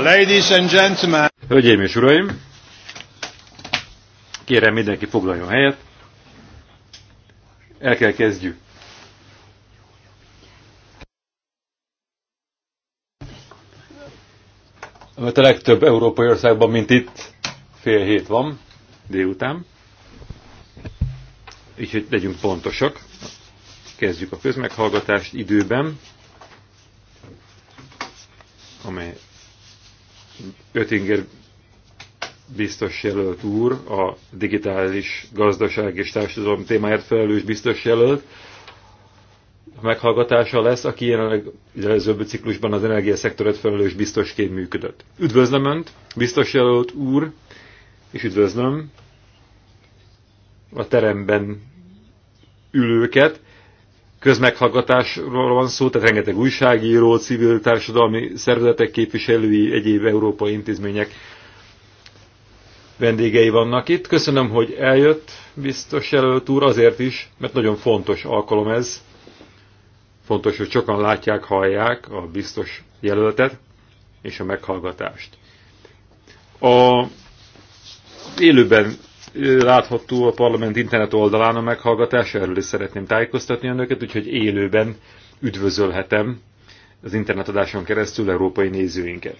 Ladies and gentlemen. Hölgyeim és uraim, kérem mindenki foglaljon helyet. El kell kezdjük. Mert a legtöbb európai országban, mint itt, fél hét van délután. Így, hogy legyünk pontosak. Kezdjük a közmeghallgatást időben, amely Ötinger biztos jelölt úr, a digitális gazdaság és társadalom témáért felelős biztos jelölt, a meghallgatása lesz, aki jelenleg előzőbb ciklusban az energiaszektoret felelős biztosként működött. Üdvözlöm Önt, biztos jelölt úr, és üdvözlöm a teremben ülőket közmeghallgatásról van szó, tehát rengeteg újságíró, civil társadalmi szervezetek képviselői, egyéb európai intézmények vendégei vannak itt. Köszönöm, hogy eljött biztos jelölt úr, azért is, mert nagyon fontos alkalom ez. Fontos, hogy sokan látják, hallják a biztos jelöltet és a meghallgatást. A élőben látható a parlament internet oldalán a meghallgatás, erről is szeretném tájékoztatni önöket, úgyhogy élőben üdvözölhetem az internetadáson keresztül európai nézőinket.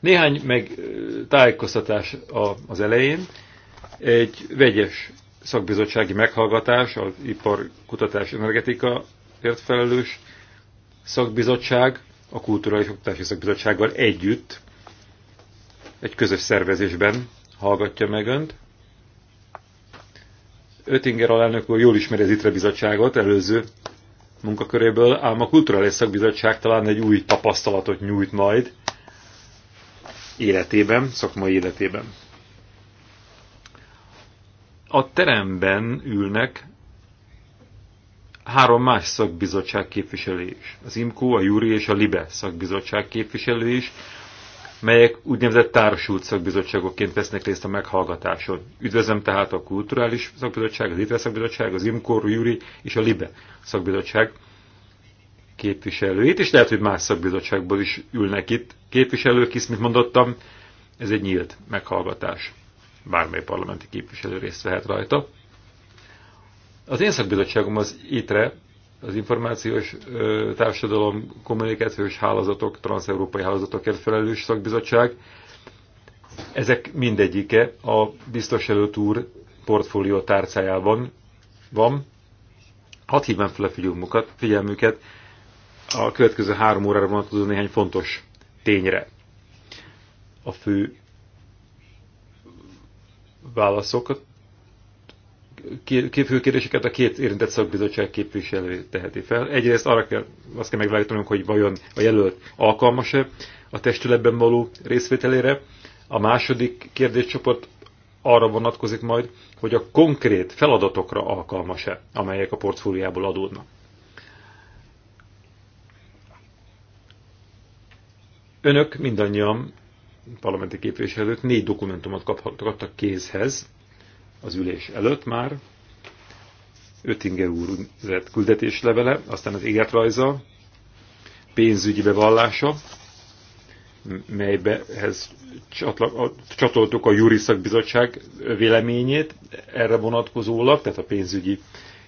Néhány meg tájékoztatás az elején. Egy vegyes szakbizottsági meghallgatás, az iparkutatás energetikaért felelős szakbizottság, a Kulturális Oktatási Szakbizottsággal együtt egy közös szervezésben hallgatja meg Önt. Ötinger alelnök úr jól ismeri az ITRE bizottságot előző munkaköréből, ám a Kulturális Szakbizottság talán egy új tapasztalatot nyújt majd életében, szakmai életében. A teremben ülnek három más szakbizottság képviselői: is. Az IMKO, a Júri és a LIBE szakbizottság képviselői. is, melyek úgynevezett társult szakbizottságokként vesznek részt a meghallgatáson. Üdvözlöm tehát a Kulturális Szakbizottság, az ITRE Szakbizottság, az IMKOR, Júri és a LIBE Szakbizottság képviselőit, és lehet, hogy más szakbizottságból is ülnek itt képviselők, hisz, mint mondottam, ez egy nyílt meghallgatás. Bármely parlamenti képviselő részt vehet rajta. Az én szakbizottságom az ITRE, az információs társadalom kommunikációs hálózatok, transeurópai hálózatokért felelős szakbizottság. Ezek mindegyike a biztos előtt úr portfólió tárcájában van. Hadd hívnám fel a figyelmüket a következő három órára vonatkozó néhány fontos tényre. A fő válaszokat képfőkérdéseket a két érintett szakbizottság képviselő teheti fel. Egyrészt arra kell, azt kell megvágítanunk, hogy vajon a jelölt alkalmas-e a testületben való részvételére. A második kérdéscsoport arra vonatkozik majd, hogy a konkrét feladatokra alkalmas-e, amelyek a portfóliából adódnak. Önök mindannyian parlamenti képviselők négy dokumentumot kaphattak kézhez, az ülés előtt már, Öttinger úr küldetéslevele, aztán az életrajza, pénzügyi bevallása, melybehez csatoltuk a Júri Szakbizottság véleményét erre vonatkozólag, tehát a pénzügyi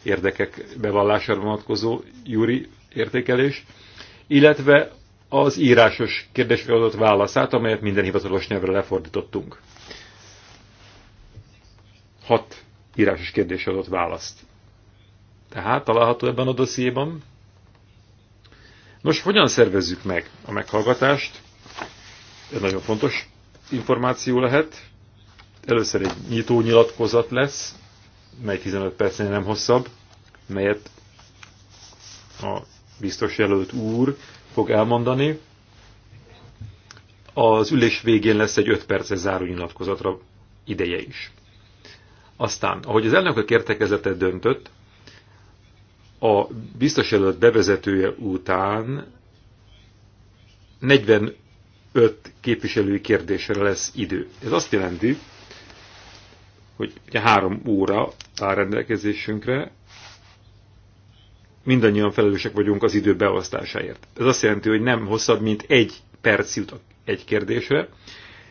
érdekek bevallására vonatkozó Júri értékelés, illetve az írásos kérdésre adott válaszát, amelyet minden hivatalos nyelvre lefordítottunk hat írásos kérdésre adott választ. Tehát található ebben a dossziéban. Nos, hogyan szervezzük meg a meghallgatást? Ez nagyon fontos információ lehet. Először egy nyitó nyilatkozat lesz, mely 15 percnél nem hosszabb, melyet a biztos jelölt úr fog elmondani. Az ülés végén lesz egy 5 perces záró nyilatkozatra ideje is. Aztán, ahogy az elnökök értekezete döntött, a biztos előtt bevezetője után 45 képviselői kérdésre lesz idő. Ez azt jelenti, hogy ugye három óra áll rendelkezésünkre, mindannyian felelősek vagyunk az idő beosztásáért. Ez azt jelenti, hogy nem hosszabb, mint egy perc jut egy kérdésre.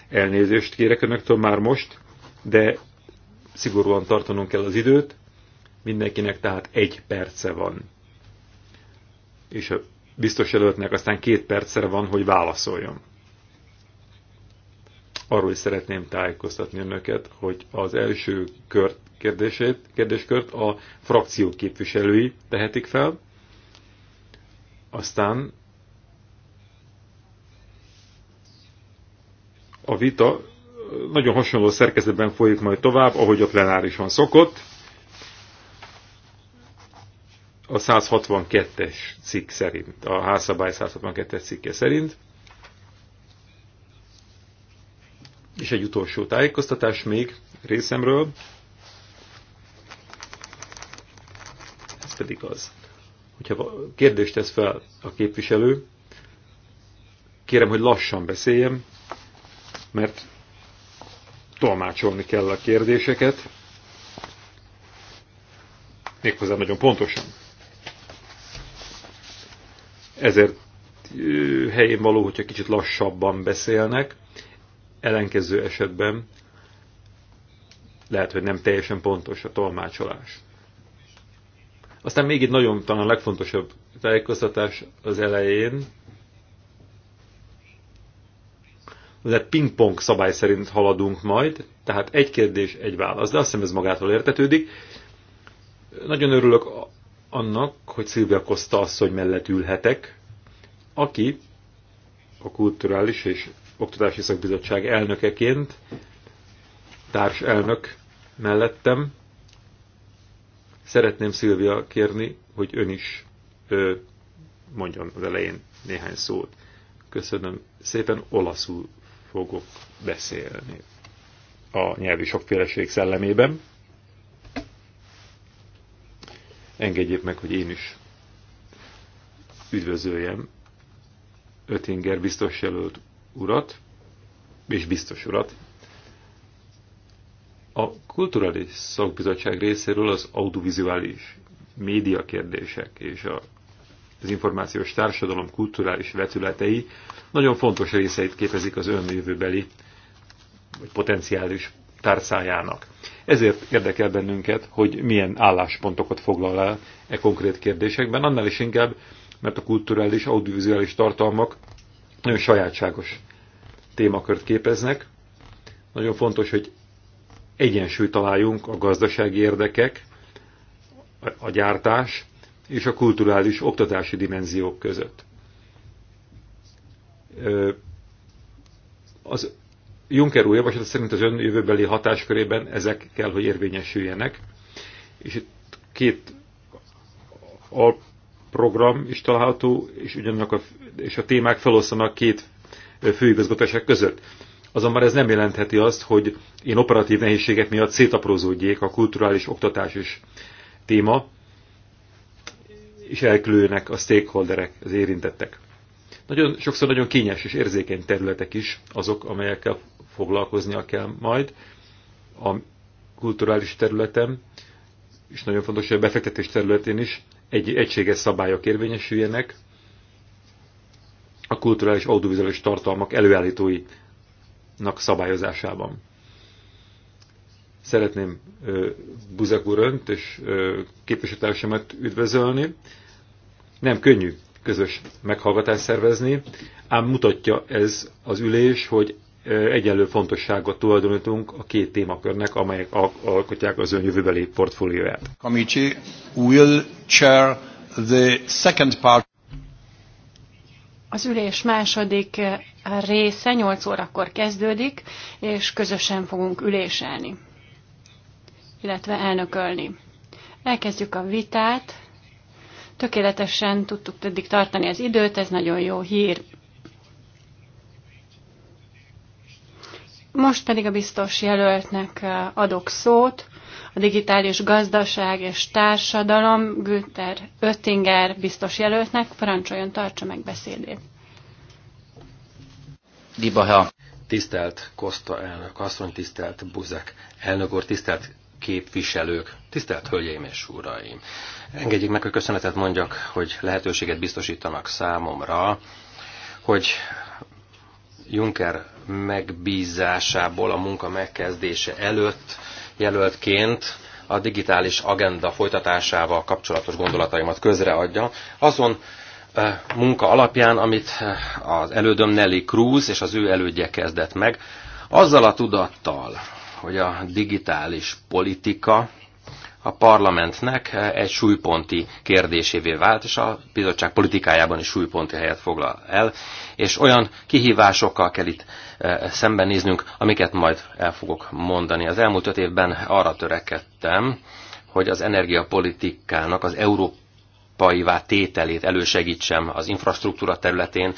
Elnézést kérek önöktől már most, de szigorúan tartanunk kell az időt, mindenkinek tehát egy perce van. És a biztos jelöltnek aztán két percre van, hogy válaszoljon. Arról is szeretném tájékoztatni önöket, hogy az első kört kérdését, kérdéskört a frakció képviselői tehetik fel, aztán a vita nagyon hasonló szerkezetben folyik majd tovább, ahogy a plenárison szokott. A 162-es cikk szerint, a házszabály 162-es cikke szerint. És egy utolsó tájékoztatás még részemről. Ez pedig az, hogyha kérdést tesz fel a képviselő, kérem, hogy lassan beszéljem, mert tolmácsolni kell a kérdéseket, méghozzá nagyon pontosan. Ezért helyén való, hogyha kicsit lassabban beszélnek, ellenkező esetben lehet, hogy nem teljesen pontos a tolmácsolás. Aztán még itt nagyon talán a legfontosabb tájékoztatás az elején, de pingpong szabály szerint haladunk majd, tehát egy kérdés, egy válasz, de azt hiszem ez magától értetődik. Nagyon örülök annak, hogy Szilvia Koszta asszony mellett ülhetek, aki a Kulturális és Oktatási Szakbizottság elnökeként, társ elnök mellettem. Szeretném Szilvia kérni, hogy ön is ő, mondjon az elején néhány szót. Köszönöm szépen, olaszul fogok beszélni a nyelvi sokféleség szellemében. Engedjék meg, hogy én is üdvözöljem Ötinger biztos jelölt urat, és biztos urat. A Kulturális Szakbizottság részéről az audiovizuális média kérdések és a az információs társadalom kulturális vetületei nagyon fontos részeit képezik az önjövőbeli vagy potenciális tárcájának. Ezért érdekel bennünket, hogy milyen álláspontokat foglal el e konkrét kérdésekben, annál is inkább, mert a kulturális, audiovizuális tartalmak nagyon sajátságos témakört képeznek. Nagyon fontos, hogy egyensúlyt találjunk a gazdasági érdekek, a gyártás és a kulturális oktatási dimenziók között. Az Juncker új javaslat szerint az ön jövőbeli hatáskörében ezek kell, hogy érvényesüljenek, és itt két alprogram is található, és ugyanak a, és a témák feloszlanak két főigazgatások között. Azonban ez nem jelentheti azt, hogy én operatív nehézségek miatt szétaprózódjék a kulturális oktatás is téma, és elkülőnek a stakeholderek, az érintettek. Nagyon, sokszor nagyon kényes és érzékeny területek is azok, amelyekkel foglalkoznia kell majd a kulturális területen, és nagyon fontos, hogy a befektetés területén is egy egységes szabályok érvényesüljenek, a kulturális audiovizuális tartalmak előállítóinak szabályozásában. Szeretném Buzek úr önt és képviselőtársamat üdvözölni. Nem könnyű közös meghallgatást szervezni, ám mutatja ez az ülés, hogy egyenlő fontosságot tulajdonítunk a két témakörnek, amelyek alkotják az ön jövőbeli portfólióját. Committee will chair the second part. Az ülés második része 8 órakor kezdődik, és közösen fogunk üléselni illetve elnökölni. Elkezdjük a vitát. Tökéletesen tudtuk eddig tartani az időt, ez nagyon jó hír. Most pedig a biztos jelöltnek eh, adok szót. A digitális gazdaság és társadalom Günther Öttinger biztos jelöltnek parancsoljon tartsa meg beszédét. Dibaha. Tisztelt Kosta elnök asszony, tisztelt Buzek elnök úr, tisztelt képviselők, tisztelt Hölgyeim és Uraim! Engedjék meg, hogy köszönetet mondjak, hogy lehetőséget biztosítanak számomra, hogy Juncker megbízásából a munka megkezdése előtt jelöltként a digitális agenda folytatásával kapcsolatos gondolataimat közreadja. Azon munka alapján, amit az elődöm Nelly Cruz és az ő elődje kezdett meg, azzal a tudattal, hogy a digitális politika a parlamentnek egy súlyponti kérdésévé vált, és a bizottság politikájában is súlyponti helyet foglal el, és olyan kihívásokkal kell itt e, szembenéznünk, amiket majd el fogok mondani. Az elmúlt öt évben arra törekedtem, hogy az energiapolitikának az európai tételét elősegítsem az infrastruktúra területén,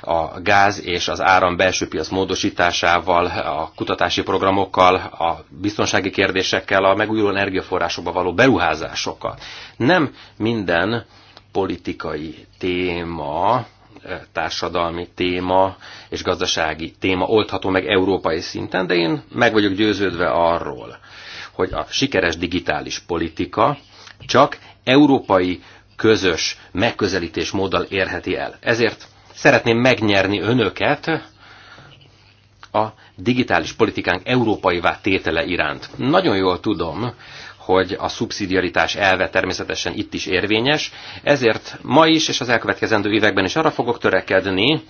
a gáz és az áram belső piac módosításával, a kutatási programokkal, a biztonsági kérdésekkel, a megújuló energiaforrásokba való beruházásokkal. Nem minden politikai téma eh, társadalmi téma és gazdasági téma oldható meg európai szinten, de én meg vagyok győződve arról, hogy a sikeres digitális politika csak európai közös megközelítés móddal érheti el. Ezért Szeretném megnyerni önöket a digitális politikánk európaivá tétele iránt. Nagyon jól tudom, hogy a szubszidiaritás elve természetesen itt is érvényes, ezért ma is és az elkövetkezendő években is arra fogok törekedni,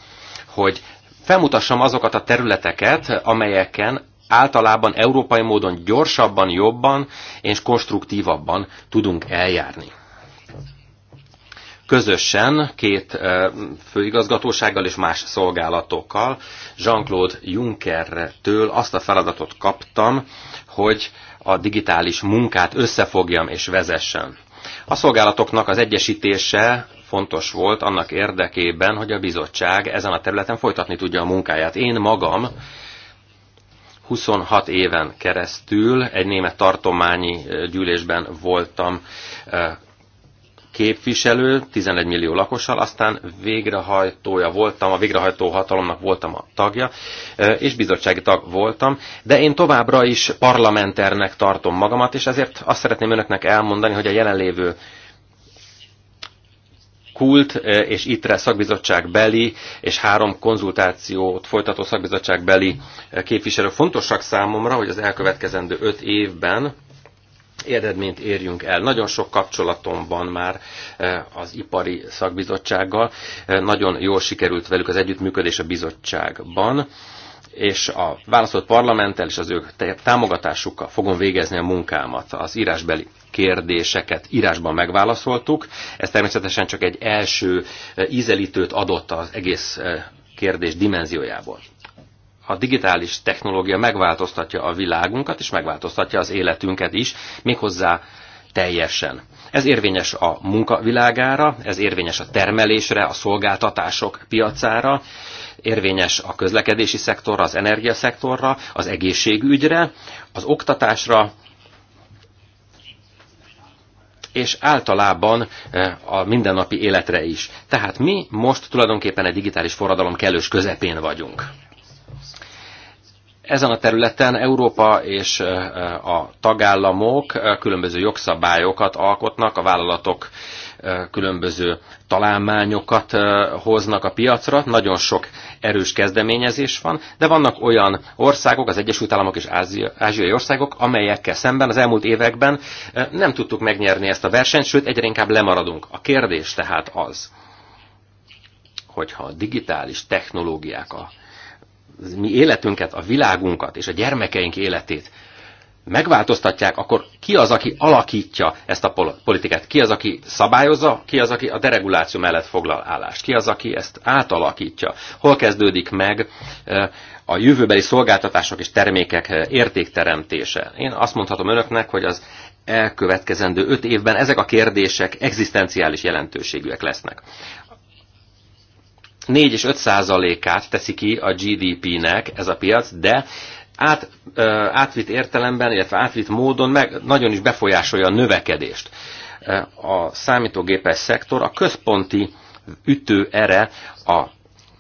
hogy felmutassam azokat a területeket, amelyeken általában európai módon gyorsabban, jobban és konstruktívabban tudunk eljárni közösen két eh, főigazgatósággal és más szolgálatokkal Jean-Claude Junckertől azt a feladatot kaptam, hogy a digitális munkát összefogjam és vezessem. A szolgálatoknak az egyesítése fontos volt annak érdekében, hogy a bizottság ezen a területen folytatni tudja a munkáját. Én magam 26 éven keresztül egy német tartományi eh, gyűlésben voltam eh, képviselő, 11 millió lakossal, aztán végrehajtója voltam, a végrehajtó hatalomnak voltam a tagja, és bizottsági tag voltam, de én továbbra is parlamenternek tartom magamat, és ezért azt szeretném önöknek elmondani, hogy a jelenlévő kult és ITRE szakbizottság beli és három konzultációt folytató szakbizottság beli képviselők fontosak számomra, hogy az elkövetkezendő öt évben eredményt érjünk el. Nagyon sok kapcsolatom van már eh, az ipari szakbizottsággal, eh, nagyon jól sikerült velük az együttműködés a bizottságban, és a választott parlamenttel és az ők támogatásukkal fogom végezni a munkámat, az írásbeli kérdéseket írásban megválaszoltuk. Ez természetesen csak egy első eh, ízelítőt adott az egész kérdés dimenziójából a digitális technológia megváltoztatja a világunkat, és megváltoztatja az életünket is, méghozzá teljesen. Ez érvényes a munkavilágára, ez érvényes a termelésre, a szolgáltatások piacára, érvényes a közlekedési szektorra, az energiaszektorra, az egészségügyre, az oktatásra, és általában eh, a mindennapi életre is. Tehát mi most tulajdonképpen egy digitális forradalom kellős közepén vagyunk. Ezen a területen Európa és a tagállamok különböző jogszabályokat alkotnak, a vállalatok különböző találmányokat hoznak a piacra, nagyon sok erős kezdeményezés van, de vannak olyan országok, az Egyesült Államok és Ázia, ázsiai országok, amelyekkel szemben az elmúlt években nem tudtuk megnyerni ezt a versenyt, sőt egyre inkább lemaradunk. A kérdés tehát az, hogyha a digitális technológiák, a mi életünket, a világunkat és a gyermekeink életét megváltoztatják, akkor ki az, aki alakítja ezt a politikát? Ki az, aki szabályozza? Ki az, aki a dereguláció mellett foglal állást? Ki az, aki ezt átalakítja? Hol kezdődik meg eh, a jövőbeli szolgáltatások és termékek eh, értékteremtése? Én azt mondhatom önöknek, hogy az elkövetkezendő öt évben ezek a kérdések egzisztenciális jelentőségűek lesznek. 4 és 5 százalékát teszi ki a GDP-nek ez a piac, de át, átvitt értelemben, illetve átvitt módon meg nagyon is befolyásolja a növekedést. A számítógépes szektor a központi ütő ere, a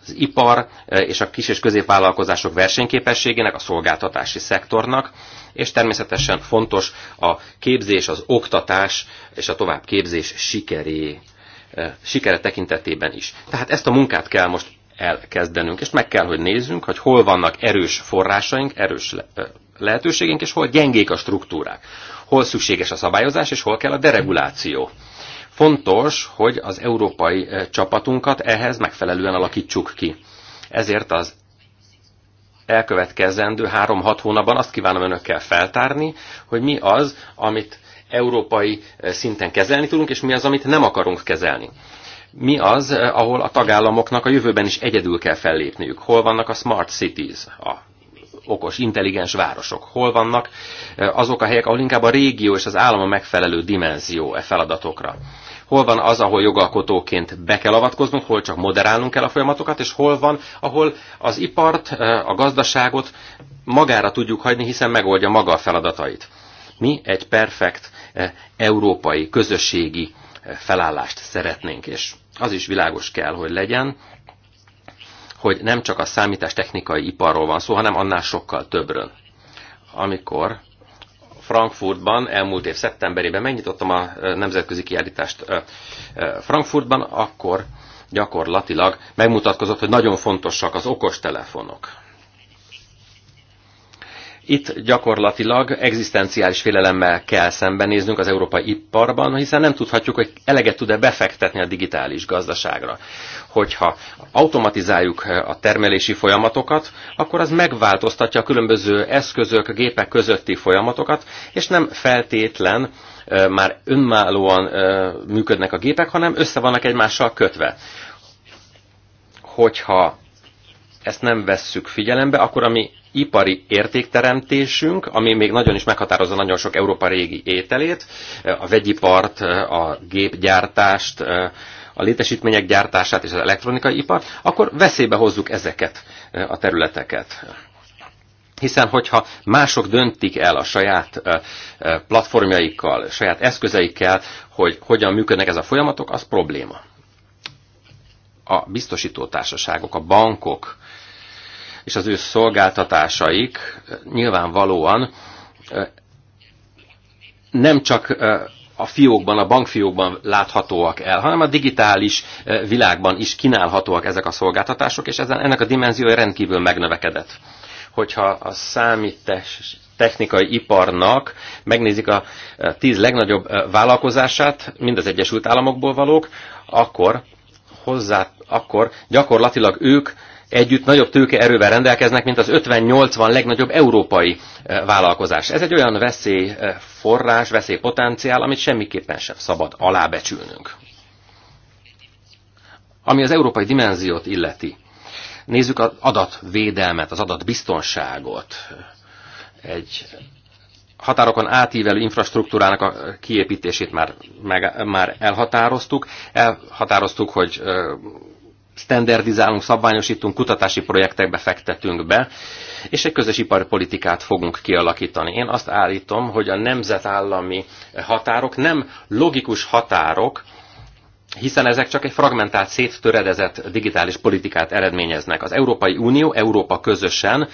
az ipar és a kis- és középvállalkozások versenyképességének, a szolgáltatási szektornak, és természetesen fontos a képzés, az oktatás és a továbbképzés sikeré E, sikere tekintetében is. Tehát ezt a munkát kell most elkezdenünk, és meg kell, hogy nézzünk, hogy hol vannak erős forrásaink, erős e, lehetőségünk, és hol gyengék a struktúrák. Hol szükséges a szabályozás, és hol kell a dereguláció. Fontos, hogy az európai e, csapatunkat ehhez megfelelően alakítsuk ki. Ezért az elkövetkezendő három-hat hónapban azt kívánom önökkel feltárni, hogy mi az, amit európai eh, szinten kezelni tudunk, és mi az, amit nem akarunk kezelni. Mi az, eh, ahol a tagállamoknak a jövőben is egyedül kell fellépniük? Hol vannak a smart cities, a okos, intelligens városok? Hol vannak eh, azok a helyek, ahol inkább a régió és az állam a megfelelő dimenzió e feladatokra? hol van az, ahol jogalkotóként be kell avatkoznunk, hol csak moderálnunk kell a folyamatokat, és hol van, ahol az ipart, a gazdaságot magára tudjuk hagyni, hiszen megoldja maga a feladatait. Mi egy perfekt E, európai közösségi e, felállást szeretnénk, és az is világos kell, hogy legyen, hogy nem csak a számítástechnikai iparról van szó, hanem annál sokkal többről. Amikor Frankfurtban elmúlt év szeptemberében megnyitottam a e, nemzetközi kiállítást Frankfurtban, akkor gyakorlatilag megmutatkozott, hogy nagyon fontosak az okostelefonok. Itt gyakorlatilag egzisztenciális félelemmel kell szembenéznünk az európai iparban, hiszen nem tudhatjuk, hogy eleget tud-e befektetni a digitális gazdaságra. Hogyha automatizáljuk a termelési folyamatokat, akkor az megváltoztatja a különböző eszközök, a gépek közötti folyamatokat, és nem feltétlen már önállóan működnek a gépek, hanem össze vannak egymással kötve. Hogyha ezt nem vesszük figyelembe, akkor ami ipari értékteremtésünk, ami még nagyon is meghatározza nagyon sok Európa régi ételét, a vegyipart, a gépgyártást, a létesítmények gyártását és az elektronikai ipart, akkor veszélybe hozzuk ezeket a területeket. Hiszen, hogyha mások döntik el a saját platformjaikkal, saját eszközeikkel, hogy hogyan működnek ez a folyamatok, az probléma. A biztosítótársaságok, a bankok, és az ő szolgáltatásaik nyilvánvalóan nem csak a fiókban, a bankfiókban láthatóak el, hanem a digitális világban is kínálhatóak ezek a szolgáltatások, és ezen, ennek a dimenziója rendkívül megnövekedett. Hogyha a számítás technikai iparnak megnézik a tíz legnagyobb vállalkozását, mind az Egyesült Államokból valók, akkor hozzá, akkor gyakorlatilag ők együtt nagyobb tőkeerővel rendelkeznek, mint az 50-80 legnagyobb európai eh, vállalkozás. Ez egy olyan veszélyforrás, veszélypotenciál, amit semmiképpen sem szabad alábecsülnünk. Ami az európai dimenziót illeti, nézzük az adatvédelmet, az adatbiztonságot. Egy határokon átívelő infrastruktúrának a kiépítését már, meg, már elhatároztuk. Elhatároztuk, hogy eh, standardizálunk, szabványosítunk, kutatási projektekbe fektetünk be, és egy közös iparpolitikát fogunk kialakítani. Én azt állítom, hogy a nemzetállami határok nem logikus határok, hiszen ezek csak egy fragmentált, széttöredezett digitális politikát eredményeznek. Az Európai Unió, Európa közösen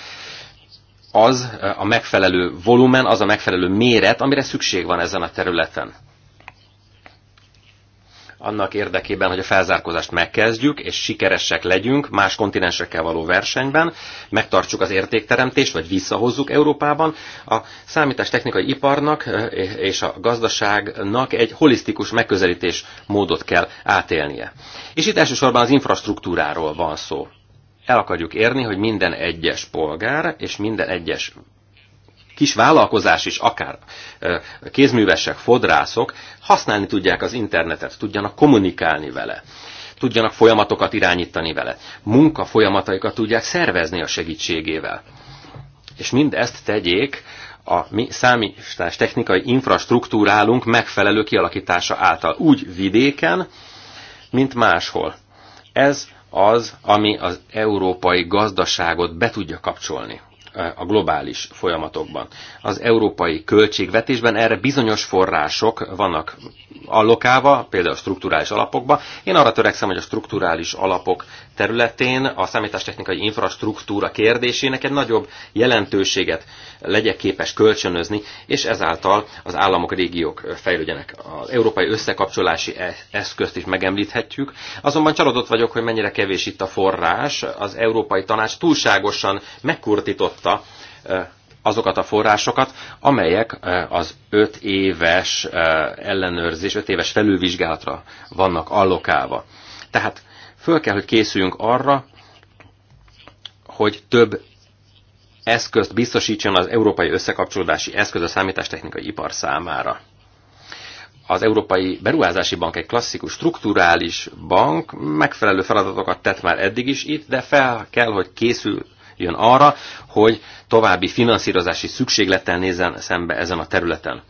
az a megfelelő volumen, az a megfelelő méret, amire szükség van ezen a területen annak érdekében, hogy a felzárkózást megkezdjük, és sikeresek legyünk más kontinensekkel való versenyben, megtartsuk az értékteremtést, vagy visszahozzuk Európában. A számítástechnikai iparnak és a gazdaságnak egy holisztikus megközelítés módot kell átélnie. És itt elsősorban az infrastruktúráról van szó el akarjuk érni, hogy minden egyes polgár és minden egyes kis vállalkozás is, akár kézművesek, fodrászok használni tudják az internetet, tudjanak kommunikálni vele tudjanak folyamatokat irányítani vele. Munka folyamataikat tudják szervezni a segítségével. És mindezt tegyék a mi számítás technikai infrastruktúrálunk megfelelő kialakítása által, úgy vidéken, mint máshol. Ez az, ami az európai gazdaságot be tudja kapcsolni a globális folyamatokban. Az európai költségvetésben erre bizonyos források vannak allokálva, például a strukturális alapokban. Én arra törekszem, hogy a strukturális alapok területén a számítástechnikai infrastruktúra kérdésének egy nagyobb jelentőséget legyek képes kölcsönözni, és ezáltal az államok, régiók fejlődjenek. Az európai összekapcsolási e- eszközt is megemlíthetjük. Azonban csalódott vagyok, hogy mennyire kevés itt a forrás. Az Európai Tanács túlságosan megkurtította azokat a forrásokat, amelyek az öt éves ellenőrzés, öt éves felülvizsgálatra vannak allokálva. Tehát föl kell, hogy készüljünk arra, hogy több eszközt biztosítson az európai összekapcsolódási eszköz a számítástechnikai ipar számára. Az Európai Beruházási Bank egy klasszikus strukturális bank, megfelelő feladatokat tett már eddig is itt, de fel kell, hogy készül jön arra, hogy további finanszírozási szükséglettel nézzen szembe ezen a területen.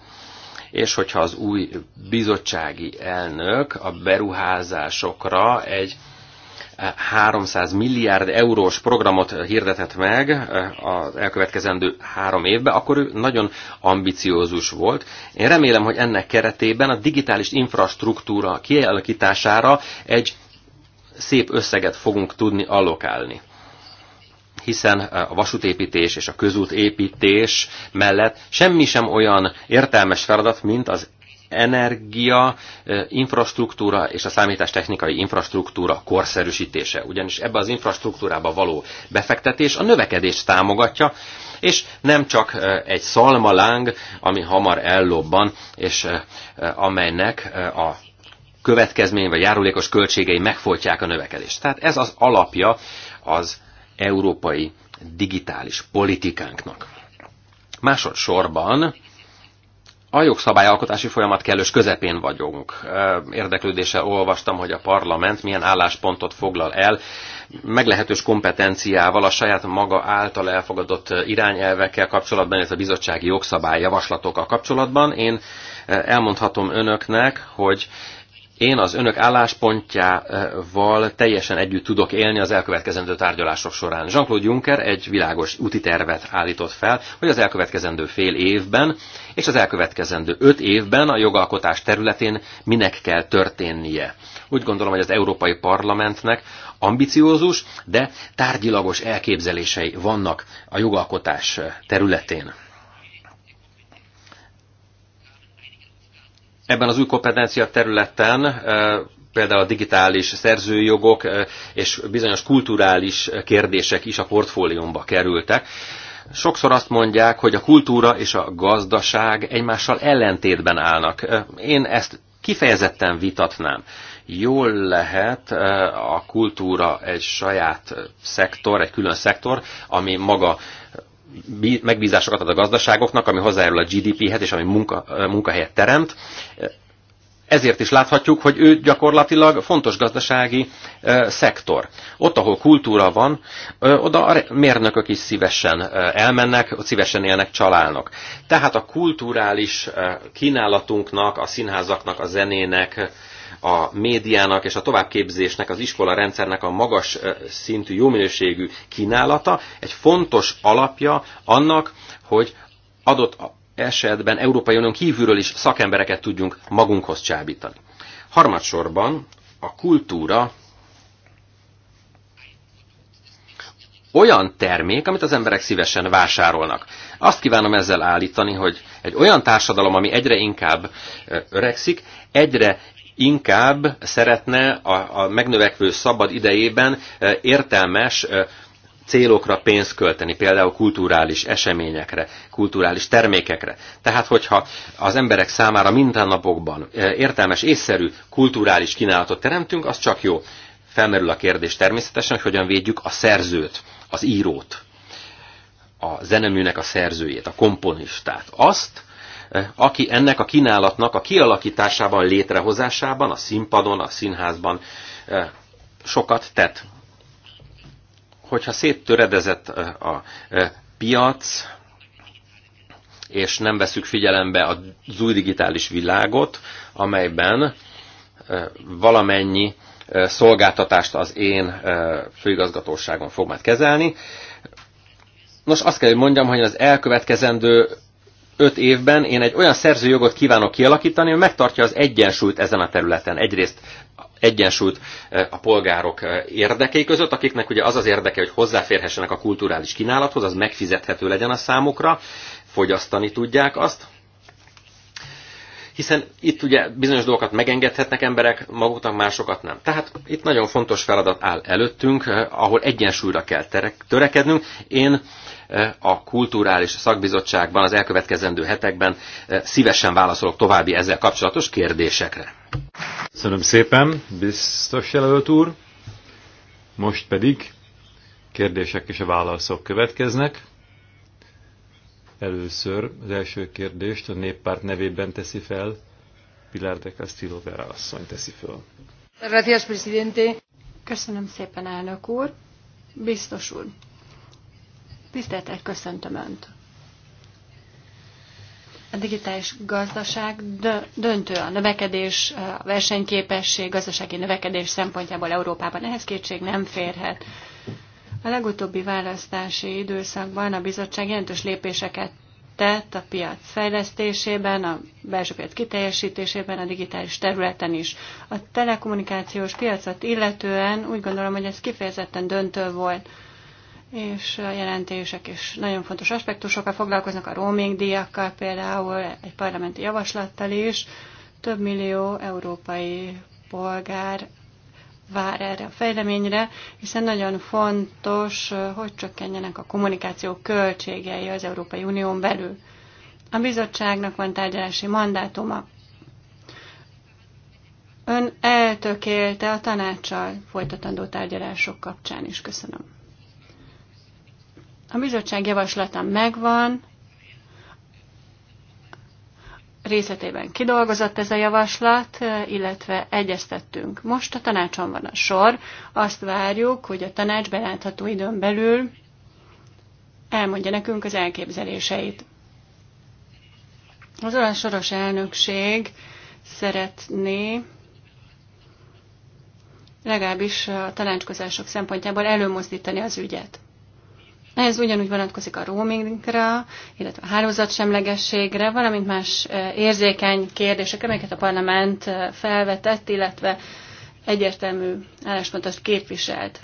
És hogyha az új bizottsági elnök a beruházásokra egy 300 milliárd eurós programot hirdetett meg eh, az elkövetkezendő három évben, akkor ő nagyon ambiciózus volt. Én remélem, hogy ennek keretében a digitális infrastruktúra kialakítására egy szép összeget fogunk tudni allokálni hiszen eh, a vasútépítés és a közútépítés mellett semmi sem olyan értelmes feladat, mint az energia, infrastruktúra és a számítástechnikai infrastruktúra korszerűsítése. Ugyanis ebbe az infrastruktúrába való befektetés a növekedést támogatja, és nem csak egy szalmaláng, ami hamar ellobban, és amelynek a következmény vagy járulékos költségei megfolytják a növekedést. Tehát ez az alapja az európai digitális politikánknak. Másodszorban a jogszabályalkotási folyamat kellős közepén vagyunk. Érdeklődéssel olvastam, hogy a parlament milyen álláspontot foglal el, meglehetős kompetenciával a saját maga által elfogadott irányelvekkel kapcsolatban, ez a bizottsági jogszabály javaslatokkal kapcsolatban. Én elmondhatom önöknek, hogy én az önök álláspontjával teljesen együtt tudok élni az elkövetkezendő tárgyalások során. Jean-Claude Juncker egy világos úti tervet állított fel, hogy az elkövetkezendő fél évben és az elkövetkezendő öt évben a jogalkotás területén minek kell történnie. Úgy gondolom, hogy az Európai Parlamentnek ambiciózus, de tárgyilagos elképzelései vannak a jogalkotás területén. ebben az új kompetencia területen eh, például a digitális szerzőjogok eh, és bizonyos kulturális kérdések is a portfóliómba kerültek. Sokszor azt mondják, hogy a kultúra és a gazdaság egymással ellentétben állnak. Eh, én ezt kifejezetten vitatnám. Jól lehet a kultúra egy saját szektor, egy külön szektor, ami maga megbízásokat ad a gazdaságoknak, ami hozzájárul a GDP-hez, és ami munka, munkahelyet teremt. Ezért is láthatjuk, hogy ő gyakorlatilag fontos gazdasági szektor. Ott, ahol kultúra van, oda a mérnökök is szívesen elmennek, ott szívesen élnek, csalálnak. Tehát a kulturális kínálatunknak, a színházaknak, a zenének, a médiának és a továbbképzésnek, az iskola rendszernek a magas szintű, jó minőségű kínálata egy fontos alapja annak, hogy adott esetben Európai Unión kívülről is szakembereket tudjunk magunkhoz csábítani. Harmadsorban a kultúra olyan termék, amit az emberek szívesen vásárolnak. Azt kívánom ezzel állítani, hogy egy olyan társadalom, ami egyre inkább öregszik, egyre inkább szeretne a, a megnövekvő szabad idejében e, értelmes e, célokra pénzt költeni, például kulturális eseményekre, kulturális termékekre. Tehát, hogyha az emberek számára mindennapokban e, értelmes, észszerű kulturális kínálatot teremtünk, az csak jó. Felmerül a kérdés természetesen, hogy hogyan védjük a szerzőt, az írót, a zeneműnek a szerzőjét, a komponistát. Azt, Eh, aki ennek a kínálatnak a kialakításában, létrehozásában, a színpadon, a színházban eh, sokat tett. Hogyha széttöredezett eh, a piac, és nem veszük figyelembe az új digitális világot, amelyben valamennyi szolgáltatást az én főigazgatóságon fog majd kezelni. Nos, azt kell, hogy mondjam, hogy az elkövetkezendő öt évben én egy olyan szerzőjogot kívánok kialakítani, hogy megtartja az egyensúlyt ezen a területen. Egyrészt egyensúlyt eh, a polgárok eh, érdekei között, akiknek ugye az az érdeke, hogy hozzáférhessenek a kulturális kínálathoz, az megfizethető legyen a számukra, fogyasztani tudják azt, hiszen itt ugye bizonyos dolgokat megengedhetnek emberek maguknak, másokat nem. Tehát itt nagyon fontos feladat áll előttünk, eh, ahol egyensúlyra kell törekednünk. Én eh, a kulturális szakbizottságban az elkövetkezendő hetekben eh, szívesen válaszolok további ezzel kapcsolatos kérdésekre. Köszönöm szépen, biztos jelölt úr. Most pedig kérdések és a válaszok következnek. Először az első kérdést a néppárt nevében teszi fel, Pilar de Castillo Vera asszony teszi fel. Presidente. Köszönöm szépen, elnök úr. Biztos úr. Tiszteltel köszöntöm Önt. A digitális gazdaság döntő a növekedés, a versenyképesség, gazdasági növekedés szempontjából Európában ehhez kétség nem férhet. A legutóbbi választási időszakban a bizottság jelentős lépéseket tett a piac fejlesztésében, a belső piac kiteljesítésében, a digitális területen is. A telekommunikációs piacot illetően úgy gondolom, hogy ez kifejezetten döntő volt, és a jelentések is nagyon fontos aspektusokkal foglalkoznak, a roaming díjakkal például, egy parlamenti javaslattal is. Több millió európai polgár vár erre a fejleményre, hiszen nagyon fontos, hogy csökkenjenek a kommunikáció költségei az Európai Unión belül. A bizottságnak van tárgyalási mandátuma. Ön eltökélte a tanácssal folytatandó tárgyalások kapcsán is. Köszönöm. A bizottság javaslata megvan, részletében kidolgozott ez a javaslat, illetve egyeztettünk. Most a tanácson van a sor, azt várjuk, hogy a tanács belátható időn belül elmondja nekünk az elképzeléseit. Az olasz soros elnökség szeretné legalábbis a tanácskozások szempontjából előmozdítani az ügyet. Ez ugyanúgy vonatkozik a roamingra, illetve a hálózatsemlegességre, valamint más e, érzékeny kérdésekre, amelyeket a parlament e, felvetett, illetve egyértelmű álláspontot képviselt.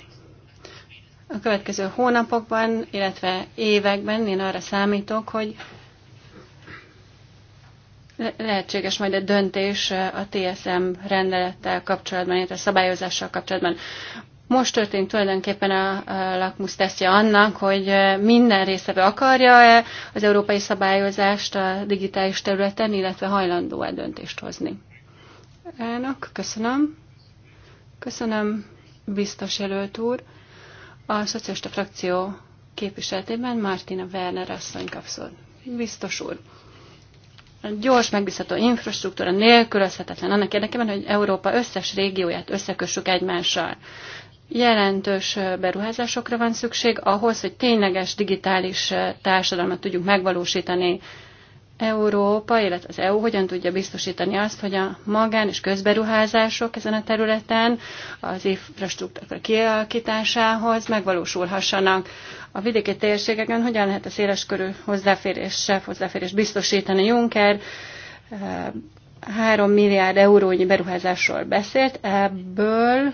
A következő hónapokban, illetve években én arra számítok, hogy lehetséges majd egy döntés e, a TSM rendelettel kapcsolatban, illetve szabályozással kapcsolatban. Most történt tulajdonképpen a, a lakmus tesztje annak, hogy minden részebe akarja-e az európai szabályozást a digitális területen, illetve hajlandó-e döntést hozni. Elnök, köszönöm. Köszönöm, biztos jelölt úr. A szocialista frakció képviseletében Martina Werner asszony kapszol. Biztos úr. A gyors, megbízható infrastruktúra nélkülözhetetlen annak érdekében, hogy Európa összes régióját összekössük egymással. Jelentős beruházásokra van szükség ahhoz, hogy tényleges digitális társadalmat tudjuk megvalósítani. Európa, illetve az EU hogyan tudja biztosítani azt, hogy a magán és közberuházások ezen a területen az infrastruktúra kialakításához megvalósulhassanak. A vidéki térségeken hogyan lehet a széleskörű hozzáférésre hozzáférés biztosítani Juncker 3 milliárd eurónyi beruházásról beszélt, ebből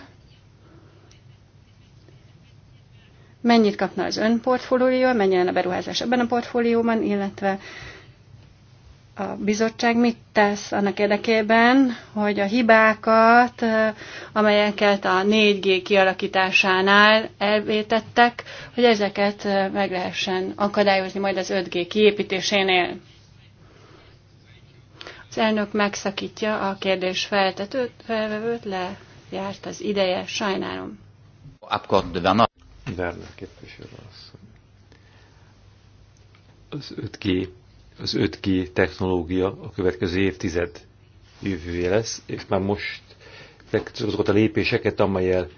mennyit kapna az ön portfóliója, mennyi lenne a beruházás ebben a portfólióban, illetve a bizottság mit tesz annak érdekében, hogy a hibákat, amelyeket a 4G kialakításánál elvétettek, hogy ezeket meg lehessen akadályozni majd az 5G kiépítésénél. Az elnök megszakítja a kérdés feltetőt, felvevőt, lejárt az ideje, sajnálom. Werner képviselő asszony. Az 5G, az 5G technológia a következő évtized jövője lesz, és már most azokat a lépéseket, amelyel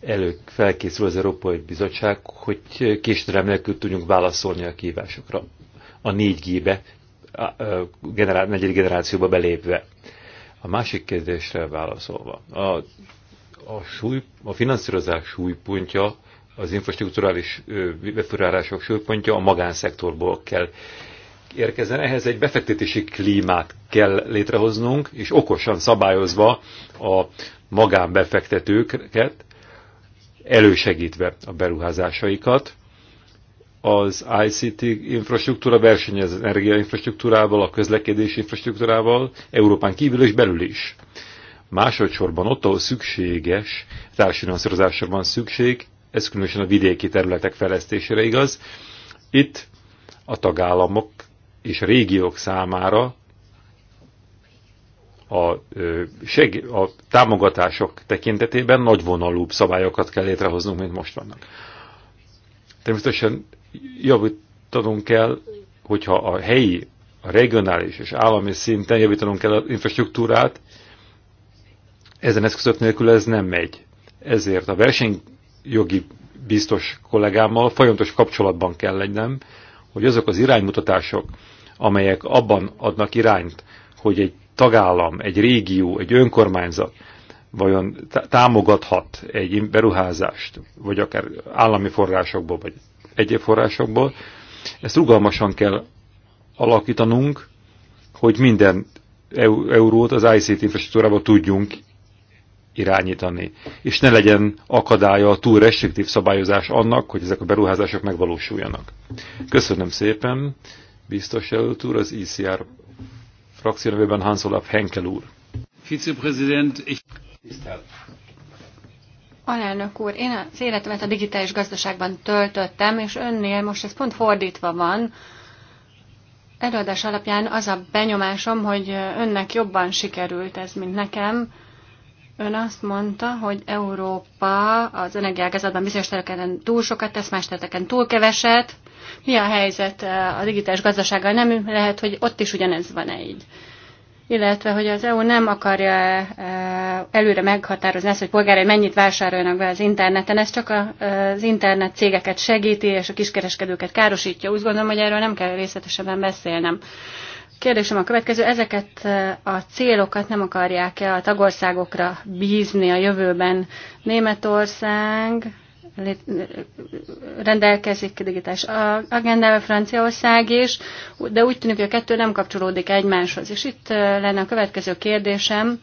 előbb felkészül az Európai Bizottság, hogy késterem nélkül tudjunk válaszolni a kívásokra. A 4G-be, generá negyedik generációba belépve. A másik kérdésre válaszolva. A, a, súly, a finanszírozás súlypontja az infrastruktúrális befurálások súlypontja a magánszektorból kell érkezzen. Ehhez egy befektetési klímát kell létrehoznunk, és okosan szabályozva a magánbefektetőket, elősegítve a beruházásaikat. Az ICT infrastruktúra versenyez az energiainfrastruktúrával, a közlekedés infrastruktúrával, Európán kívül és belül is. Másodszorban ott, ahol szükséges, társadalmi van szükség, ez különösen a vidéki területek fejlesztésére igaz. Itt a tagállamok és a régiók számára a, seg, a támogatások tekintetében nagyvonalúbb szabályokat kell létrehoznunk, mint most vannak. Természetesen javítanunk kell, hogyha a helyi, a regionális és állami szinten javítanunk kell az infrastruktúrát, ezen eszközök nélkül ez nem megy. Ezért a verseny jogi biztos kollégámmal folyamatos kapcsolatban kell legyenem, hogy azok az iránymutatások, amelyek abban adnak irányt, hogy egy tagállam, egy régió, egy önkormányzat vajon támogathat egy beruházást, vagy akár állami forrásokból, vagy egyéb forrásokból, ezt rugalmasan kell alakítanunk, hogy minden eurót az ICT infrastruktúrába tudjunk irányítani, és ne legyen akadálya a túl restriktív szabályozás annak, hogy ezek a beruházások megvalósuljanak. Köszönöm szépen, biztos jelölt úr, az ICR frakció nevében Hans Olaf Henkel úr. Vizepräsident, ich... Alelnök úr, én az életemet a digitális gazdaságban töltöttem, és önnél most ez pont fordítva van. Előadás alapján az a benyomásom, hogy önnek jobban sikerült ez, mint nekem. Ön azt mondta, hogy Európa az energiágazatban bizonyos területeken túl sokat tesz, más területeken túl keveset. Mi a helyzet eh, a digitális gazdasággal? Nem lehet, hogy ott is ugyanez van-e így? Illetve, hogy az EU nem akarja eh, előre meghatározni ezt, hogy polgárai mennyit vásárolnak be az interneten. Ez csak az internet cégeket segíti, és a kiskereskedőket károsítja. Úgy gondolom, hogy erről nem kell részletesebben beszélnem. Kérdésem a következő, ezeket e, a célokat nem akarják-e a tagországokra bízni a jövőben? Németország rendelkezik digitális agendával, Franciaország is, de úgy tűnik, hogy a kettő nem kapcsolódik egymáshoz. És itt e, lenne a következő kérdésem,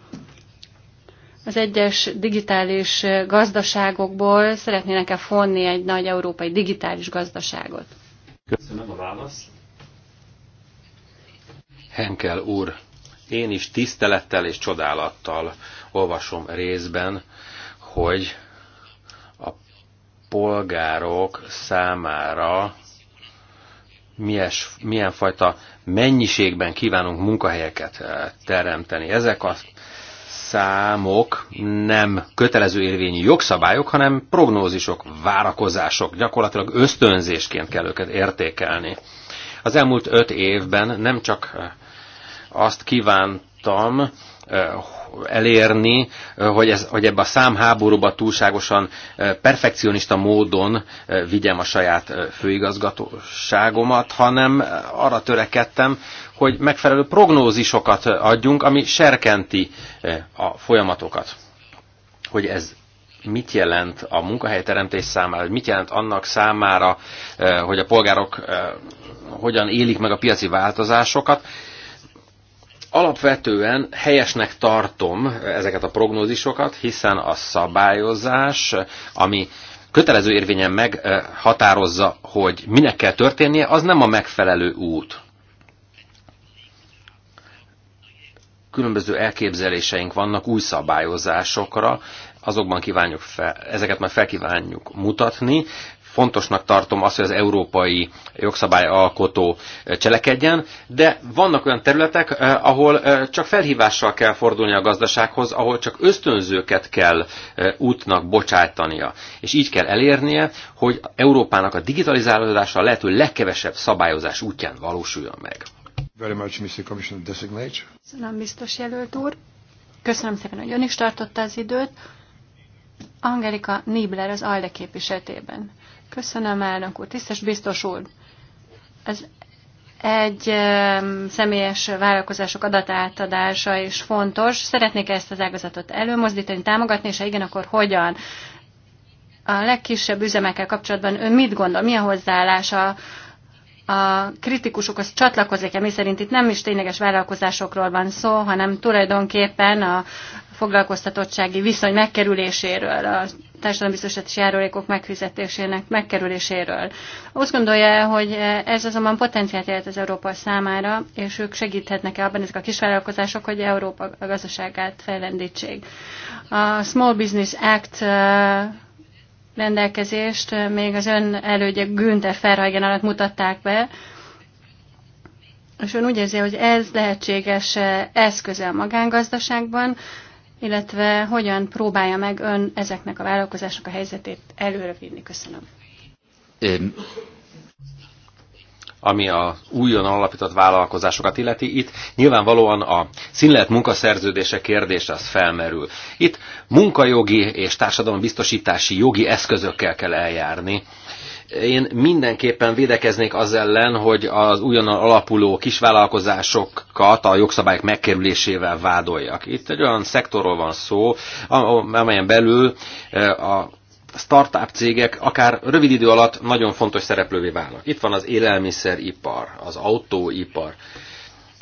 az egyes digitális e, gazdaságokból szeretnének-e fonni egy nagy európai digitális gazdaságot? Köszönöm a választ. Henkel úr, én is tisztelettel és csodálattal olvasom részben, hogy a polgárok számára Milyes, milyen fajta mennyiségben kívánunk munkahelyeket eh, teremteni. Ezek a számok nem kötelező érvényű jogszabályok, hanem prognózisok, várakozások, gyakorlatilag ösztönzésként kell őket értékelni. Az elmúlt öt évben nem csak eh, azt kívántam eh, elérni, eh, hogy, ez, hogy ebbe a számháborúba túlságosan eh, perfekcionista módon vigyem a saját főigazgatóságomat, hanem arra törekedtem, hogy megfelelő prognózisokat adjunk, ami serkenti a folyamatokat. Hogy ez mit jelent a munkahelyteremtés számára, hogy mit jelent annak számára, hogy a polgárok hogyan élik meg a piaci változásokat, Alapvetően helyesnek tartom ezeket a prognózisokat, hiszen a szabályozás, ami kötelező érvényen meghatározza, hogy minek kell történnie, az nem a megfelelő út. Különböző elképzeléseink vannak új szabályozásokra, azokban kívánjuk fel, ezeket majd felkívánjuk mutatni, fontosnak tartom azt, hogy az európai jogszabályalkotó cselekedjen, de vannak olyan területek, ahol csak felhívással kell fordulni a gazdasághoz, ahol csak ösztönzőket kell útnak bocsájtania. És így kell elérnie, hogy Európának a digitalizálódása a lehető legkevesebb szabályozás útján valósuljon meg. Very much, Mr. Commissioner Designate. Köszönöm, biztos jelölt úr. Köszönöm szépen, hogy ön is tartotta az időt. Angelika Nibler az ALDE képviseletében. Köszönöm, elnök úr. Tisztes biztos úr, ez egy személyes vállalkozások adatátadása is fontos. Szeretnék ezt az ágazatot előmozdítani, támogatni, és ha igen, akkor hogyan? A legkisebb üzemekkel kapcsolatban ön mit gondol? Mi a hozzáállása a kritikusokhoz csatlakozik, ami szerint itt nem is tényleges vállalkozásokról van szó, hanem tulajdonképpen a foglalkoztatottsági viszony megkerüléséről, a társadalombiztosítási járulékok megfizetésének megkerüléséről. Azt gondolja, hogy ez azonban potenciált jelent az Európa számára, és ők segíthetnek-e abban ezek a kisvállalkozások, hogy Európa gazdaságát fejlendítsék. A Small Business Act rendelkezést még az ön elődje Günther Ferhagen alatt mutatták be, és ön úgy érzi, hogy ez lehetséges eszköze a magángazdaságban, illetve hogyan próbálja meg ön ezeknek a vállalkozások a helyzetét előre vinni. Köszönöm ami a újon alapított vállalkozásokat illeti. Itt nyilvánvalóan a színlet munkaszerződése kérdése az felmerül. Itt munkajogi és társadalombiztosítási jogi eszközökkel kell eljárni. Én mindenképpen védekeznék az ellen, hogy az újonnan alapuló kisvállalkozásokat a jogszabályok megkerülésével vádoljak. Itt egy olyan szektorról van szó, amelyen belül eh, a startup cégek akár rövid idő alatt nagyon fontos szereplővé válnak. Itt van az élelmiszeripar, az autóipar.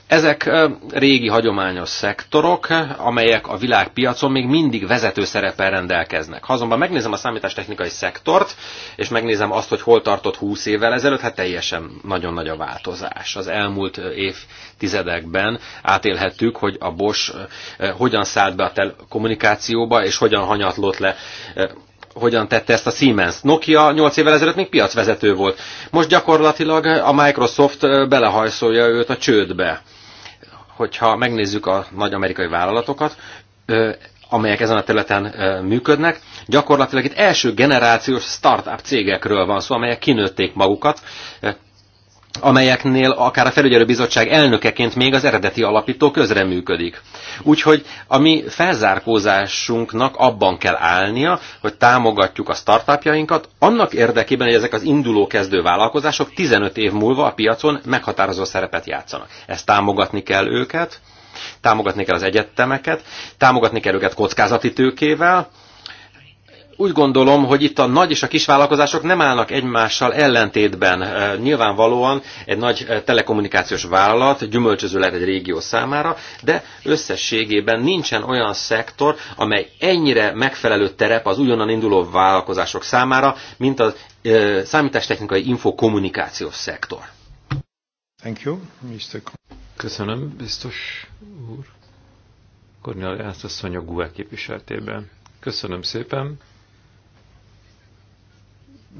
Ezek régi hagyományos szektorok, amelyek a világpiacon még mindig vezető szerepel rendelkeznek. Ha azonban megnézem a számítástechnikai szektort, és megnézem azt, hogy hol tartott 20 évvel ezelőtt, hát teljesen nagyon nagy a változás. Az elmúlt évtizedekben átélhettük, hogy a Bosch hogyan szállt be a telekommunikációba, és hogyan hanyatlott le hogyan tette ezt a Siemens. Nokia 8 évvel ezelőtt még piacvezető volt. Most gyakorlatilag a Microsoft belehajszolja őt a csődbe. Hogyha megnézzük a nagy amerikai vállalatokat, amelyek ezen a területen működnek, gyakorlatilag itt első generációs startup cégekről van szó, amelyek kinőtték magukat, amelyeknél akár a felügyelőbizottság elnökeként még az eredeti alapító közreműködik. Úgyhogy a mi felzárkózásunknak abban kell állnia, hogy támogatjuk a startupjainkat, annak érdekében, hogy ezek az induló kezdő vállalkozások 15 év múlva a piacon meghatározó szerepet játszanak. Ezt támogatni kell őket, támogatni kell az egyetemeket, támogatni kell őket kockázati tőkével, úgy gondolom, hogy itt a nagy és a kis vállalkozások nem állnak egymással ellentétben. E, nyilvánvalóan egy nagy e, telekommunikációs vállalat gyümölcsöző lehet egy régió számára, de összességében nincsen olyan szektor, amely ennyire megfelelő terep az újonnan induló vállalkozások számára, mint a e, számítástechnikai infokommunikációs szektor. Thank you, Mr. Köszönöm, biztos úr. Kornél Jászlasszony a GUE képviseltében. Köszönöm szépen.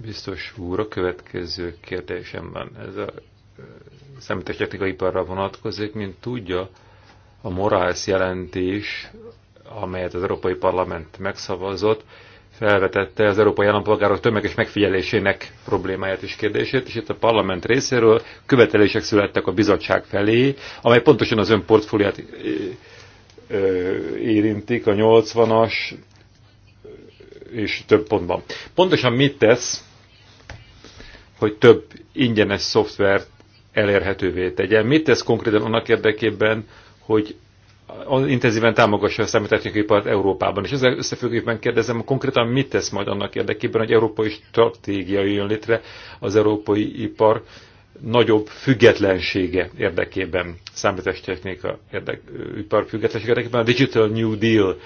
Biztos úr, a következő kérdésem van. Ez a számítástechnikai iparra vonatkozik, mint tudja, a morális jelentés, amelyet az Európai Parlament megszavazott, felvetette az európai állampolgárok tömeges megfigyelésének problémáját és kérdését, és itt a parlament részéről követelések születtek a bizottság felé, amely pontosan az ön portfóliát érintik, a 80-as, és több pontban. Pontosan mit tesz, hogy több ingyenes szoftvert elérhetővé tegyen? Mit tesz konkrétan annak érdekében, hogy intenzíven támogassa a számítástechnikai ipart Európában. És ezzel összefüggésben kérdezem, konkrétan mit tesz majd annak érdekében, hogy európai stratégia jön létre az európai ipar nagyobb függetlensége érdekében, számítástechnika érdek, ipar függetlensége érdekében, a Digital New Deal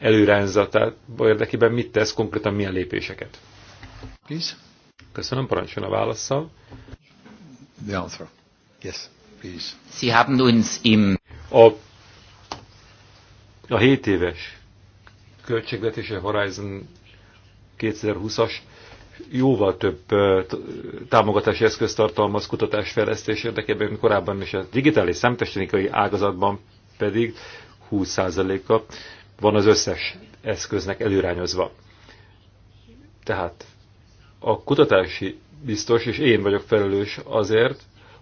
előrányzatát érdekében mit tesz, konkrétan milyen lépéseket? Please. Köszönöm, parancsoljon a válaszsal. The answer. Yes, please. Sie haben uns im... A, a 7 éves költségvetése Horizon 2020-as jóval több támogatási eszköz tartalmaz kutatásfejlesztés érdekében, mint korábban is a digitális számítástechnikai ágazatban pedig 20%-a van az összes eszköznek előrányozva. Tehát a kutatási biztos, és én vagyok felelős azért,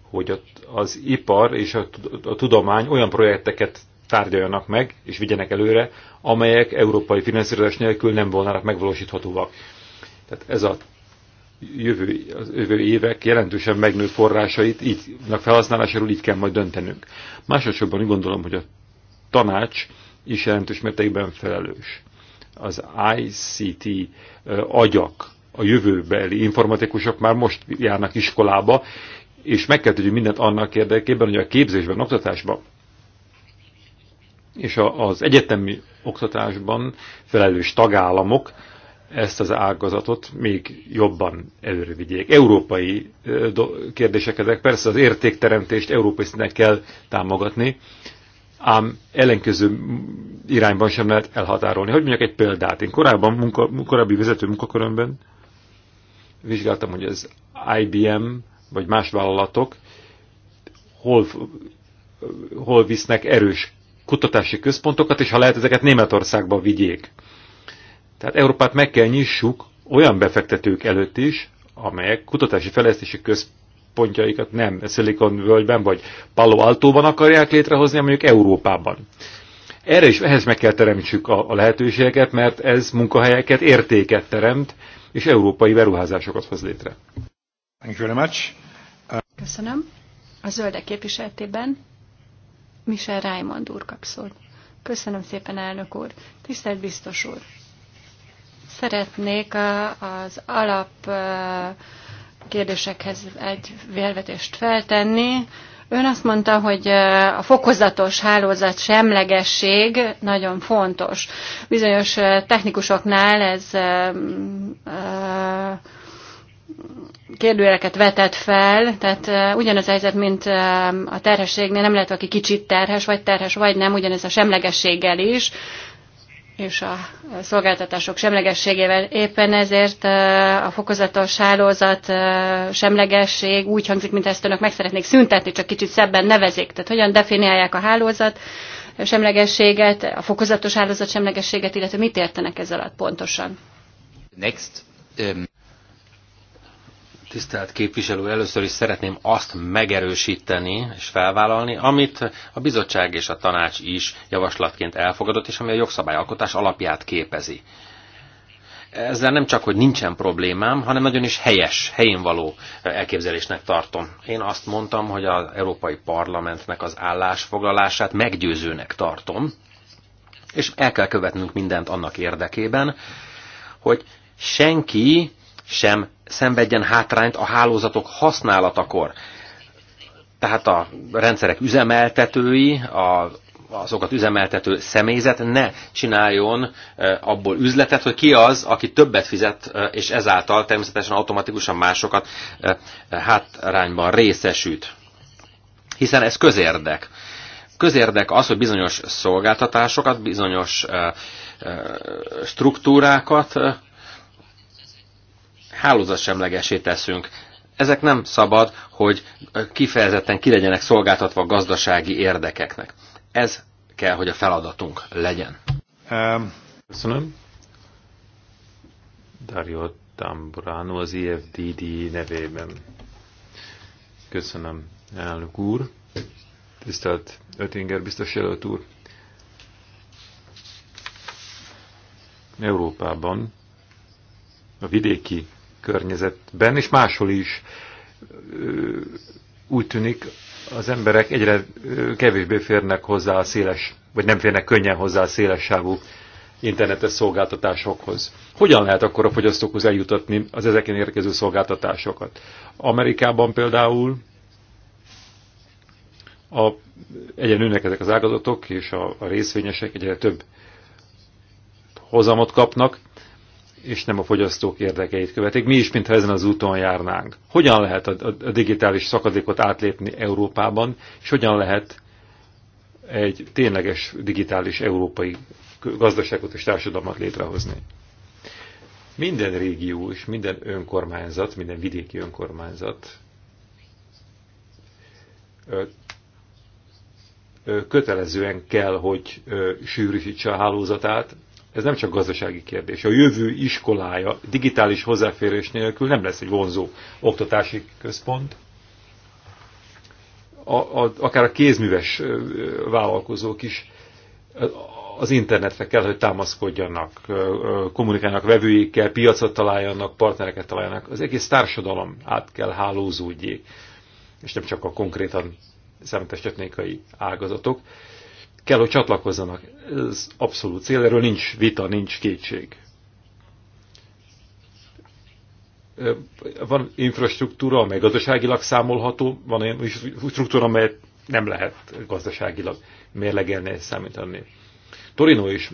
hogy az ipar és a, tudomány olyan projekteket tárgyaljanak meg, és vigyenek előre, amelyek európai finanszírozás nélkül nem volnának megvalósíthatóak. Tehát ez a jövő, az jövő évek jelentősen megnő forrásait így, felhasználásáról így kell majd döntenünk. Másodszorban úgy gondolom, hogy a tanács is jelentős mértékben felelős. Az ICT agyak, a jövőbeli informatikusok már most járnak iskolába, és meg kell tudjuk mindent annak érdekében, hogy a képzésben, oktatásban és az egyetemi oktatásban felelős tagállamok ezt az ágazatot még jobban előrevigyék. Európai kérdések ezek, persze az értékteremtést európai szinten kell támogatni, ám ellenkező irányban sem lehet elhatárolni. Hogy mondjak egy példát? Én korábban, munka, korábbi vezető munkakörömben vizsgáltam, hogy az IBM vagy más vállalatok hol, hol visznek erős kutatási központokat, és ha lehet, ezeket Németországba vigyék. Tehát Európát meg kell nyissuk olyan befektetők előtt is, amelyek kutatási fejlesztési köz, központjaikat nem Silicon völgyben vagy Palo Altóban akarják létrehozni, hanem mondjuk Európában. Erre is, ehhez meg kell teremtsük a, a lehetőségeket, mert ez munkahelyeket, értéket teremt, és európai beruházásokat hoz létre. Thank you very much. Köszönöm. A zöldek képviseletében Michel Raymond úr kap szót. Köszönöm szépen, elnök úr. Tisztelt biztos úr! Szeretnék az alap kérdésekhez egy vélvetést feltenni. Ön azt mondta, hogy a fokozatos hálózat semlegesség nagyon fontos. Bizonyos technikusoknál ez kérdőjeleket vetett fel, tehát ugyanaz a helyzet, mint a terhességnél, nem lehet, aki kicsit terhes, vagy terhes, vagy nem, ugyanez a semlegességgel is és a szolgáltatások semlegességével. Éppen ezért a fokozatos hálózat semlegesség úgy hangzik, mint ezt önök meg szeretnék szüntetni, csak kicsit szebben nevezik. Tehát hogyan definiálják a hálózat semlegességet, a fokozatos hálózat semlegességet, illetve mit értenek ez alatt pontosan? Next. Um... Tisztelt képviselő, először is szeretném azt megerősíteni és felvállalni, amit a bizottság és a tanács is javaslatként elfogadott, és ami a jogszabályalkotás alapját képezi. Ezzel nem csak, hogy nincsen problémám, hanem nagyon is helyes, helyén való elképzelésnek tartom. Én azt mondtam, hogy az Európai Parlamentnek az állásfoglalását meggyőzőnek tartom, és el kell követnünk mindent annak érdekében, hogy senki sem szenvedjen hátrányt a hálózatok használatakor. Tehát a rendszerek üzemeltetői, a, azokat üzemeltető személyzet ne csináljon e, abból üzletet, hogy ki az, aki többet fizet, e, és ezáltal természetesen automatikusan másokat e, hátrányban részesült, Hiszen ez közérdek. Közérdek az, hogy bizonyos szolgáltatásokat, bizonyos struktúrákat hálózatsemlegesé teszünk. Ezek nem szabad, hogy kifejezetten ki legyenek szolgáltatva gazdasági érdekeknek. Ez kell, hogy a feladatunk legyen. Um, Köszönöm. Dario Tamburano az IFDD nevében. Köszönöm, elnök úr. Tisztelt Ötinger biztos jelölt úr. Európában a vidéki környezetben, és máshol is úgy tűnik, az emberek egyre kevésbé férnek hozzá a széles, vagy nem férnek könnyen hozzá a szélessávú internetes szolgáltatásokhoz. Hogyan lehet akkor a fogyasztókhoz eljutatni az ezeken érkező szolgáltatásokat? Amerikában például a, egyre nőnek ezek az ágazatok, és a, a részvényesek egyre több hozamot kapnak, és nem a fogyasztók érdekeit követik. Mi is, mintha ezen az úton járnánk. Hogyan lehet a, a digitális szakadékot átlépni Európában, és hogyan lehet egy tényleges digitális európai gazdaságot és társadalmat létrehozni? Minden régió és minden önkormányzat, minden vidéki önkormányzat kötelezően kell, hogy sűrűsítse a hálózatát, ez nem csak gazdasági kérdés. A jövő iskolája digitális hozzáférés nélkül nem lesz egy vonzó oktatási központ. A, a, akár a kézműves vállalkozók is az internetre kell, hogy támaszkodjanak, kommunikálnak, vevőikkel, piacot találjanak, partnereket találjanak. Az egész társadalom át kell hálózódjék, és nem csak a konkrétan technikai ágazatok kell, hogy csatlakozzanak. Ez abszolút cél, erről nincs vita, nincs kétség. Van infrastruktúra, amely gazdaságilag számolható, van olyan struktúra, amelyet nem lehet gazdaságilag mérlegelni és számítani. Torino és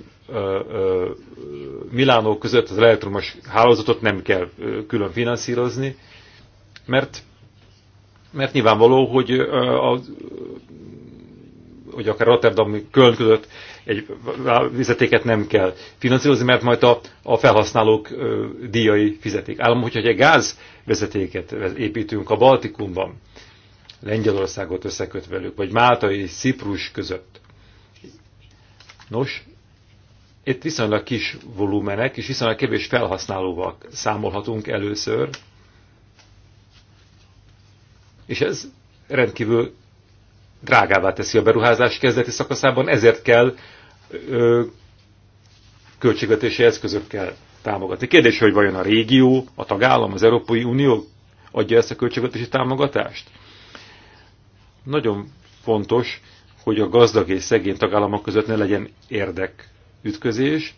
Milánó között az elektromos hálózatot nem kell külön finanszírozni, mert, mert nyilvánvaló, hogy a hogy akár Rotterdam Köln között egy vizetéket nem kell finanszírozni, mert majd a, a felhasználók ö, díjai fizetik. Állam, hogyha egy gázvezetéket építünk a Baltikumban, Lengyelországot összeköt velük, vagy máltai és Ciprus között. Nos, itt viszonylag kis volumenek, és viszonylag kevés felhasználóval számolhatunk először, és ez rendkívül drágává teszi a beruházás kezdeti szakaszában, ezért kell ö, költségvetési eszközökkel támogatni. Kérdés, hogy vajon a régió, a tagállam, az Európai Unió adja ezt a költségvetési támogatást? Nagyon fontos, hogy a gazdag és szegény tagállamok között ne legyen érdekütközés,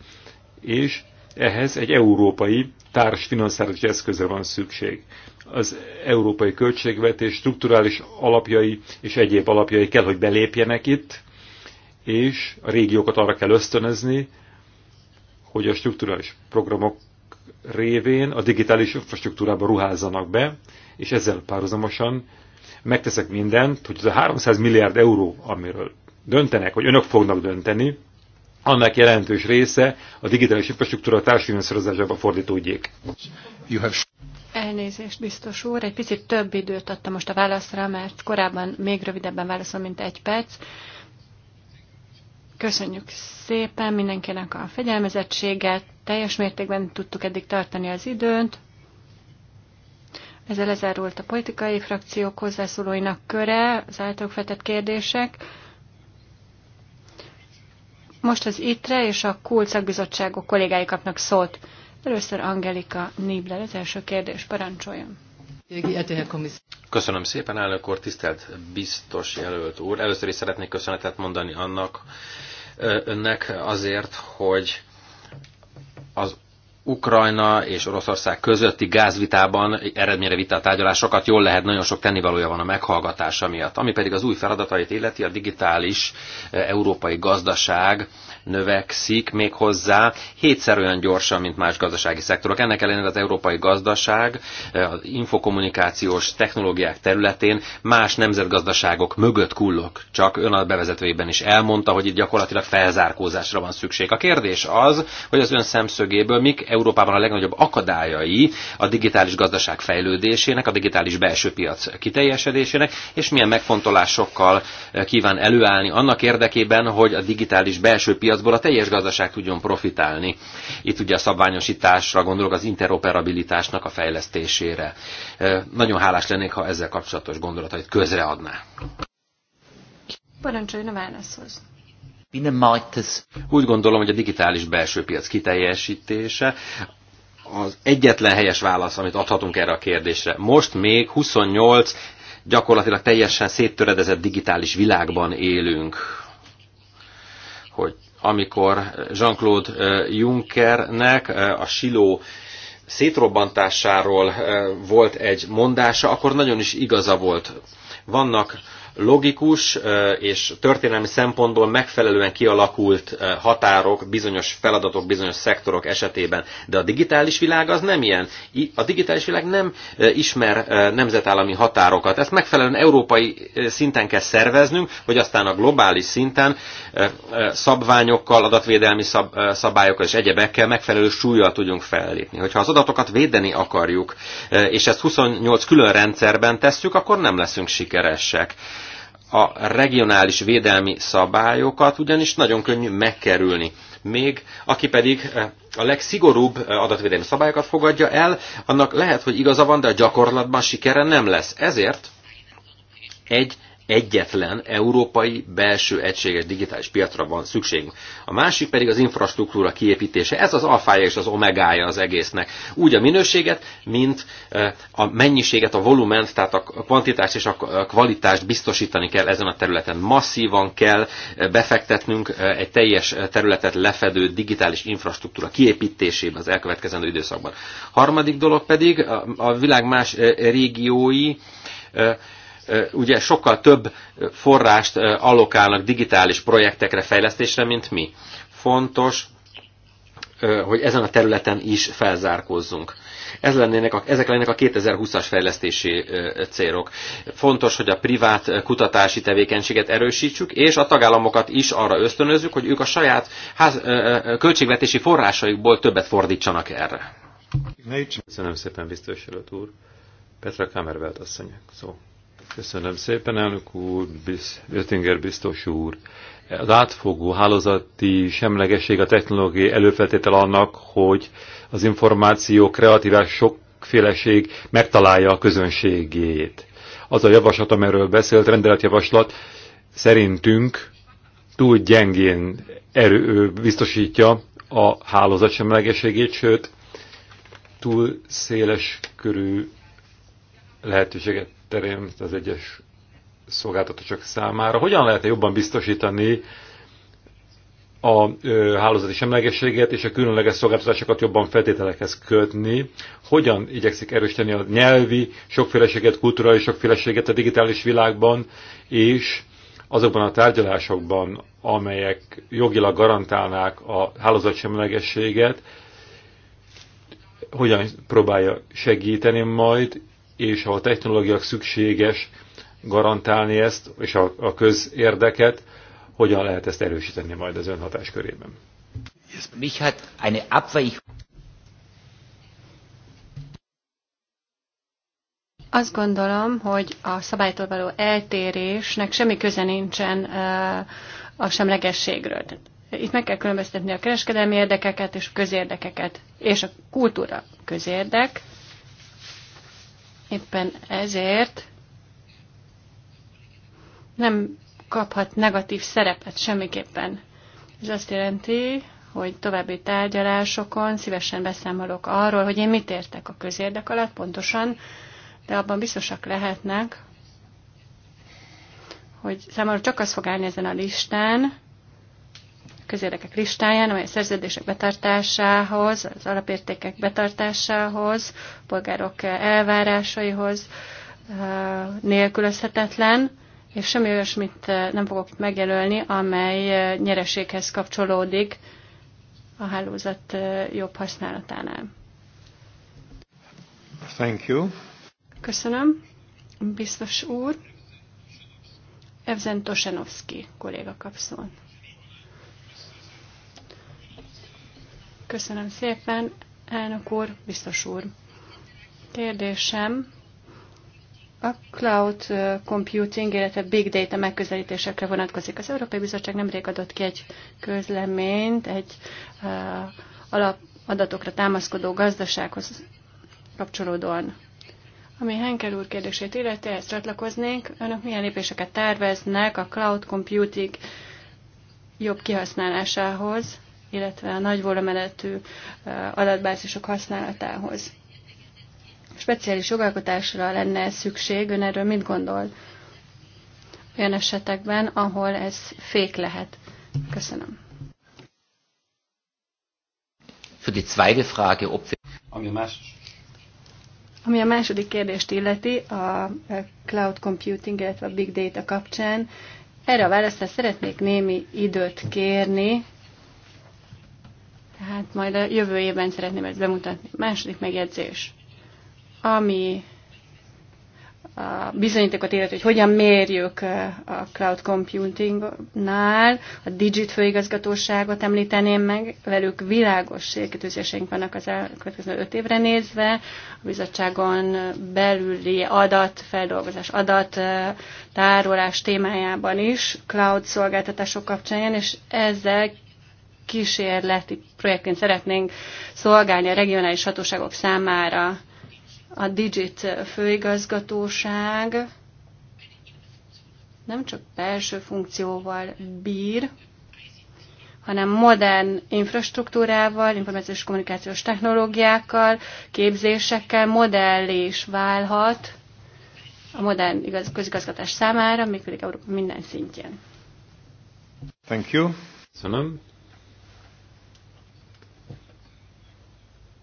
és ehhez egy európai társfinanszározási eszköze van szükség. Az európai költségvetés strukturális alapjai és egyéb alapjai kell, hogy belépjenek itt, és a régiókat arra kell ösztönözni, hogy a strukturális programok révén a digitális infrastruktúrába ruházzanak be, és ezzel párhuzamosan megteszek mindent, hogy az a 300 milliárd euró, amiről döntenek, hogy önök fognak dönteni, annak jelentős része a digitális infrastruktúra társadalmi fordítódjék. Elnézést, biztos úr. Egy picit több időt adtam most a válaszra, mert korábban még rövidebben válaszol, mint egy perc. Köszönjük szépen mindenkinek a fegyelmezettséget. Teljes mértékben tudtuk eddig tartani az időt. Ezzel lezárult a politikai frakciók hozzászólóinak köre, az általuk feltett kérdések. Most az ITRE és a KUL szakbizottságok kollégái kapnak szót. Először Angelika Nibler, az első kérdés, parancsoljon. Köszönöm szépen, elnök úr, tisztelt biztos jelölt úr. Először is szeretnék köszönetet mondani annak önnek azért, hogy az Ukrajna és Oroszország közötti gázvitában eredményre a tárgyalásokat jól lehet, nagyon sok tennivalója van a meghallgatása miatt. Ami pedig az új feladatait illeti, a digitális eh, európai gazdaság növekszik még hozzá hétszer olyan gyorsan, mint más gazdasági szektorok. Ennek ellenére az európai gazdaság eh, az infokommunikációs technológiák területén más nemzetgazdaságok mögött kullok. Csak ön a bevezetőjében is elmondta, hogy itt gyakorlatilag felzárkózásra van szükség. A kérdés az, hogy az ön szemszögéből mik Európában a legnagyobb akadályai a digitális gazdaság fejlődésének, a digitális belső piac kiteljesedésének, és milyen megfontolásokkal eh, kíván előállni annak érdekében, hogy a digitális belső piac piacból a teljes gazdaság tudjon profitálni. Itt ugye a szabványosításra gondolok, az interoperabilitásnak a fejlesztésére. Nagyon hálás lennék, ha ezzel kapcsolatos gondolatait közreadná. Parancsoljon a válaszhoz. Úgy gondolom, hogy a digitális belső piac kiteljesítése az egyetlen helyes válasz, amit adhatunk erre a kérdésre. Most még 28 gyakorlatilag teljesen széttöredezett digitális világban élünk. Hogy amikor Jean-Claude eh, Junckernek eh, a siló szétrobbantásáról eh, volt egy mondása, akkor nagyon is igaza volt. Vannak logikus és történelmi szempontból megfelelően kialakult határok bizonyos feladatok, bizonyos szektorok esetében. De a digitális világ az nem ilyen. A digitális világ nem ismer nemzetállami határokat. Ezt megfelelően európai szinten kell szerveznünk, hogy aztán a globális szinten szabványokkal, adatvédelmi szabályokkal és egyebekkel megfelelő súlyjal tudjunk fellépni. Hogyha az adatokat védeni akarjuk, és ezt 28 külön rendszerben tesszük, akkor nem leszünk sikeresek a regionális védelmi szabályokat ugyanis nagyon könnyű megkerülni. Még aki pedig eh, a legszigorúbb eh, adatvédelmi szabályokat fogadja el, annak lehet, hogy igaza van, de a gyakorlatban sikere nem lesz. Ezért egy egyetlen európai belső egységes digitális piacra van szükségünk. A másik pedig az infrastruktúra kiépítése. Ez az alfája és az omegája az egésznek. Úgy a minőséget, mint eh, a mennyiséget, a volument, tehát a kvantitást és a kvalitást biztosítani kell ezen a területen. Masszívan kell eh, befektetnünk eh, egy teljes területet lefedő digitális infrastruktúra kiépítésébe az elkövetkezendő időszakban. Harmadik dolog pedig a világ más régiói ugye sokkal több forrást alokálnak digitális projektekre, fejlesztésre, mint mi. Fontos, hogy ezen a területen is felzárkózzunk. Ez lennének a, ezek lennének a 2020-as fejlesztési célok. Fontos, hogy a privát kutatási tevékenységet erősítsük, és a tagállamokat is arra ösztönözzük, hogy ők a saját ház, költségvetési forrásaikból többet fordítsanak erre. Köszönöm szépen, biztos úr. Petra Kamervelt asszony szó. Köszönöm szépen, elnök úr, Ötinger biztos úr. Az átfogó hálózati semlegesség a technológiai előfeltétel annak, hogy az információ kreatívás sokféleség megtalálja a közönségét. Az a javaslat, amiről beszélt, rendeletjavaslat szerintünk túl gyengén erő, biztosítja a hálózat semlegességét, sőt, túl széles körű lehetőséget terén az egyes szolgáltatók számára. Hogyan lehet -e jobban biztosítani a ö, hálózati semlegességet és a különleges szolgáltatásokat jobban feltételekhez kötni? Hogyan igyekszik erősíteni a nyelvi sokféleséget, kulturális sokféleséget a digitális világban, és azokban a tárgyalásokban, amelyek jogilag garantálnák a semlegességet? hogyan próbálja segíteni majd, és ha a technológiak szükséges garantálni ezt, és a, a közérdeket, hogyan lehet ezt erősíteni majd az ön hatáskörében? Mich hat eine Azt gondolom, hogy a szabálytól való eltérésnek semmi köze nincsen a semlegességről. Itt meg kell különböztetni a kereskedelmi érdekeket és a közérdekeket. És a kultúra közérdek, Éppen ezért nem kaphat negatív szerepet semmiképpen. Ez azt jelenti, hogy további tárgyalásokon szívesen beszámolok arról, hogy én mit értek a közérdek alatt pontosan, de abban biztosak lehetnek, hogy számomra csak az fog állni ezen a listán, közérdekek listáján, amely a szerződések betartásához, az alapértékek betartásához, a polgárok elvárásaihoz eh, nélkülözhetetlen, és semmi olyasmit eh, nem fogok megjelölni, amely eh, nyereséghez kapcsolódik a hálózat jobb használatánál. Thank you. Köszönöm. Biztos úr. Evzen Tosenovski kolléga kap Köszönöm szépen, elnök úr, biztos úr. Kérdésem a cloud computing, illetve big data megközelítésekre vonatkozik. Az Európai Bizottság nemrég adott ki egy közleményt, egy uh, alapadatokra támaszkodó gazdasághoz kapcsolódóan. Ami Henkel úr kérdését illeti, ezt csatlakoznék. Önök milyen lépéseket terveznek a cloud computing jobb kihasználásához, illetve a nagy volumenetű adatbázisok használatához. Speciális jogalkotásra lenne szükség, ön erről mit gondol? Olyan esetekben, ahol ez fék lehet. Köszönöm. Für die zweite Frage, ob Ami a más... Ami a második kérdést illeti, a cloud computing, illetve a big data kapcsán, erre a választás szeretnék némi időt kérni, tehát majd a jövő évben szeretném ezt bemutatni. Második megjegyzés. Ami a bizonyítékot illeti, hogy hogyan mérjük a cloud computingnál, a Digit főigazgatóságot említeném meg, velük világos sérkítőzéseink vannak az elkövetkező öt évre nézve, a bizottságon belüli adatfeldolgozás, adattárolás témájában is, cloud szolgáltatások kapcsán, és ezzel kísérleti projektként szeretnénk szolgálni a regionális hatóságok számára. A Digit főigazgatóság nem csak belső funkcióval bír, hanem modern infrastruktúrával, információs kommunikációs technológiákkal, képzésekkel modell is válhat a modern igaz, közigazgatás számára, mégpedig Európa minden szintjén. Thank you. Köszönöm.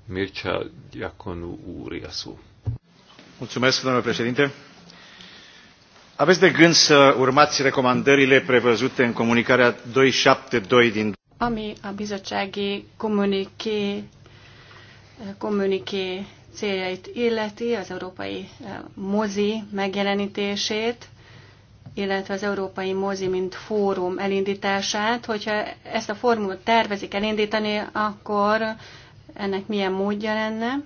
Mircea Diaconu Uriasu. Mulțumesc, domnule președinte. Aveți de gând să urmați recomandările prevăzute în comunicarea 272 din... Ami a bizottsági kommuniké, kommuniké céljait illeti, az európai eh, mozi megjelenítését, illetve az európai mozi, mint fórum elindítását. Hogyha ezt a fórumot tervezik elindítani, akkor uh, ennek milyen módja lenne,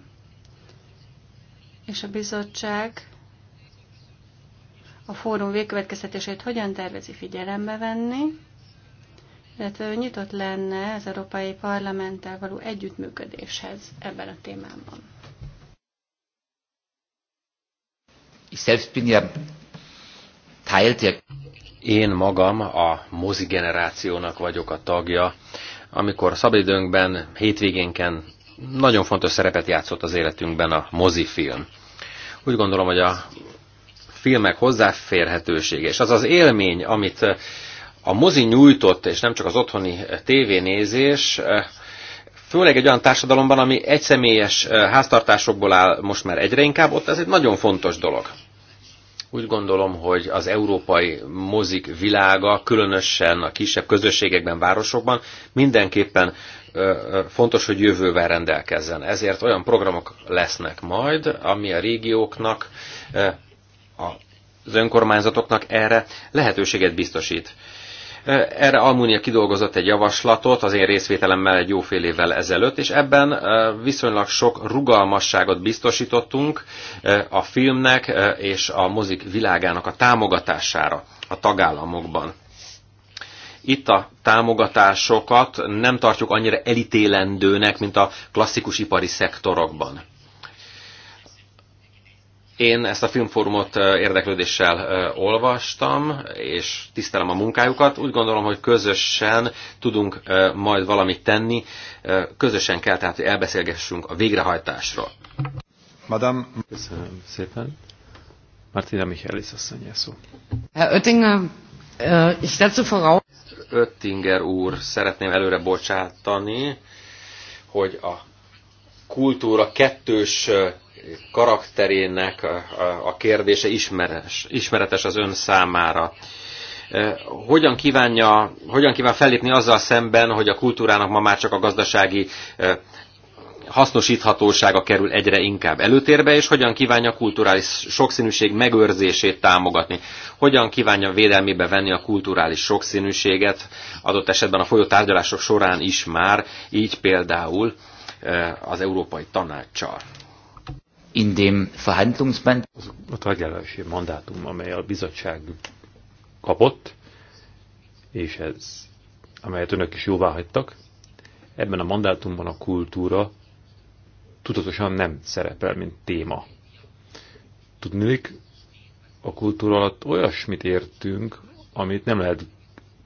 és a bizottság a fórum végkövetkeztetését hogyan tervezi figyelembe venni, illetve ő nyitott lenne az Európai Parlamenttel való együttműködéshez ebben a témában. én magam a mozi generációnak vagyok a tagja. Amikor szabadidőnkben, hétvégénken nagyon fontos szerepet játszott az életünkben a mozifilm. Úgy gondolom, hogy a filmek hozzáférhetősége, és az az élmény, amit eh, a mozi nyújtott, és nem csak az otthoni eh, tévénézés, eh, főleg egy olyan társadalomban, ami egyszemélyes háztartásokból áll most már egyre inkább, ott ez egy nagyon fontos dolog. Úgy gondolom, hogy az európai mozik világa, különösen a kisebb közösségekben, városokban mindenképpen fontos, hogy jövővel rendelkezzen. Ezért olyan programok lesznek majd, ami a régióknak, az önkormányzatoknak erre lehetőséget biztosít. Erre Almunia kidolgozott egy javaslatot az én részvételemmel egy jó fél évvel ezelőtt, és ebben viszonylag sok rugalmasságot biztosítottunk a filmnek és a mozik világának a támogatására a tagállamokban itt a támogatásokat nem tartjuk annyira elítélendőnek, mint a klasszikus ipari szektorokban. Én ezt a filmfórumot érdeklődéssel olvastam, és tisztelem a munkájukat. Úgy gondolom, hogy közösen tudunk majd valamit tenni. Közösen kell tehát, hogy elbeszélgessünk a végrehajtásról. Madame. Köszönöm szépen. Martina Michaelis asszony szó. Herr Oettinger, äh, ich setze voraus... Öttinger úr szeretném előre bocsátani, hogy a kultúra kettős karakterének a kérdése ismeres, ismeretes az ön számára. Hogyan, kívánja, hogyan kíván fellépni azzal szemben, hogy a kultúrának ma már csak a gazdasági hasznosíthatósága kerül egyre inkább előtérbe, és hogyan kívánja a kulturális sokszínűség megőrzését támogatni, hogyan kívánja védelmébe venni a kulturális sokszínűséget, adott esetben a folyó tárgyalások során is már, így például eh, az Európai Tanácssal. In dem Verhandlungsband... Az a tárgyalási mandátum, amely a bizottság kapott, és ez, amelyet önök is jóvá hagytak, ebben a mandátumban a kultúra tudatosan nem szerepel, mint téma. Tudnék, a kultúra alatt olyasmit értünk, amit nem lehet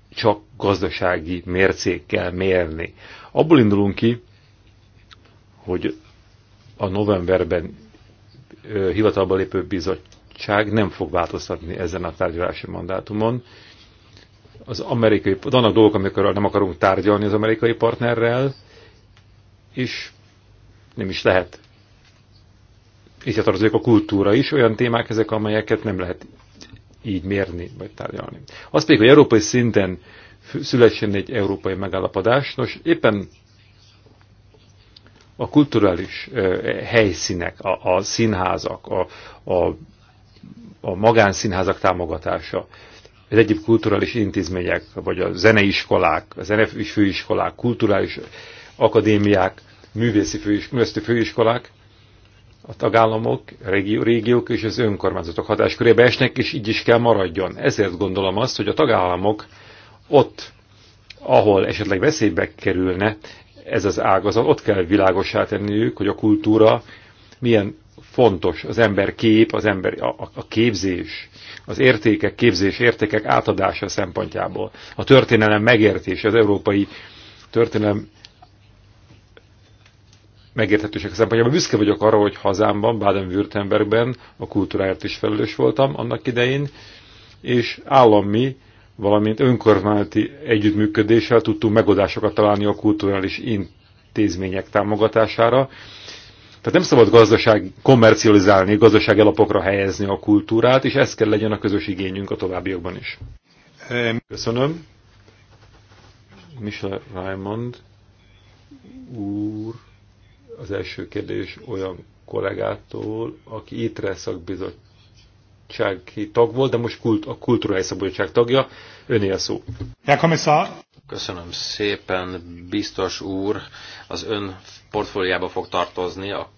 csak gazdasági mércékkel mérni. Abból indulunk ki, hogy a novemberben hivatalba lépő bizottság nem fog változtatni ezen a tárgyalási mandátumon. Az amerikai, vannak dolgok, amikor nem akarunk tárgyalni az amerikai partnerrel, és nem is lehet. Így tartozik a kultúra is, olyan témák ezek, amelyeket nem lehet így mérni, vagy tárgyalni. Az pedig, hogy európai szinten szülessen egy európai megállapodás, nos éppen a kulturális helyszínek, a, a színházak, a, a, a magánszínházak támogatása, az egyéb kulturális intézmények, vagy a zeneiskolák, a zenefőiskolák, kulturális akadémiák művészi főis, főiskolák, a tagállamok, régió, régiók és az önkormányzatok hatáskörébe esnek, és így is kell maradjon. Ezért gondolom azt, hogy a tagállamok ott, ahol esetleg veszélybe kerülne ez az ágazat, ott kell világosá tenniük, hogy a kultúra milyen fontos, az ember kép, az ember, a, a képzés, az értékek, képzés, értékek átadása szempontjából. A történelem megértése, az európai történelem megérthetőség szempontjából büszke vagyok arra, hogy hazámban, Baden-Württembergben a kultúráért is felelős voltam annak idején, és állami, valamint önkormányzati együttműködéssel tudtunk megoldásokat találni a kulturális intézmények támogatására. Tehát nem szabad gazdaság komercializálni, gazdasági alapokra helyezni a kultúrát, és ez kell legyen a közös igényünk a továbbiakban is. Köszönöm. Michel Raymond úr az első kérdés olyan kollégától, aki ITRE szakbizottsági tag volt, de most kult, a kulturális szabadság tagja. Öné a szó. Köszönöm szépen, biztos úr. Az ön portfóliába fog tartozni a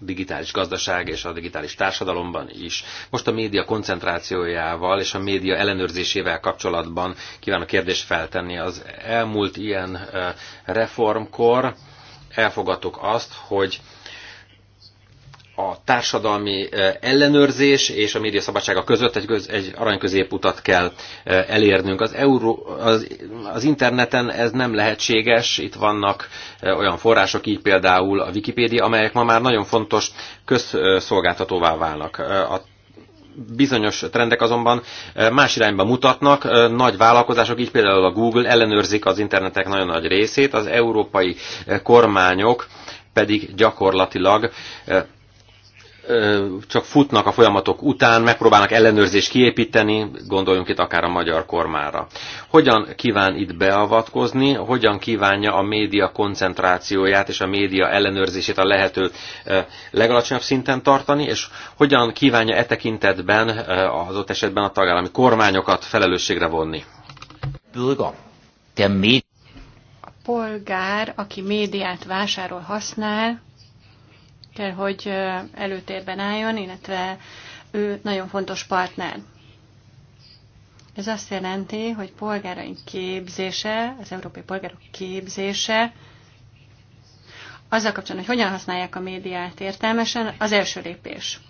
digitális gazdaság és a digitális társadalomban is. Most a média koncentrációjával és a média ellenőrzésével kapcsolatban kívánok kérdést feltenni. Az elmúlt ilyen eh, reformkor elfogadtuk azt, hogy a társadalmi eh, ellenőrzés és a média szabadsága között egy, köz, egy aranyközéputat kell eh, elérnünk. Az, euró, az, az interneten ez nem lehetséges, itt vannak eh, olyan források, így például a Wikipédia, amelyek ma már nagyon fontos közszolgáltatóvá válnak. A Bizonyos trendek azonban más irányba mutatnak. Nagy vállalkozások, így például a Google ellenőrzik az internetek nagyon nagy részét, az európai kormányok pedig gyakorlatilag csak futnak a folyamatok után, megpróbálnak ellenőrzést kiépíteni, gondoljunk itt akár a magyar kormára. Hogyan kíván itt beavatkozni, hogyan kívánja a média koncentrációját és a média ellenőrzését a lehető legalacsonyabb szinten tartani, és hogyan kívánja e tekintetben az ott esetben a tagállami kormányokat felelősségre vonni? A polgár, aki médiát vásárol, használ, kell, hogy előtérben álljon, illetve ő nagyon fontos partner. Ez azt jelenti, hogy polgáraink képzése, az európai polgárok képzése, azzal kapcsolatban, hogy hogyan használják a médiát értelmesen, az első lépés.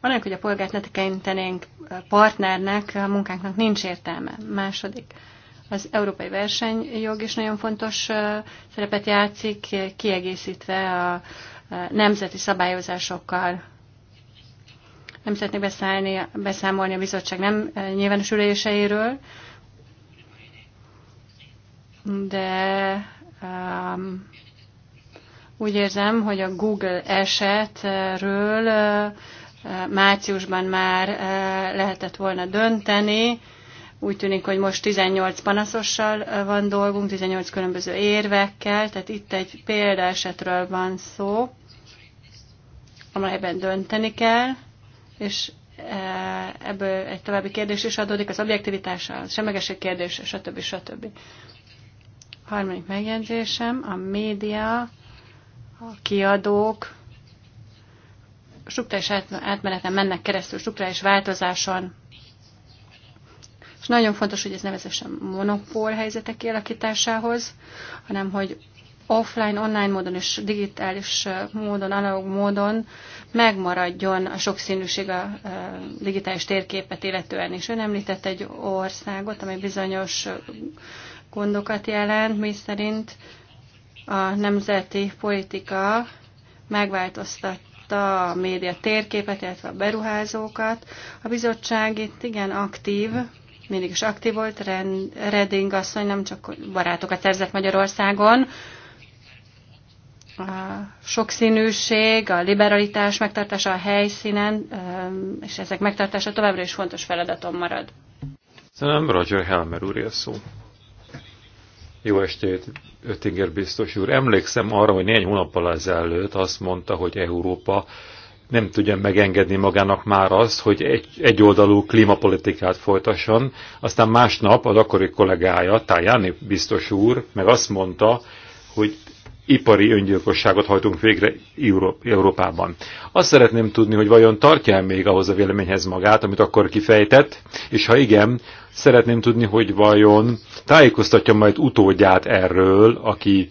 Annak, hogy a polgárt ne tekintenénk partnernek, a munkánknak nincs értelme. Második. Az európai versenyjog is nagyon fontos szerepet játszik, kiegészítve a nemzeti szabályozásokkal. Nem szeretnék beszállni, beszámolni a bizottság nem eh, nyilvános üléseiről, de um, úgy érzem, hogy a Google esetről eh, eh, márciusban már lehetett volna dönteni. Úgy tűnik, hogy most 18 panaszossal van dolgunk, 18 különböző érvekkel, tehát itt egy esetről van szó amelyben dönteni kell, és e, ebből egy további kérdés is adódik, az objektivitás, a semlegesség kérdés, stb. stb. A harmadik megjegyzésem, a média, a kiadók struktúrális átmeneten mennek keresztül, struktúrális változáson, és nagyon fontos, hogy ez nevezetesen monopól helyzetek kialakításához, hanem hogy offline, online módon és digitális módon, analóg módon megmaradjon a sokszínűség a digitális térképet illetően is. Ön említett egy országot, amely bizonyos gondokat jelent, mi szerint a nemzeti politika megváltoztatta a média térképet, illetve a beruházókat. A bizottság itt igen aktív, mindig is aktív volt, Reding asszony nem csak barátokat szerzett Magyarországon, a sokszínűség, a liberalitás megtartása a helyszínen, és ezek megtartása továbbra is fontos feladatom marad. Szerintem Roger Helmer úr szó. Jó estét, Öttinger biztos úr. Emlékszem arra, hogy néhány hónappal ezelőtt azt mondta, hogy Európa nem tudja megengedni magának már azt, hogy egy, egyoldalú klímapolitikát folytasson. Aztán másnap az akkori kollégája, Tajani biztos úr, meg azt mondta, hogy ipari öngyilkosságot hajtunk végre Európában. Azt szeretném tudni, hogy vajon tartja -e még ahhoz a véleményhez magát, amit akkor kifejtett, és ha igen, szeretném tudni, hogy vajon tájékoztatja majd utódját erről, aki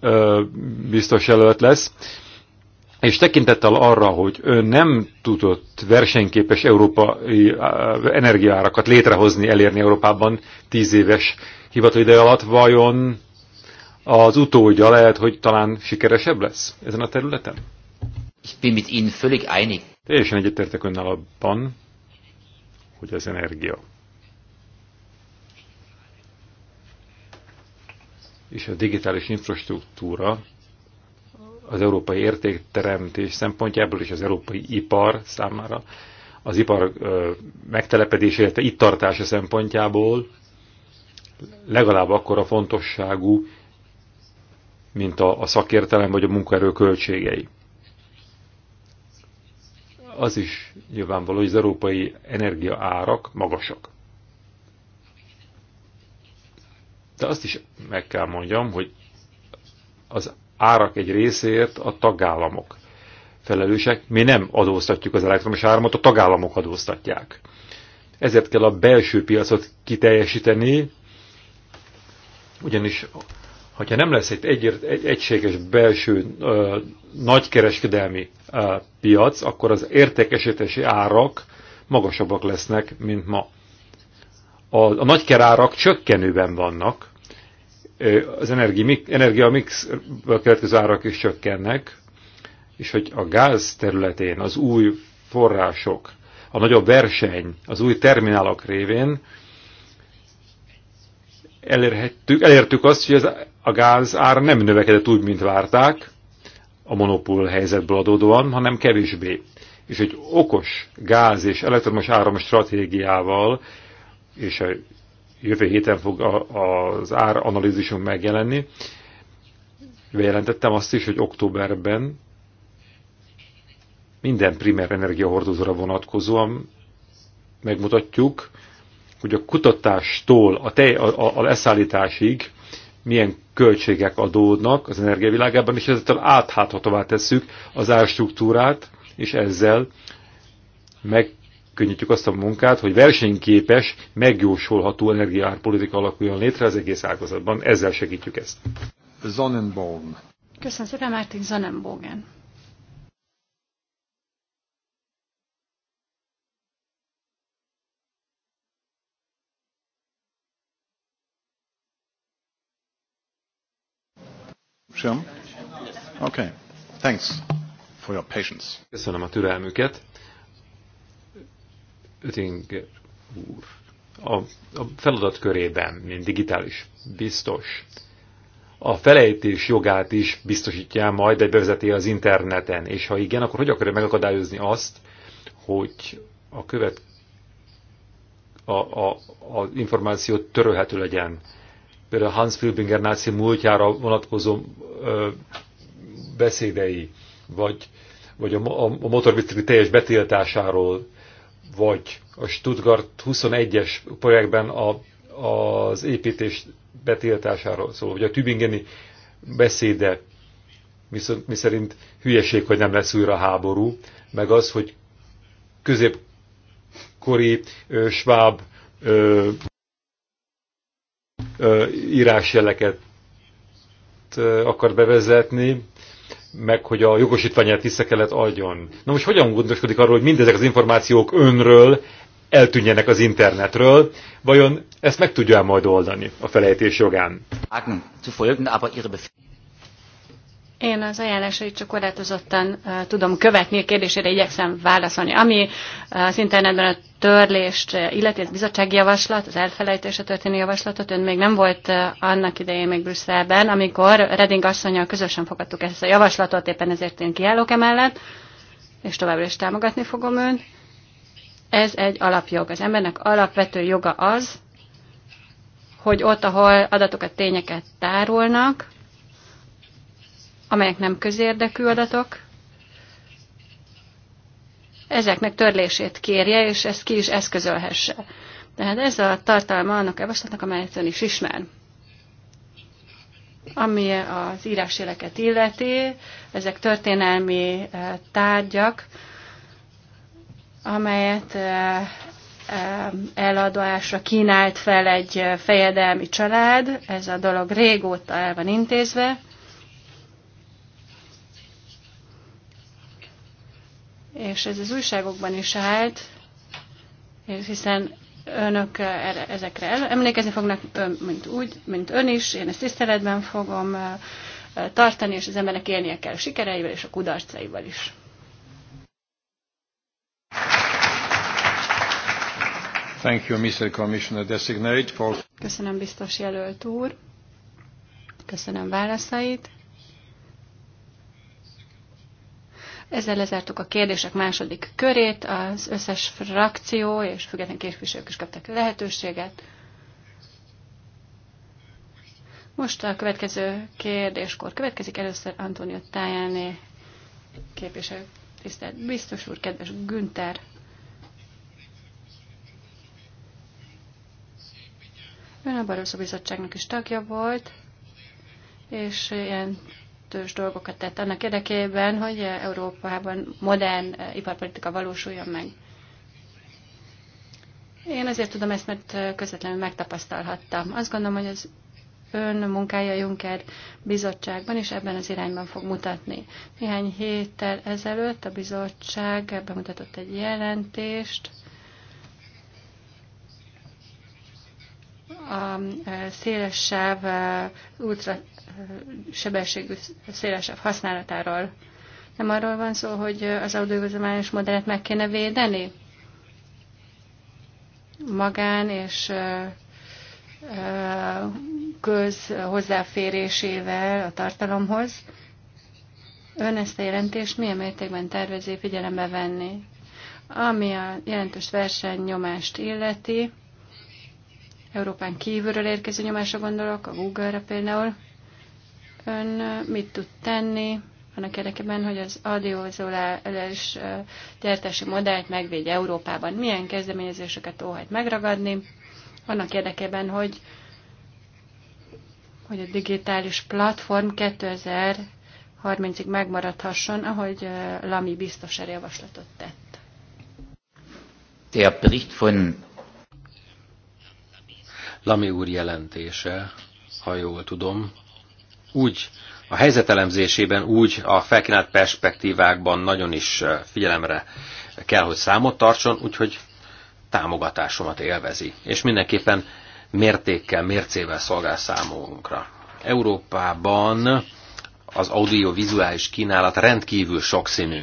ö, biztos jelölt lesz, és tekintettel arra, hogy ő nem tudott versenyképes európai energiárakat létrehozni, elérni Európában tíz éves hivatalideje alatt, vajon az utódja lehet, hogy talán sikeresebb lesz ezen a területen? Ich bin mit Ihnen völlig einig. Teljesen egyetértek önnel abban, hogy az energia. És a digitális infrastruktúra az európai értékteremtés szempontjából és az európai ipar számára, az ipar megtelepedése, illetve itt tartása szempontjából legalább akkora fontosságú, mint a, a szakértelem vagy a munkaerő költségei. Az is nyilvánvaló, hogy az európai energiaárak magasak. De azt is meg kell mondjam, hogy az árak egy részért a tagállamok felelősek. Mi nem adóztatjuk az elektromos áramot, a tagállamok adóztatják. Ezért kell a belső piacot kiteljesíteni, ugyanis hogyha nem lesz egy, egy, egy egységes belső ö, nagykereskedelmi ö, piac, akkor az értékesítési árak magasabbak lesznek, mint ma. A, a nagykerárak csökkenőben vannak, az energi, energia következő árak is csökkennek, és hogy a gáz területén az új források, a nagyobb verseny az új terminálok révén elérhettük, elértük azt, hogy az, a gáz ár nem növekedett úgy, mint várták, a monopól helyzetből adódóan, hanem kevésbé. És egy okos gáz és elektromos áram stratégiával, és a jövő héten fog a, a, az analízisunk megjelenni, bejelentettem azt is, hogy októberben minden primer energiahordozóra vonatkozóan megmutatjuk, hogy a kutatástól a, tej, a, a, a leszállításig milyen költségek adódnak az energiavilágában, és ezzel átháthatóvá tesszük az árstruktúrát, és ezzel megkönnyítjük azt a munkát, hogy versenyképes, megjósolható energiárpolitika alakuljon létre az egész ágazatban. Ezzel segítjük ezt. Zonenborn. Köszönöm szépen, Mártin Zonenbogen. Sure. Okay. Thanks for your patience. Köszönöm a türelmüket. Ötinger úr, a, a feladat körében, mint digitális biztos, a felejtés jogát is biztosítja majd, de bevezeti az interneten. És ha igen, akkor hogy akarja megakadályozni azt, hogy a követ a, a, a információ törölhető legyen például Hans Filbinger náci múltjára vonatkozó ö, beszédei, vagy, vagy a, a, a motorbicikli teljes betiltásáról, vagy a Stuttgart 21-es projektben a, az építés betiltásáról szól, vagy a Tübingeni beszéde, viszont, miszerint hülyeség, hogy nem lesz újra háború, meg az, hogy középkori ö, sváb ö, írásjeleket akar bevezetni, meg hogy a jogosítványát vissza kellett adjon. Na most hogyan gondoskodik arról, hogy mindezek az információk önről eltűnjenek az internetről, vajon ezt meg tudja majd oldani a felejtés jogán? Én az ajánlásait csak korlátozottan uh, tudom követni, a kérdésére igyekszem válaszolni. Ami uh, az internetben a törlést, uh, illeti az bizottsági javaslat, az elfelejtésre történő javaslatot, ön még nem volt uh, annak idején még Brüsszelben, amikor Reding asszonyjal közösen fogadtuk ezt a javaslatot, éppen ezért én kiállok emellett, és továbbra is támogatni fogom ön. Ez egy alapjog. Az embernek alapvető joga az, hogy ott, ahol adatokat, tényeket tárolnak, amelyek nem közérdekű adatok, ezeknek törlését kérje, és ezt ki is eszközölhesse. Tehát ez a tartalma annak javaslatnak, amelyet ön is ismer. Ami az írásjeleket illeti, ezek történelmi eh, tárgyak, amelyet eh, eh, eladásra kínált fel egy fejedelmi család. Ez a dolog régóta el van intézve. és ez az újságokban is állt, hiszen önök ezekre emlékezni fognak, ön, mint úgy, mint ön is, én ezt tiszteletben fogom tartani, és az embernek élnie kell a sikereivel és a kudarcaival is. Thank you, Mr. Commissioner Designate for... Köszönöm biztos jelölt úr, köszönöm válaszait. Ezzel lezártuk a kérdések második körét, az összes frakció és független képviselők is kaptak lehetőséget. Most a következő kérdéskor következik először Antonio Tajani képviselő. Tisztelt biztos úr, kedves Günther! Ön a Barroso Bizottságnak is tagja volt, és ilyen jelentős dolgokat tett annak érdekében, hogy Európában modern eh, iparpolitika valósuljon meg. Én azért tudom ezt, mert eh, közvetlenül megtapasztalhattam. Azt gondolom, hogy az ön munkája Juncker bizottságban is ebben az irányban fog mutatni. Néhány héttel ezelőtt a bizottság bemutatott egy jelentést a szélesebb sáv e, ultra e, sebességű szélesebb használatáról. Nem arról van szó, hogy az audiovizuális modellet meg kéne védeni? Magán és e, köz hozzáférésével a tartalomhoz. Ön ezt a jelentést milyen mértékben tervezi figyelembe venni? Ami a jelentős versenynyomást illeti, Európán kívülről érkező nyomásra gondolok, a Google-re például. Ön mit tud tenni annak érdekében, hogy az audiovizuális gyártási modellt megvédje Európában? Milyen kezdeményezéseket óhajt megragadni annak érdekében, hogy hogy a digitális platform 2030-ig megmaradhasson, ahogy Lami biztos javaslatot tett. Der Bericht von Lami úr jelentése, ha jól tudom, úgy a helyzetelemzésében, úgy a felkínált perspektívákban nagyon is figyelemre kell, hogy számot tartson, úgyhogy támogatásomat élvezi. És mindenképpen mértékkel, mércével szolgál számunkra. Európában az audiovizuális kínálat rendkívül sokszínű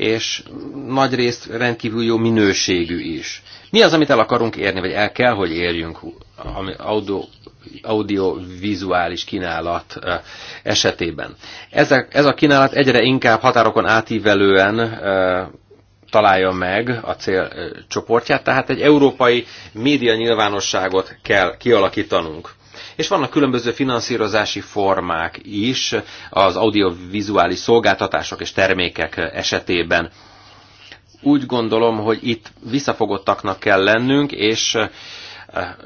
és nagy részt rendkívül jó minőségű is. Mi az, amit el akarunk érni, vagy el kell, hogy érjünk ami audio, vizuális kínálat esetében? Ez a, ez a kínálat egyre inkább határokon átívelően találja meg a célcsoportját, tehát egy európai média nyilvánosságot kell kialakítanunk. És vannak különböző finanszírozási formák is az audiovizuális szolgáltatások és termékek esetében. Úgy gondolom, hogy itt visszafogottaknak kell lennünk, és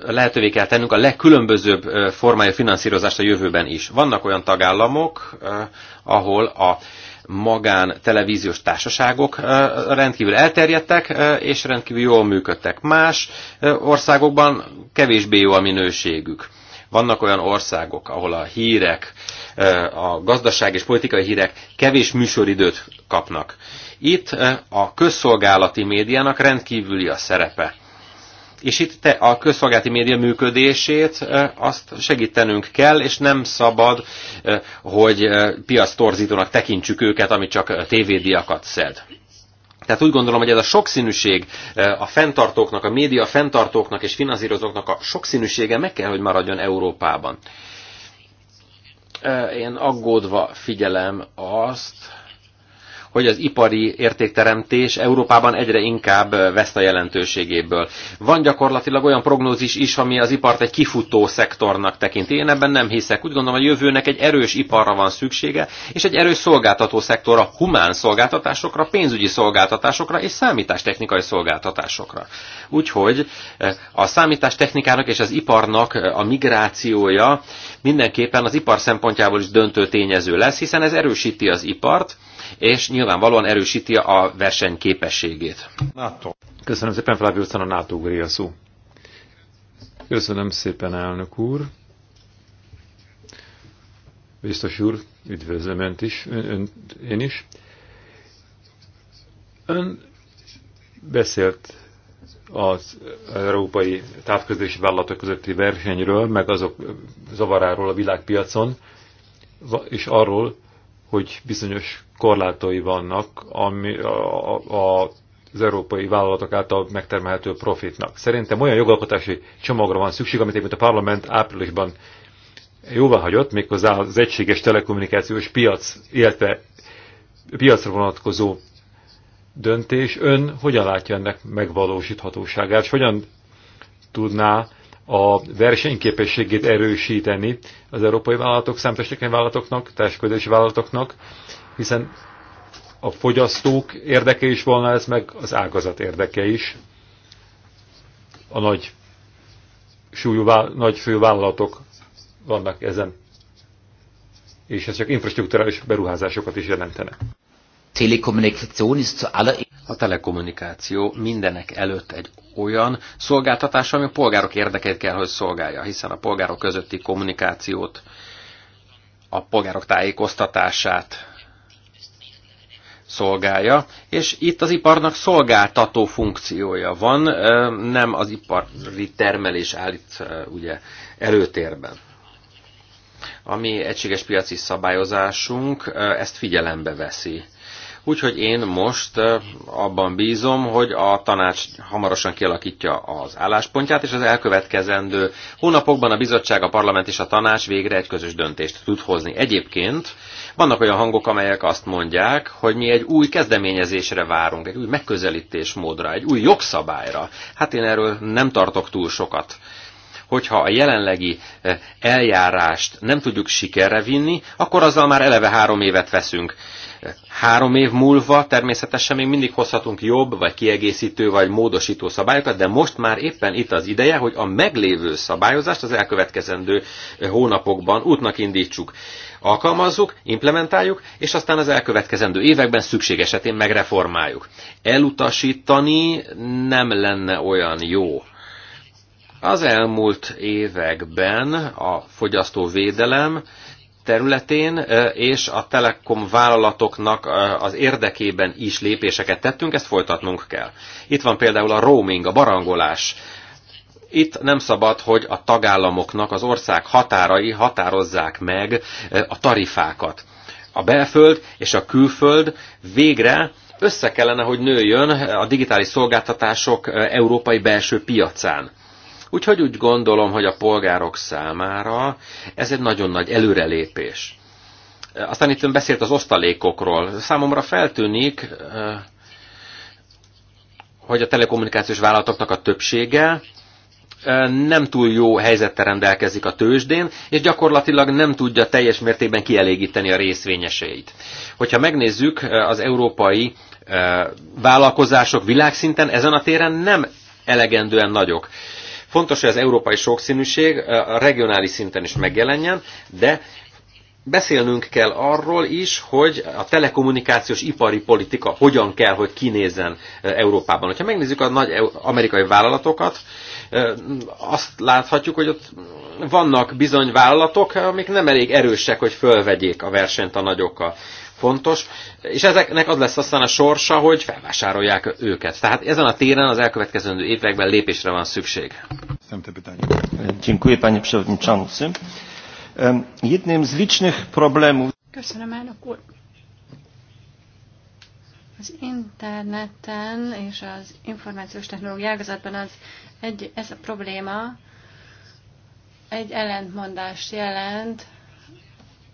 lehetővé kell tennünk a legkülönbözőbb formája finanszírozást a jövőben is. Vannak olyan tagállamok, ahol a magán televíziós társaságok rendkívül elterjedtek, és rendkívül jól működtek. Más országokban kevésbé jó a minőségük. Vannak olyan országok, ahol a hírek, eh, a gazdaság és politikai hírek kevés műsoridőt kapnak. Itt eh, a közszolgálati médiának rendkívüli a szerepe. És itt te a közszolgálati média működését eh, azt segítenünk kell, és nem szabad, hogy piac tekintsük őket, ami csak tévédiakat szed. Tehát úgy gondolom, hogy ez a sokszínűség eh, a fenntartóknak, a média fenntartóknak és finanszírozóknak a sokszínűsége meg kell, hogy maradjon Európában. Eh, én aggódva figyelem azt, hogy az ipari értékteremtés Európában egyre inkább veszt a jelentőségéből. Van gyakorlatilag olyan prognózis is, ami az ipart egy kifutó szektornak tekint. Én ebben nem hiszek. Úgy gondolom, a jövőnek egy erős iparra van szüksége, és egy erős szolgáltató szektorra, humán szolgáltatásokra, pénzügyi szolgáltatásokra és számítástechnikai szolgáltatásokra. Úgyhogy eh, a számítástechnikának és az iparnak eh, a migrációja mindenképpen az ipar szempontjából is döntő tényező lesz, hiszen ez erősíti az ipart, és nyilvánvalóan erősíti a verseny képességét. NATO. Köszönöm szépen, Flávio a NATO a szó. Köszönöm szépen, elnök úr. Biztos úr, üdvözlöm önt is, ön, ön, én is. Ön beszélt az európai távközlési vállalatok közötti versenyről, meg azok zavaráról a világpiacon, és arról, hogy bizonyos korlátai vannak ami a, a, az európai vállalatok által megtermelhető profitnak. Szerintem olyan jogalkotási csomagra van szükség, amit egyébként a parlament áprilisban jóvá hagyott, méghozzá az egységes telekommunikációs piac, illetve piacra vonatkozó döntés. Ön hogyan látja ennek megvalósíthatóságát, és hogyan tudná a versenyképességét erősíteni az európai vállalatok, számítástechnikai vállalatoknak, társadalmi vállalatoknak, hiszen a fogyasztók érdeke is volna ez, meg az ágazat érdeke is. A nagy, súlyú, nagy fővállalatok vannak ezen, és ez csak infrastruktúrális beruházásokat is jelentene. Telekommunikáció is zu aller a telekommunikáció mindenek előtt egy olyan szolgáltatás, ami a polgárok érdekeit kell, hogy szolgálja, hiszen a polgárok közötti kommunikációt, a polgárok tájékoztatását szolgálja, és itt az iparnak szolgáltató funkciója van, nem az ipari termelés állít ugye előtérben. A mi egységes piaci szabályozásunk ezt figyelembe veszi Úgyhogy én most eh, abban bízom, hogy a tanács hamarosan kialakítja az álláspontját, és az elkövetkezendő hónapokban a bizottság, a parlament és a tanács végre egy közös döntést tud hozni. Egyébként vannak olyan hangok, amelyek azt mondják, hogy mi egy új kezdeményezésre várunk, egy új megközelítésmódra, egy új jogszabályra. Hát én erről nem tartok túl sokat hogyha a jelenlegi eh, eljárást nem tudjuk sikerre vinni, akkor azzal már eleve három évet veszünk. Három év múlva természetesen még mindig hozhatunk jobb, vagy kiegészítő, vagy módosító szabályokat, de most már éppen itt az ideje, hogy a meglévő szabályozást az elkövetkezendő eh, hónapokban útnak indítsuk. Alkalmazzuk, implementáljuk, és aztán az elkövetkezendő években szükség esetén megreformáljuk. Elutasítani nem lenne olyan jó. Az elmúlt években a fogyasztóvédelem területén, és a telekom vállalatoknak az érdekében is lépéseket tettünk, ezt folytatnunk kell. Itt van például a roaming, a barangolás. Itt nem szabad, hogy a tagállamoknak az ország határai határozzák meg a tarifákat. A belföld és a külföld végre össze kellene, hogy nőjön a digitális szolgáltatások európai belső piacán Úgyhogy úgy gondolom, hogy a polgárok számára ez egy nagyon nagy előrelépés. Aztán itt ön beszélt az osztalékokról. Számomra feltűnik, eh, hogy a telekommunikációs vállalatoknak a többsége eh, nem túl jó helyzettel rendelkezik a tőzsdén, és gyakorlatilag nem tudja teljes mértékben kielégíteni a részvényeseit. Hogyha megnézzük, eh, az európai vállalkozások világszinten ezen a téren nem elegendően nagyok. Fontos, hogy az európai sokszínűség a regionális szinten is megjelenjen, de beszélnünk kell arról is, hogy a telekommunikációs ipari politika hogyan kell, hogy kinézzen Európában. Ha megnézzük a nagy amerikai vállalatokat, azt láthatjuk, hogy ott vannak bizony vállalatok, amik nem elég erősek, hogy fölvegyék a versenyt a nagyokkal fontos, és ezeknek az lesz aztán a sorsa, hogy felvásárolják őket. Tehát ezen a téren az elkövetkező években lépésre van szükség. Köszönöm, elnök úr. Az interneten és az információs technológia ágazatban az egy, ez a probléma egy ellentmondást jelent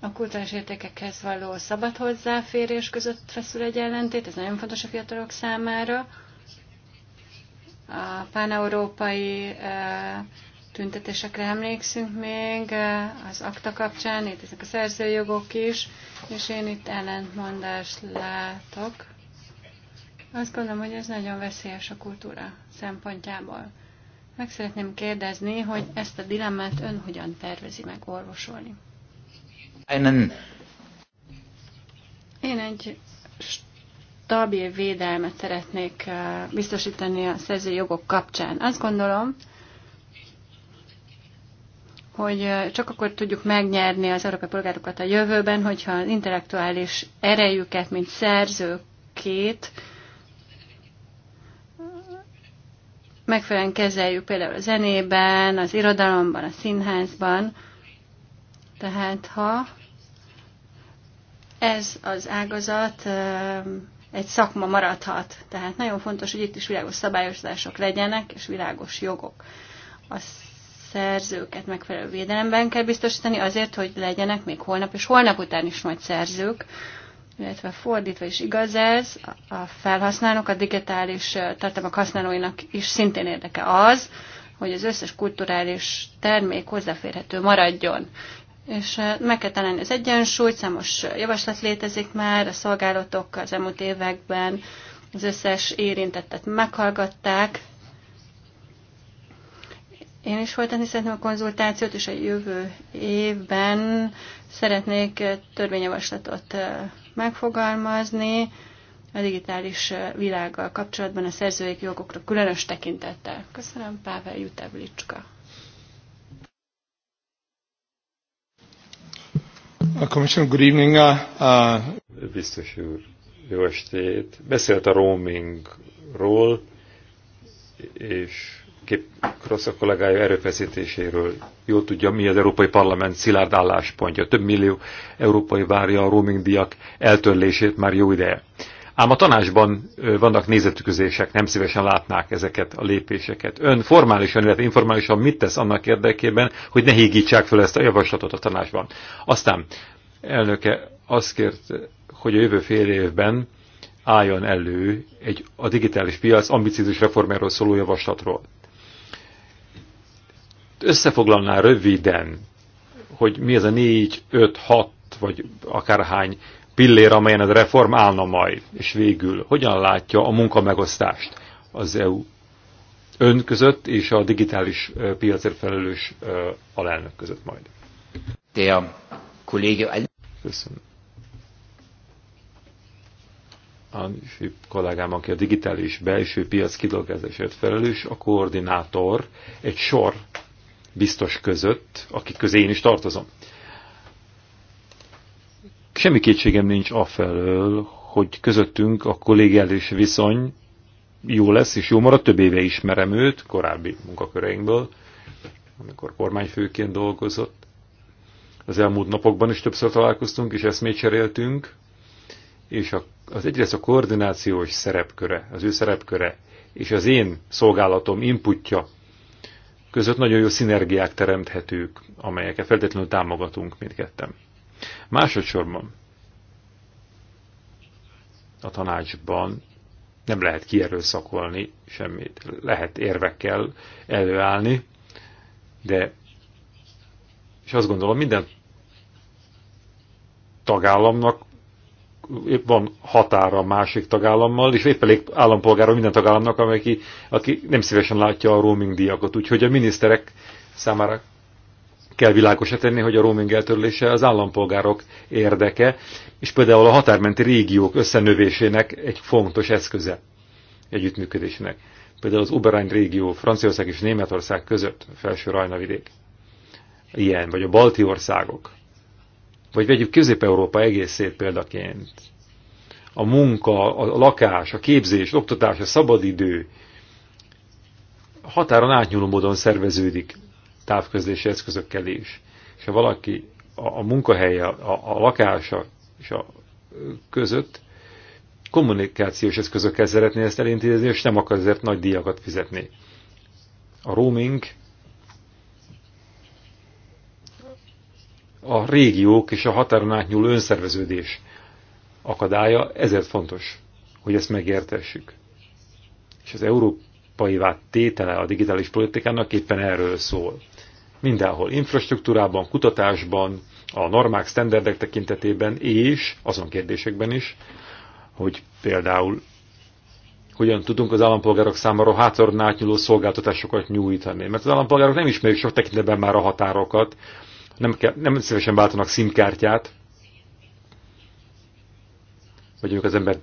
a kulturális értékekhez való szabad hozzáférés között feszül egy ellentét, ez nagyon fontos a fiatalok számára. A páneurópai e, tüntetésekre emlékszünk még, e, az akta kapcsán, itt ezek a szerzőjogok is, és én itt ellentmondást látok. Azt gondolom, hogy ez nagyon veszélyes a kultúra szempontjából. Meg szeretném kérdezni, hogy ezt a dilemmát ön hogyan tervezi meg orvosolni einen én egy stabil védelmet szeretnék eh, biztosítani a szerző jogok kapcsán. Azt gondolom, hogy eh, csak akkor tudjuk megnyerni az európai polgárokat a jövőben, hogyha az intellektuális erejüket, mint szerzőkét megfelelően kezeljük például a zenében, az irodalomban, a színházban. Tehát ha ez az ágazat egy szakma maradhat. Tehát nagyon fontos, hogy itt is világos szabályozások legyenek, és világos jogok. A szerzőket megfelelő védelemben kell biztosítani azért, hogy legyenek még holnap és holnap után is majd szerzők, illetve fordítva is igaz ez, a felhasználók, a digitális tartalmak használóinak is szintén érdeke az, hogy az összes kulturális termék hozzáférhető maradjon és eh, meg kell találni az egyensúlyt, számos javaslat létezik már, a szolgálatok az elmúlt években az összes érintettet meghallgatták. Én is folytatni szeretném a konzultációt, és a jövő évben szeretnék eh, törvényjavaslatot eh, megfogalmazni a digitális világgal kapcsolatban a szerzői jogokra különös tekintettel. Köszönöm, Pável Jutevlicska. A uh, commission, good evening. Uh, uh, Biztos úr, jó estét. Beszélt a roamingról, és kép Krossz kollégája erőfeszítéséről. Jól tudja, mi az Európai Parlament szilárd álláspontja. Több millió európai várja a roaming díjak eltörlését már jó ideje. Ám a tanácsban vannak nézetüközések, nem szívesen látnák ezeket a lépéseket. Ön formálisan, illetve informálisan mit tesz annak érdekében, hogy ne hígítsák fel ezt a javaslatot a tanácsban? Aztán elnöke azt kért, hogy a jövő fél évben álljon elő egy a digitális piac ambiciózus reformjáról szóló javaslatról. Összefoglalná röviden, hogy mi ez a 4, 5, 6 vagy akárhány pillér, amelyen a reform állna majd. És végül, hogyan látja a munkamegosztást az EU ön között és a digitális piacért felelős alelnök között majd? Köszönöm. A kollégám, aki a digitális belső piac kidolgozásért felelős, a koordinátor egy sor biztos között, akik közé én is tartozom. Semmi kétségem nincs afelől, hogy közöttünk a kollégiális viszony jó lesz, és jó marad, több éve ismerem őt, korábbi munkaköreinkből, amikor kormányfőként dolgozott. Az elmúlt napokban is többször találkoztunk, és eszmét cseréltünk, és az egyrészt a koordinációs szerepköre, az ő szerepköre, és az én szolgálatom inputja között nagyon jó szinergiák teremthetők, amelyeket feltétlenül támogatunk mindketten. Másodszorban a tanácsban nem lehet kierőszakolni semmit. Lehet érvekkel előállni, de és azt gondolom minden tagállamnak épp van határa a másik tagállammal, és épp elég állampolgára minden tagállamnak, amelyik, aki, aki nem szívesen látja a roaming díjakat. Úgyhogy a miniszterek számára kell világosra tenni, hogy a roaming eltörlése az állampolgárok érdeke, és például a határmenti régiók összenövésének egy fontos eszköze együttműködésnek. Például az Uberány régió Franciaország és Németország között, felső Rajnavidék. Ilyen, vagy a balti országok. Vagy vegyük Közép-Európa egészét példaként. A munka, a lakás, a képzés, oktatás, a szabadidő, határon átnyúló módon szerveződik távközlési eszközökkel is. És ha valaki a, a munkahelye, a, a lakása és a között kommunikációs eszközökkel szeretné ezt elintézni, és nem akar ezért nagy díjakat fizetni. A roaming a régiók és a határon átnyúló önszerveződés akadálya, ezért fontos, hogy ezt megértessük. És az európai vált tétele a digitális politikának éppen erről szól mindenhol, infrastruktúrában, kutatásban, a normák, sztenderdek tekintetében, és azon kérdésekben is, hogy például hogyan tudunk az állampolgárok számára hátoron átnyúló szolgáltatásokat nyújtani. Mert az állampolgárok nem ismerik sok tekintetben már a határokat, nem, kell, nem szívesen váltanak szimkártyát, vagy amikor az ember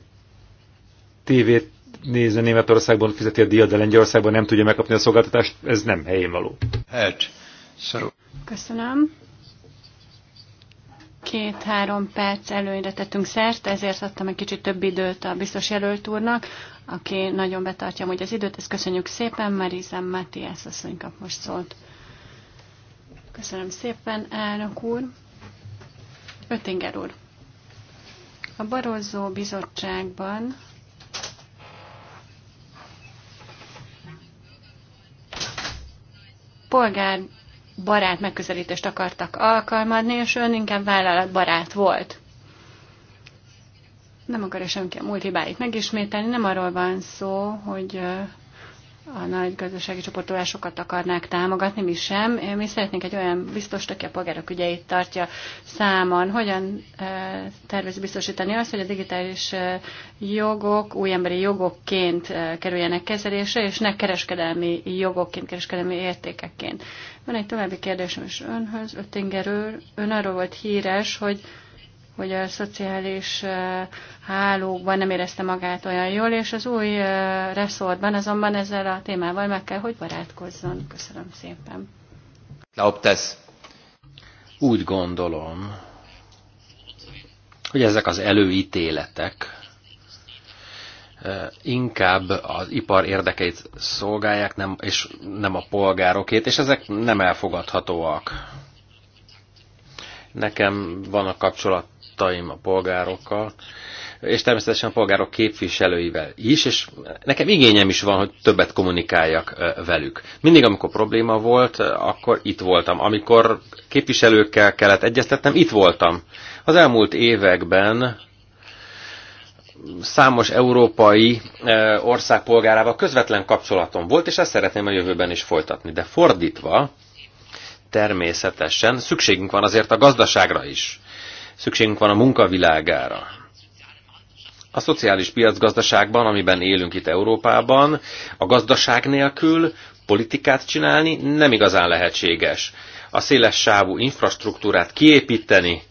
tévét nézne Németországban, fizeti a díjat, de Lengyelországban nem tudja megkapni a szolgáltatást, ez nem helyén való. Hát. Köszönöm. Két-három perc előnyre tettünk szert, ezért adtam egy kicsit több időt a biztos jelölt úrnak, aki nagyon betartja hogy az időt. Ezt köszönjük szépen, Marisa Matthias asszony kap most szólt. Köszönöm szépen, elnök úr. Öttinger úr. A Barozzó bizottságban polgár barát megközelítést akartak alkalmazni, és ön inkább vállalatbarát volt. Nem akarja senki a múlt hibáit megismételni, nem arról van szó, hogy a nagy gazdasági csoportolásokat akarnák támogatni, mi sem. Mi szeretnénk egy olyan biztos, aki a polgárok ügyeit tartja számon. Hogyan eh, tervez biztosítani azt, hogy a digitális eh, jogok új emberi jogokként eh, kerüljenek kezelésre, és ne kereskedelmi jogokként, kereskedelmi értékekként. Van egy további kérdésem is önhöz, Öttinger ön arról volt híres, hogy hogy a szociális hálókban nem érezte magát olyan jól, és az új reszortban azonban ezzel a témával meg kell, hogy barátkozzon. Köszönöm szépen. Lauptesz. Úgy gondolom, hogy ezek az előítéletek inkább az ipar érdekeit szolgálják, nem, és nem a polgárokét, és ezek nem elfogadhatóak. Nekem van a kapcsolat barátaim, a polgárokkal, és természetesen a polgárok képviselőivel is, és nekem igényem is van, hogy többet kommunikáljak velük. Mindig, amikor probléma volt, akkor itt voltam. Amikor képviselőkkel kellett egyeztetnem, itt voltam. Az elmúlt években számos európai ország polgárával közvetlen kapcsolatom volt, és ezt szeretném a jövőben is folytatni. De fordítva, természetesen szükségünk van azért a gazdaságra is. Szükségünk van a munkavilágára. A szociális piacgazdaságban, amiben élünk itt Európában, a gazdaság nélkül politikát csinálni nem igazán lehetséges. A széles sávú infrastruktúrát kiépíteni,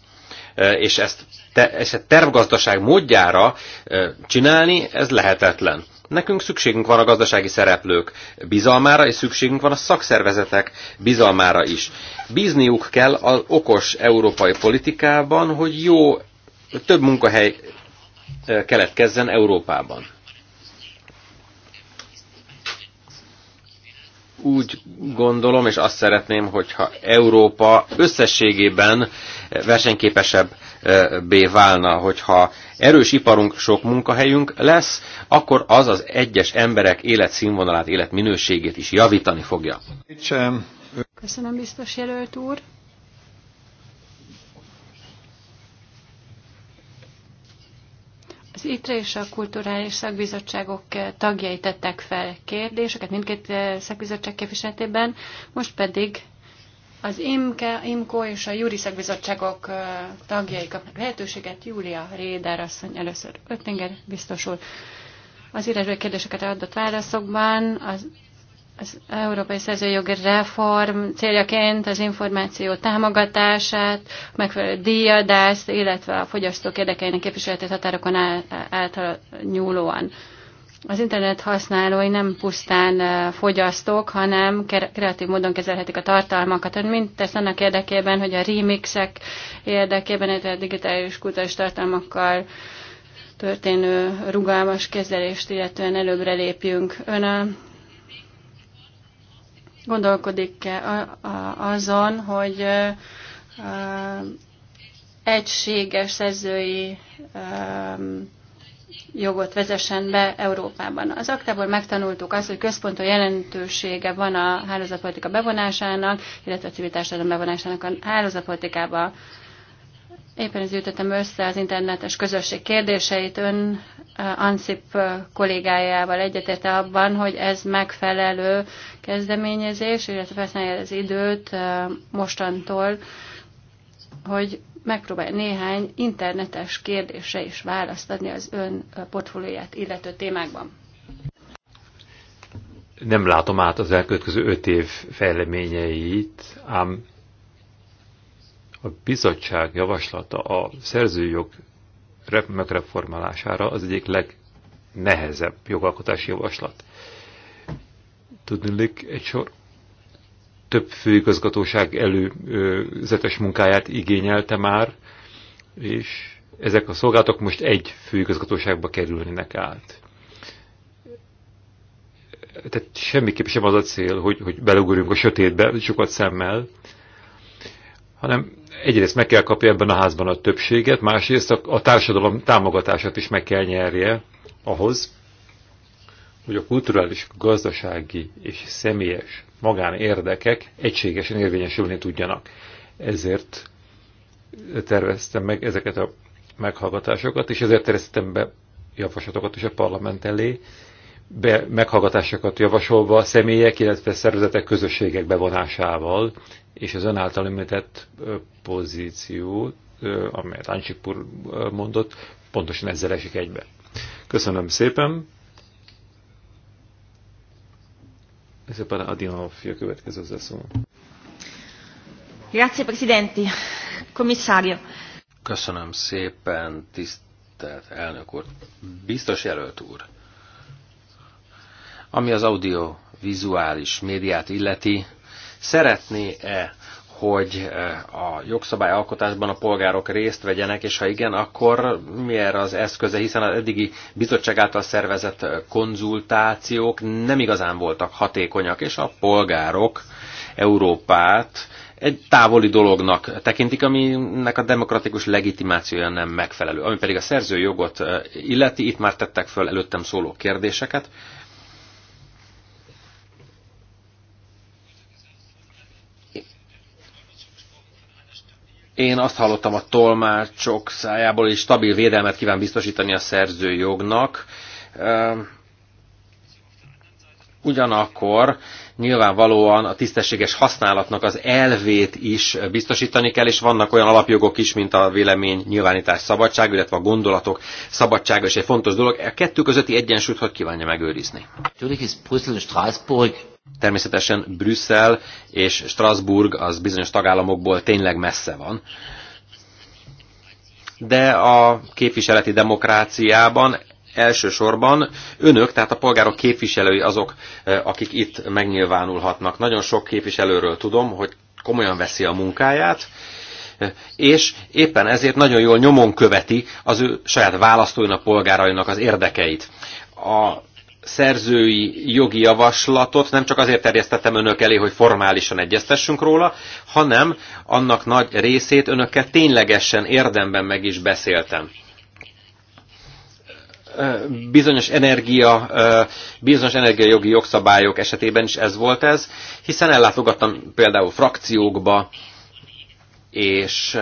e, és ezt, te, ezt tervgazdaság módjára e, csinálni, ez lehetetlen. Nekünk szükségünk van a gazdasági szereplők bizalmára, és szükségünk van a szakszervezetek bizalmára is. Bízniuk kell az okos európai politikában, hogy jó, több munkahely keletkezzen Európában. úgy gondolom, és azt szeretném, hogyha Európa összességében versenyképesebb válna, hogyha erős iparunk, sok munkahelyünk lesz, akkor az az egyes emberek életszínvonalát, életminőségét is javítani fogja. Köszönöm, biztos jelölt úr. Az ITRE és a Kulturális Szakbizottságok tagjai tettek fel kérdéseket mindkét szakbizottság képviseletében, most pedig az IMKE, IMKO és a Júri szakbizottságok tagjai kapnak lehetőséget. Júlia Réder asszony először Öttinger biztosul. Az írásbeli kérdéseket adott válaszokban az, az Európai Szerzőjogi Reform céljaként az információ támogatását, megfelelő díjadást, illetve a fogyasztók érdekeinek képviseletét határokon át, nyúlóan az internet használói nem pusztán fogyasztók, hanem kreatív módon kezelhetik a tartalmakat. ön mind tesz annak érdekében, hogy a remixek érdekében, illetve a digitális kultúrás tartalmakkal történő rugalmas kezelést, illetően előbbre lépjünk. Ön a gondolkodik-e azon, hogy egységes szerzői jogot vezessen be Európában. Az aktából megtanultuk azt, hogy központi jelentősége van a hálózatpolitika bevonásának, illetve a civil társadalom bevonásának a hálózatpolitikába. Éppen ez ütöttem össze az internetes közösség kérdéseit. Ön eh, ANSZIP kollégájával egyetérte abban, hogy ez megfelelő kezdeményezés, illetve felszállja az időt eh, mostantól, hogy megpróbálja néhány internetes kérdésre is választ adni az ön portfólióját illető témákban. Nem látom át az elkövetkező öt év fejleményeit, ám a bizottság javaslata a szerzőjog megreformálására az egyik legnehezebb jogalkotási javaslat. Tudnélik, egy sor több főigazgatóság előzetes munkáját igényelte már, és ezek a szolgálatok most egy főigazgatóságba kerülnének át. Tehát semmiképp sem az a cél, hogy, hogy belugorjunk a sötétbe sokat szemmel, hanem egyrészt meg kell kapja ebben a házban a többséget, másrészt a, a társadalom támogatását is meg kell nyerje ahhoz, hogy a kulturális, gazdasági és személyes magánérdekek egységesen érvényesülni tudjanak. Ezért terveztem meg ezeket a meghallgatásokat, és ezért terveztem be javaslatokat is a parlament elé, be, meghallgatásokat javasolva a személyek, illetve szervezetek közösségek bevonásával, és az ön által említett pozíció, amelyet Ancsipur mondott, pontosan ezzel esik egybe. Köszönöm szépen! a Szépen Adina Fia következő hozzászóló. Grazie, Presidenti. Commissario. Köszönöm szépen, tisztelt elnök úr. Biztos jelölt úr. Ami az audio vizuális médiát illeti, szeretné-e hogy eh, a jogszabályalkotásban a polgárok részt vegyenek, és ha igen, akkor mi erre az eszköze, hiszen az eddigi bizottság által szervezett eh, konzultációk nem igazán voltak hatékonyak, és a polgárok Európát egy távoli dolognak tekintik, aminek a demokratikus legitimációja nem megfelelő. Ami pedig a szerzőjogot eh, illeti, itt már tettek föl előttem szóló kérdéseket, Én azt hallottam a tolmácsok szájából, hogy stabil védelmet kíván biztosítani a szerzőjognak. Ehm, ugyanakkor nyilvánvalóan a tisztességes használatnak az elvét is biztosítani kell, és vannak olyan alapjogok is, mint a vélemény nyilvánítás szabadság, illetve a gondolatok szabadsága is egy fontos dolog. A kettő közötti egyensúlyt hogy kívánja megőrizni? Természetesen Brüsszel és Strasbourg az bizonyos tagállamokból tényleg messze van de a képviseleti demokráciában elsősorban önök, tehát a polgárok képviselői azok, eh, akik itt megnyilvánulhatnak. Nagyon sok képviselőről tudom, hogy komolyan veszi a munkáját, eh, és éppen ezért nagyon jól nyomon követi az ő saját választóinak, polgárainak az érdekeit. A szerzői jogi javaslatot nem csak azért terjesztettem önök elé, hogy formálisan egyeztessünk róla, hanem annak nagy részét önökkel ténylegesen érdemben meg is beszéltem bizonyos energia, bizonyos energiajogi jogszabályok esetében is ez volt ez, hiszen ellátogattam például frakciókba, és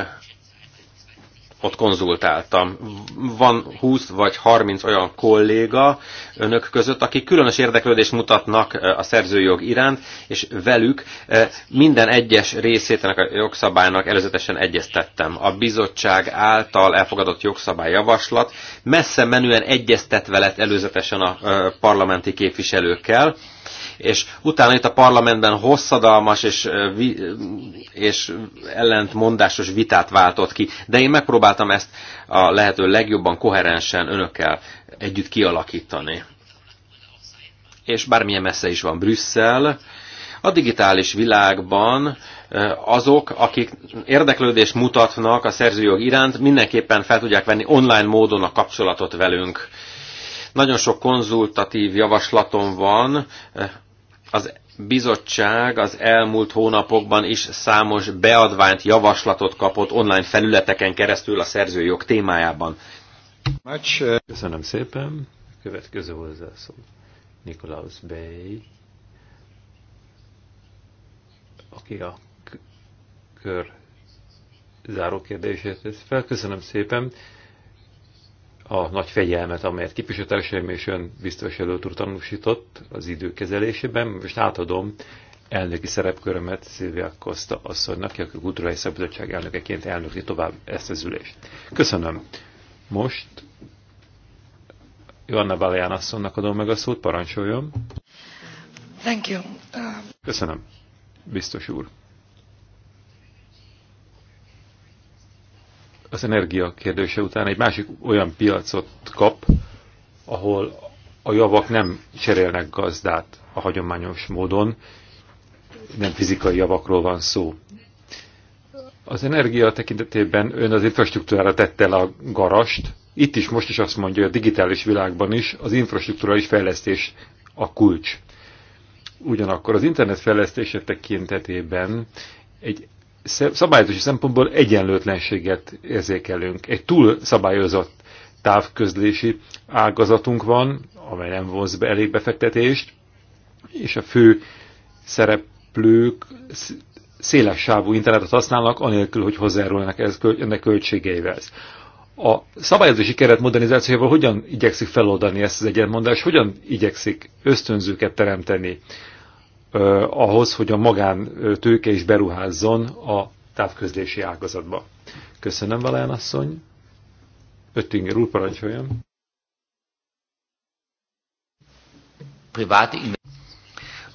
ott konzultáltam. Van 20 vagy 30 olyan kolléga önök között, akik különös érdeklődést mutatnak eh, a szerzőjog iránt, és velük eh, minden egyes részét ennek a jogszabálynak előzetesen egyeztettem. A bizottság által elfogadott jogszabályjavaslat messze menően egyeztetve lett előzetesen a eh, parlamenti képviselőkkel, és utána itt a parlamentben hosszadalmas és, és ellentmondásos vitát váltott ki. De én megpróbáltam ezt a lehető legjobban koherensen önökkel együtt kialakítani. És bármilyen messze is van Brüsszel, a digitális világban azok, akik érdeklődést mutatnak a szerzőjog iránt, mindenképpen fel tudják venni online módon a kapcsolatot velünk. Nagyon sok konzultatív javaslatom van az bizottság az elmúlt hónapokban is számos beadványt, javaslatot kapott online felületeken keresztül a szerzőjog témájában. Köszönöm szépen. Következő hozzászó. Nikolaus Bey, aki a kör záró kérdését tesz fel. Köszönöm szépen a nagy fegyelmet, amelyet képviselőtársaim és ön biztos előtt úr tanúsított az időkezelésében. Most átadom elnöki szerepkörömet Szilvia Koszta asszonynak, aki a Kulturális Szabadság elnökeként elnöki tovább ezt az ülést. Köszönöm. Most Joanna Balaján asszonynak adom meg a szót, parancsoljon. Thank you. Köszönöm, biztos úr. az energia kérdése után egy másik olyan piacot kap, ahol a javak nem cserélnek gazdát a hagyományos módon, nem fizikai javakról van szó. Az energia tekintetében ön az infrastruktúrára tette le a garast, itt is most is azt mondja, hogy a digitális világban is az infrastruktúrális fejlesztés a kulcs. Ugyanakkor az internet fejlesztése tekintetében egy szabályozási szempontból egyenlőtlenséget érzékelünk. Egy túl szabályozott távközlési ágazatunk van, amely nem vonz be elég befektetést, és a fő szereplők széles sávú internetet használnak, anélkül, hogy hozzájárulnak ennek költségeivel. A szabályozási keret modernizációval hogyan igyekszik feloldani ezt az egyenmondást, hogyan igyekszik ösztönzőket teremteni ahhoz, hogy a magán tőke is beruházzon a távközlési ágazatba. Köszönöm, Valán asszony. Öttinger úr, parancsoljon. Privát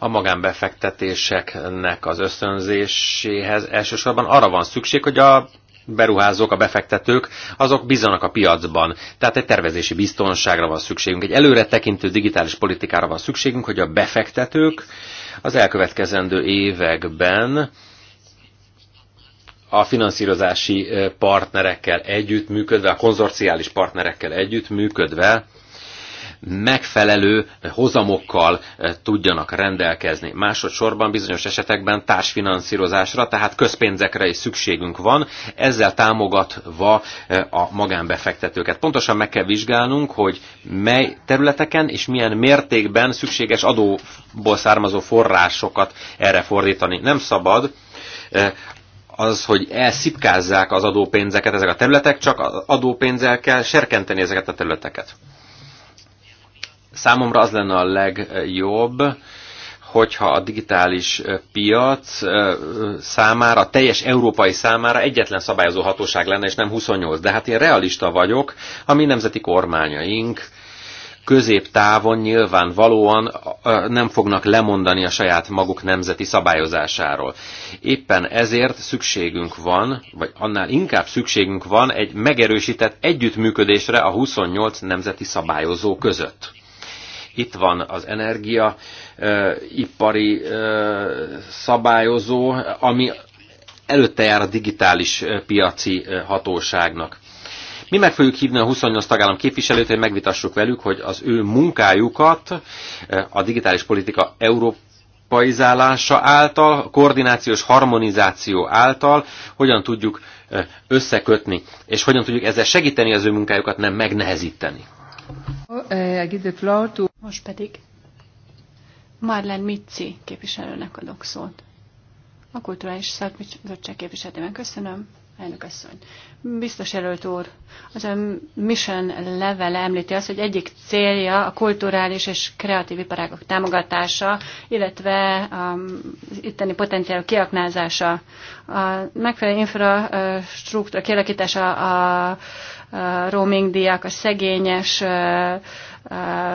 a magánbefektetéseknek az ösztönzéséhez elsősorban arra van szükség, hogy a beruházók, a befektetők, azok bízanak a piacban. Tehát egy tervezési biztonságra van szükségünk, egy előre tekintő digitális politikára van szükségünk, hogy a befektetők az elkövetkezendő években a finanszírozási eh, partnerekkel együttműködve, a konzorciális partnerekkel együttműködve megfelelő hozamokkal eh, tudjanak rendelkezni. Másodszorban bizonyos esetekben társfinanszírozásra, tehát közpénzekre is szükségünk van, ezzel támogatva eh, a magánbefektetőket. Pontosan meg kell vizsgálnunk, hogy mely területeken és milyen mértékben szükséges adóból származó forrásokat erre fordítani. Nem szabad eh, az, hogy elszipkázzák az adópénzeket ezek a területek, csak adópénzzel kell serkenteni ezeket a területeket. Számomra az lenne a legjobb, hogyha a digitális piac számára, a teljes európai számára egyetlen szabályozó hatóság lenne, és nem 28. De hát én realista vagyok, a mi nemzeti kormányaink középtávon nyilvánvalóan nem fognak lemondani a saját maguk nemzeti szabályozásáról. Éppen ezért szükségünk van, vagy annál inkább szükségünk van egy megerősített együttműködésre a 28 nemzeti szabályozó között. Itt van az energia ipari szabályozó, ami előtte jár a digitális piaci hatóságnak. Mi meg fogjuk hívni a 28 tagállam képviselőt, hogy megvitassuk velük, hogy az ő munkájukat a digitális politika Európa paizálása által, koordinációs harmonizáció által hogyan tudjuk összekötni, és hogyan tudjuk ezzel segíteni az ő munkájukat, nem megnehezíteni. Uh, most pedig Marlen Mitzi képviselőnek adok szót. A Kulturális Szakbizottság képviseletében köszönöm. Elnök asszony. Biztos jelölt úr, az a mission levele említi azt, hogy egyik célja a kulturális és kreatív iparágok támogatása, illetve az um, itteni potenciál kiaknázása. A megfelelő infrastruktúra kialakítása a roaming díjak, a szegényes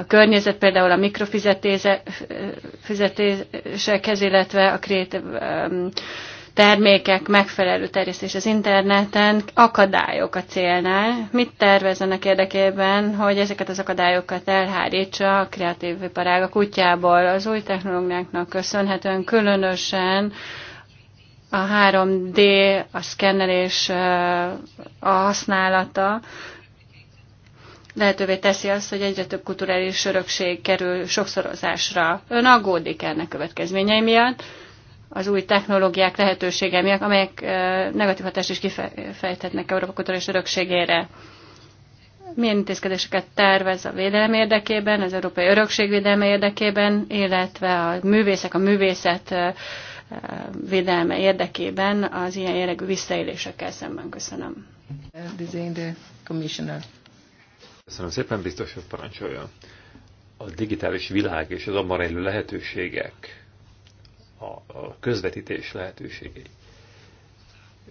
környezet, például a mikrofizetésekhez, illetve a kreatív termékek megfelelő terjesztés az interneten, akadályok a célnál. Mit terveznek érdekében, hogy ezeket az akadályokat elhárítsa a kreatív iparág a kutyából? Az új technológiáknak köszönhetően különösen a 3D, a szkennelés a használata lehetővé teszi azt, hogy egyre több kulturális örökség kerül sokszorozásra. Ön aggódik ennek következményei miatt, az új technológiák lehetősége miatt, amelyek negatív hatást is kifejthetnek Európa kulturális örökségére. Milyen intézkedéseket tervez a védelem érdekében, az európai örökség védelme érdekében, illetve a művészek, a művészet védelme érdekében az ilyen jellegű visszaélésekkel szemben. Köszönöm. Köszönöm szépen, biztos, hogy parancsolja. A digitális világ és az abban élő lehetőségek, a, a közvetítés lehetőségei,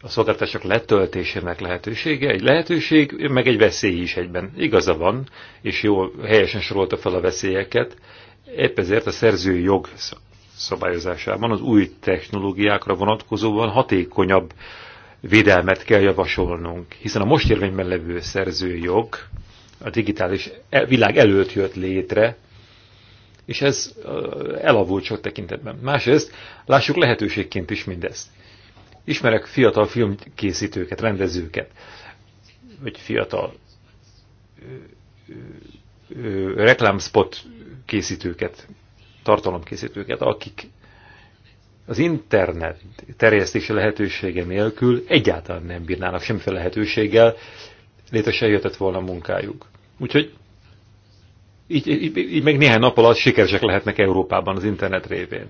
a szolgáltatások letöltésének lehetősége, egy lehetőség, meg egy veszély is egyben. Igaza van, és jó helyesen sorolta fel a veszélyeket, épp ezért a szerzői jog szabályozásában az új technológiákra vonatkozóan hatékonyabb védelmet kell javasolnunk, hiszen a most érvényben levő szerzőjog a digitális e- világ előtt jött létre, és ez elavult sok tekintetben. Másrészt lássuk lehetőségként is mindezt. Ismerek fiatal filmkészítőket, rendezőket, vagy fiatal ö, ö, reklámspot készítőket, tartalomkészítőket, akik az internet terjesztési lehetősége nélkül egyáltalán nem bírnának semmiféle lehetőséggel, létre jöhetett volna munkájuk. Úgyhogy így, így, így meg néhány nap alatt sikeresek lehetnek Európában az internet révén.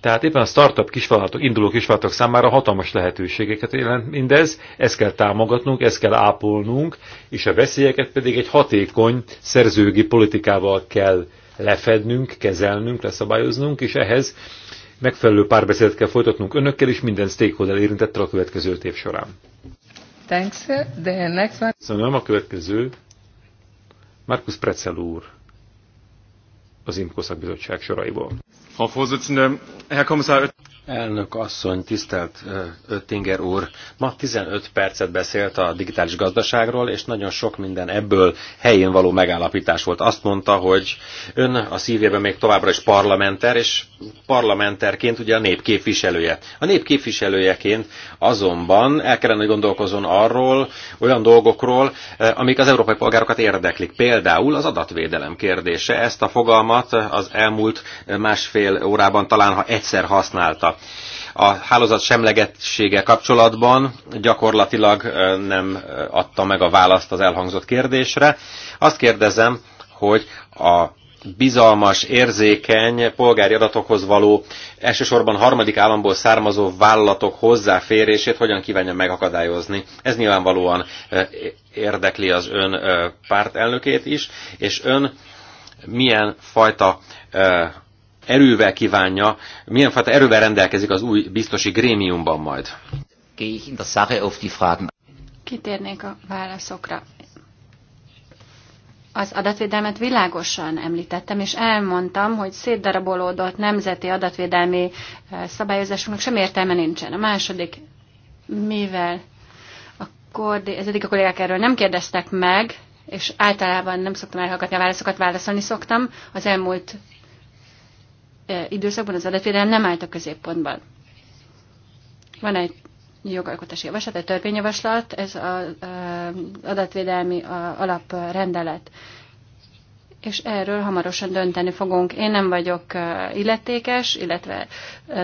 Tehát éppen a startup kisvállalatok, induló kisvállalatok számára hatalmas lehetőségeket jelent mindez, ezt kell támogatnunk, ezt kell ápolnunk, és a veszélyeket pedig egy hatékony szerzőgi politikával kell lefednünk, kezelnünk, leszabályoznunk, és ehhez megfelelő párbeszédet kell folytatnunk önökkel is minden stakeholder érintettel a következő év során. Thanks, the next one. Köszönöm, a következő Markus Pretzel úr az IMKO szakbizottság soraiból. Frau Vorsitzende, Herr Kommissar Elnök asszony, tisztelt Öttinger úr! Ma 15 percet beszélt a digitális gazdaságról, és nagyon sok minden ebből helyén való megállapítás volt. Azt mondta, hogy ön a szívében még továbbra is parlamenter, és parlamenterként ugye a nép képviselője. A nép képviselőjeként azonban el kellene, hogy gondolkozon arról, olyan dolgokról, amik az európai polgárokat érdeklik. Például az adatvédelem kérdése. Ezt a fogalmat az elmúlt másfél órában talán, ha egyszer használta a hálózat semlegessége kapcsolatban gyakorlatilag nem adta meg a választ az elhangzott kérdésre. Azt kérdezem, hogy a bizalmas, érzékeny polgári adatokhoz való elsősorban harmadik államból származó vállalatok hozzáférését hogyan kívánja megakadályozni. Ez nyilvánvalóan érdekli az ön pártelnökét is, és ön milyen fajta erővel kívánja, milyen fajta erővel rendelkezik az új biztosi grémiumban majd? Kitérnék a válaszokra. Az adatvédelmet világosan említettem, és elmondtam, hogy szétdarabolódott nemzeti adatvédelmi eh, szabályozásunknak sem értelme nincsen. A második, mivel a kordi, ez eddig a kollégák erről nem kérdeztek meg, és általában nem szoktam elhallgatni a válaszokat, válaszolni szoktam. Az elmúlt időszakban az adatvédelem nem állt a középpontban. Van egy jogalkotási javaslat, egy törvényjavaslat, ez az adatvédelmi alaprendelet. És erről hamarosan dönteni fogunk. Én nem vagyok illetékes, illetve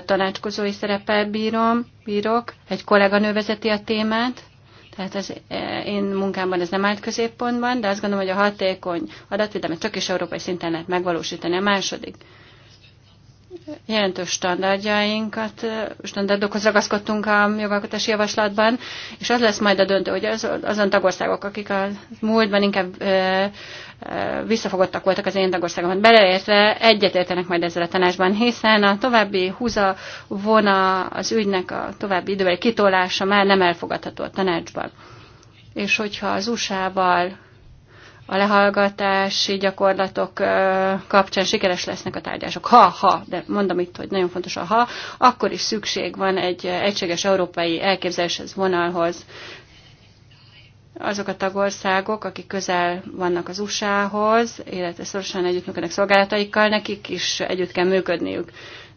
tanácskozói szerepel bírom, bírok. Egy kolléganő vezeti a témát, tehát ez, én munkámban ez nem állt középpontban, de azt gondolom, hogy a hatékony adatvédelmet csak is európai szinten lehet megvalósítani. A második jelentős standardjainkat, standardokhoz ragaszkodtunk a jogalkotási javaslatban, és az lesz majd a döntő, hogy az, azon tagországok, akik a múltban inkább e, e, visszafogottak voltak az én tagországomban, beleértve egyetértenek majd ezzel a tanácsban, hiszen a további húza vona az ügynek a további idővel kitolása már nem elfogadható a tanácsban. És hogyha az USA-val a lehallgatási gyakorlatok kapcsán sikeres lesznek a tárgyások. Ha, ha, de mondom itt, hogy nagyon fontos a ha, akkor is szükség van egy egységes európai elképzeléshez vonalhoz. Azok a tagországok, akik közel vannak az USA-hoz, illetve szorosan együttműködnek szolgálataikkal, nekik is együtt kell működniük.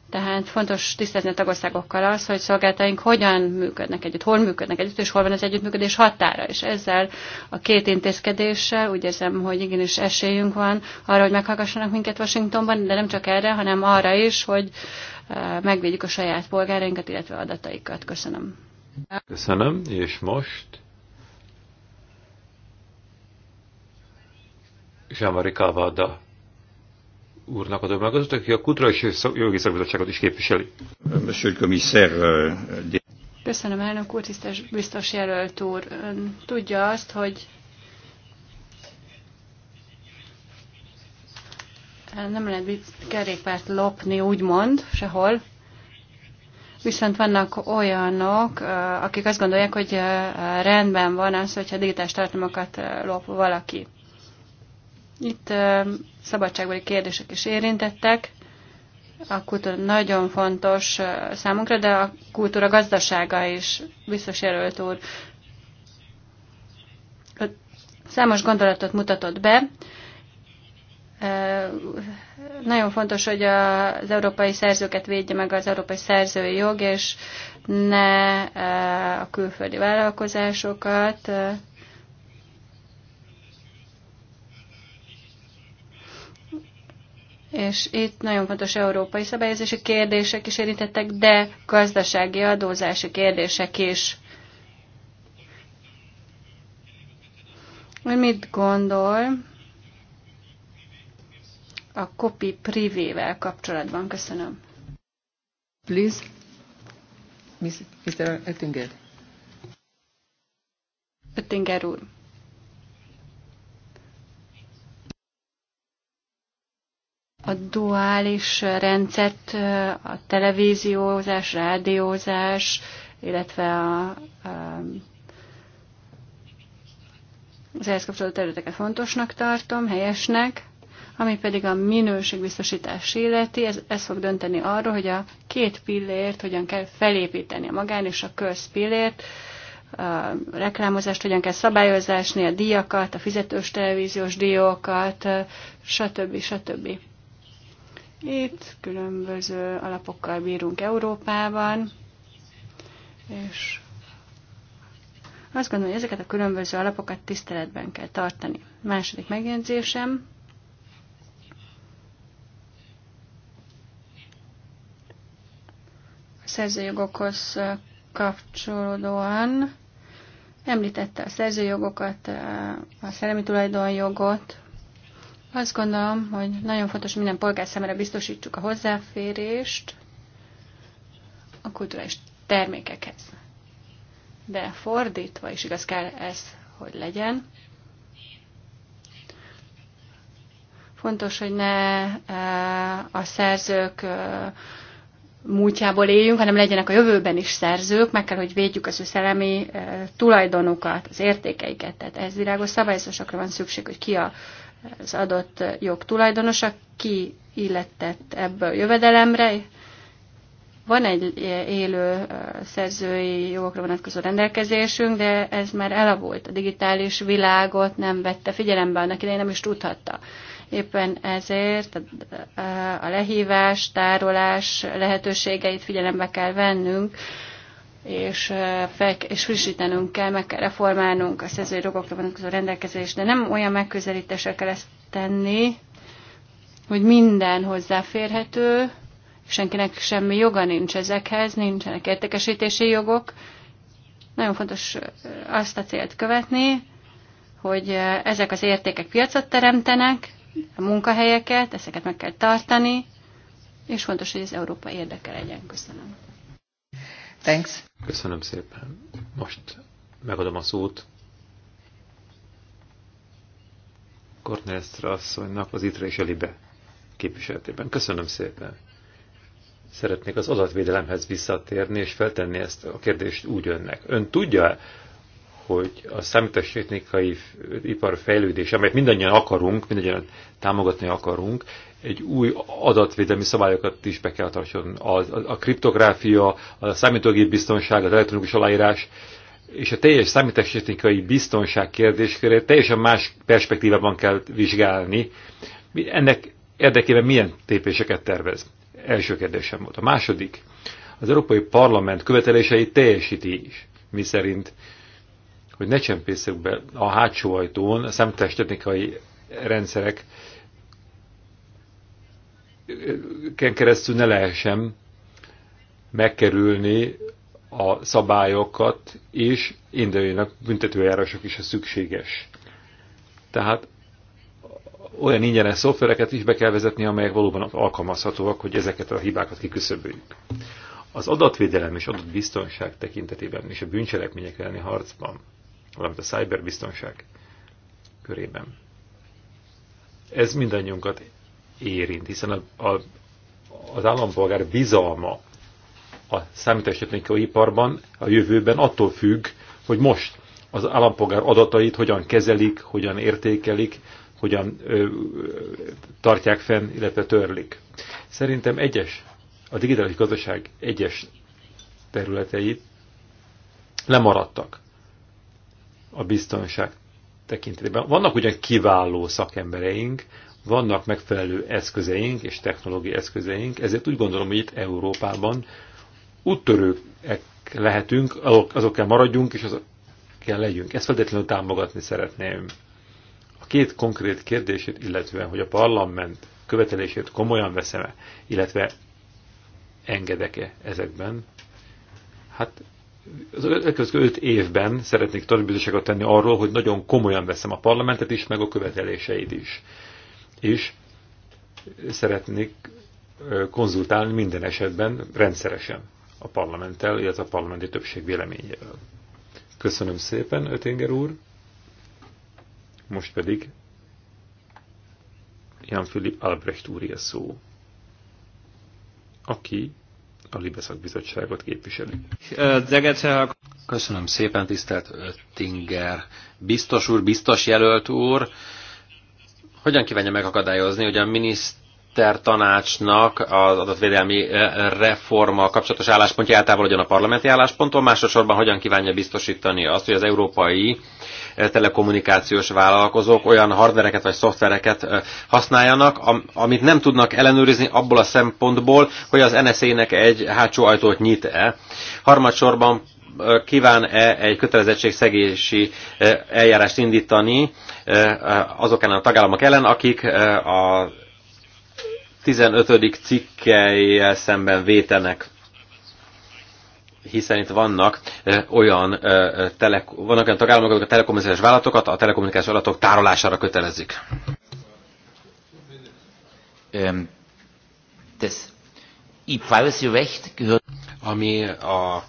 Tehát fontos tisztázni a tagországokkal az, hogy szolgáltaink hogyan működnek együtt, hol működnek együtt, és hol van az együttműködés határa. És ezzel a két intézkedéssel úgy érzem, hogy igenis esélyünk van arra, hogy meghallgassanak minket Washingtonban, de nem csak erre, hanem arra is, hogy eh, megvédjük a saját polgárainkat, illetve adataikat. Köszönöm. Köszönöm, és most Jean-Marie Cavada úrnak adom meg aki a Kutra és Jogi Szakbizottságot is képviseli. Euh, Köszönöm, elnök úr, tisztes biztos jelölt úr. Ön tudja azt, hogy nem lehet kerékpárt lopni, úgymond, sehol. Viszont vannak olyanok, akik azt gondolják, hogy rendben van az, hogyha digitális tartalmakat lop valaki. Itt szabadságbeli kérdések is érintettek. A kultúra nagyon fontos számunkra, de a kultúra gazdasága is biztos jelölt úr. Számos gondolatot mutatott be, nagyon fontos, hogy az európai szerzőket védje meg az európai szerzői jog, és ne a külföldi vállalkozásokat. és itt nagyon fontos európai szabályozási kérdések is érintettek, de gazdasági adózási kérdések is. Hogy mit gondol a copy privével kapcsolatban? Köszönöm. Please, Mr. Oettinger. Oettinger úr. a duális rendszert, a televíziózás, rádiózás, illetve a, a az ehhez kapcsolódó területeket fontosnak tartom, helyesnek, ami pedig a minőségbiztosítás illeti, ez, ez fog dönteni arról, hogy a két pillért hogyan kell felépíteni, a magán és a közpillért, a reklámozást hogyan kell szabályozásni, a díjakat, a fizetős televíziós díjokat, stb. stb. Itt különböző alapokkal bírunk Európában, és azt gondolom, hogy ezeket a különböző alapokat tiszteletben kell tartani. Második megjegyzésem. A szerzőjogokhoz kapcsolódóan említette a szerzőjogokat, a szellemi tulajdonjogot, azt gondolom, hogy nagyon fontos, hogy minden polgár számára biztosítsuk a hozzáférést a kulturális termékekhez. De fordítva is igaz kell ez, hogy legyen. Fontos, hogy ne e, a szerzők e, múltjából éljünk, hanem legyenek a jövőben is szerzők, meg kell, hogy védjük az ő szellemi e, tulajdonukat, az értékeiket. Tehát ez világos szabályozásokra van szükség, hogy ki a az adott jog tulajdonosa, ki illettett ebből jövedelemre. Van egy élő szerzői jogokra vonatkozó rendelkezésünk, de ez már elavult. A digitális világot nem vette figyelembe, annak idején nem is tudhatta. Éppen ezért a lehívás, tárolás lehetőségeit figyelembe kell vennünk, és, fel, és frissítenünk kell, meg kell reformálnunk a szerzői jogokra vonatkozó rendelkezést, de nem olyan megközelítéssel kell ezt tenni, hogy minden hozzáférhető, senkinek semmi joga nincs ezekhez, nincsenek értékesítési jogok. Nagyon fontos azt a célt követni, hogy ezek az értékek piacot teremtenek, a munkahelyeket, ezeket meg kell tartani, és fontos, hogy ez Európa érdeke legyen. Köszönöm. Thanks. Köszönöm szépen. Most megadom a szót Kornelszra asszonynak az ITRE és Libe képviseletében. Köszönöm szépen. Szeretnék az adatvédelemhez visszatérni, és feltenni ezt a kérdést úgy önnek. Ön tudja, hogy a számítástechnikai ipar fejlődése, amelyet mindannyian akarunk, mindannyian támogatni akarunk, egy új adatvédelmi szabályokat is be kell tartson. A, a, a kriptográfia, a számítógép biztonság, az elektronikus aláírás és a teljes számítástechnikai biztonság kérdéskörét teljesen más perspektívában kell vizsgálni. Ennek érdekében milyen tépéseket tervez? Első kérdésem volt. A második, az Európai Parlament követeléseit teljesíti is, mi szerint, hogy ne csempészek be a hátsó ajtón a számítástechnikai rendszerek keresztül ne lehessen megkerülni a szabályokat, és induljanak büntetőjárások is, a szükséges. Tehát olyan ingyenes szoftvereket is be kell vezetni, amelyek valóban alkalmazhatóak, hogy ezeket a hibákat kiküszöböljük. Az adatvédelem és adatbiztonság tekintetében és a bűncselekmények elleni harcban, valamint a cyberbiztonság körében. Ez mindannyiunkat érint, hiszen a, a, az állampolgár bizalma a számítástechnikai iparban a jövőben attól függ, hogy most az állampolgár adatait hogyan kezelik, hogyan értékelik, hogyan ö, ö, tartják fenn, illetve törlik. Szerintem egyes, a digitális gazdaság egyes területei lemaradtak a biztonság tekintetében. Vannak ugyan kiváló szakembereink, vannak megfelelő eszközeink és technológiai eszközeink, ezért úgy gondolom, hogy itt Európában úttörőek lehetünk, azok kell maradjunk, és azok kell legyünk. Ezt feltétlenül támogatni szeretném. A két konkrét kérdését, illetve, hogy a parlament követelését komolyan veszem-e, illetve engedek-e ezekben, hát az elkövetkező öt évben szeretnék tanulbizonyságot tenni arról, hogy nagyon komolyan veszem a parlamentet is, meg a követeléseit is és szeretnék konzultálni minden esetben rendszeresen a parlamenttel, illetve a parlamenti többség véleményével. Köszönöm szépen, Ötinger úr. Most pedig Jan Philipp Albrecht úr szó, aki a Libeszak Bizottságot képviseli. Köszönöm szépen, tisztelt Ötinger Biztos úr, biztos jelölt úr, hogyan kívánja megakadályozni, hogy a miniszter tanácsnak az adatvédelmi eh, reforma kapcsolatos álláspontja eltávolodjon a parlamenti állásponttól, másosorban hogyan kívánja biztosítani azt, hogy az európai eh, telekommunikációs vállalkozók olyan hardvereket vagy szoftvereket eh, használjanak, amit nem tudnak ellenőrizni abból a szempontból, hogy az NSZ-nek egy hátsó ajtót nyit-e. Harmadsorban kíván-e egy kötelezettségszegési eh, eljárást indítani eh, azok ellen a tagállamok ellen, akik eh, a 15. cikkelyel szemben vétenek hiszen itt vannak olyan, tele, vannak olyan tagállamok, akik a telekommunikációs vállalatokat a telekommunikációs adatok tárolására kötelezik. Ami a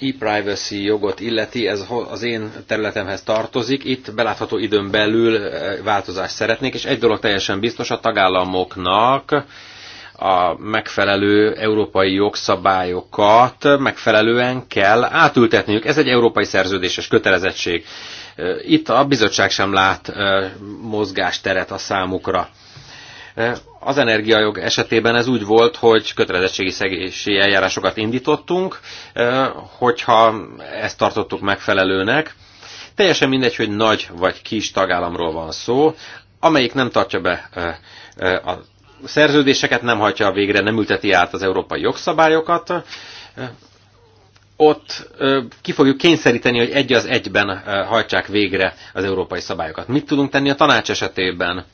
e-privacy jogot illeti, ez az én területemhez tartozik, itt belátható időn belül eh, változást szeretnék, és egy dolog teljesen biztos, a tagállamoknak a megfelelő európai jogszabályokat megfelelően kell átültetniük. Ez egy európai szerződéses kötelezettség. Eh, itt a bizottság sem lát eh, mozgásteret a számukra. Az energiajog esetében ez úgy volt, hogy kötelezettségi szegési eljárásokat indítottunk, hogyha ezt tartottuk megfelelőnek. Teljesen mindegy, hogy nagy vagy kis tagállamról van szó, amelyik nem tartja be a szerződéseket, nem hagyja végre, nem ülteti át az európai jogszabályokat, ott ki fogjuk kényszeríteni, hogy egy az egyben hajtsák végre az európai szabályokat. Mit tudunk tenni a tanács esetében?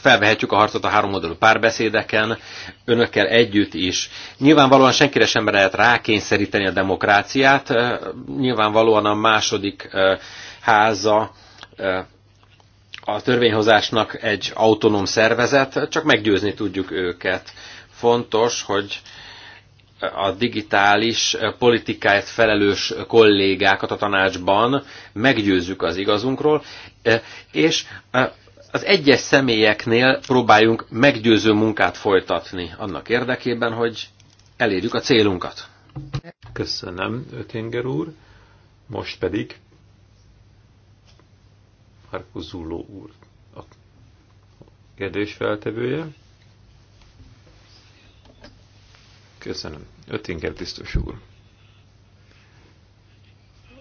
felvehetjük a harcot a három oldalú párbeszédeken, önökkel együtt is. Nyilvánvalóan senkire sem lehet rákényszeríteni a demokráciát, nyilvánvalóan a második háza a törvényhozásnak egy autonóm szervezet, csak meggyőzni tudjuk őket. Fontos, hogy a digitális politikáért felelős kollégákat a tanácsban meggyőzzük az igazunkról, és az egyes személyeknél próbáljunk meggyőző munkát folytatni annak érdekében, hogy elérjük a célunkat. Köszönöm, Ötinger úr. Most pedig Markus Zulló úr a feltevője. Köszönöm. Ötinger biztos úr.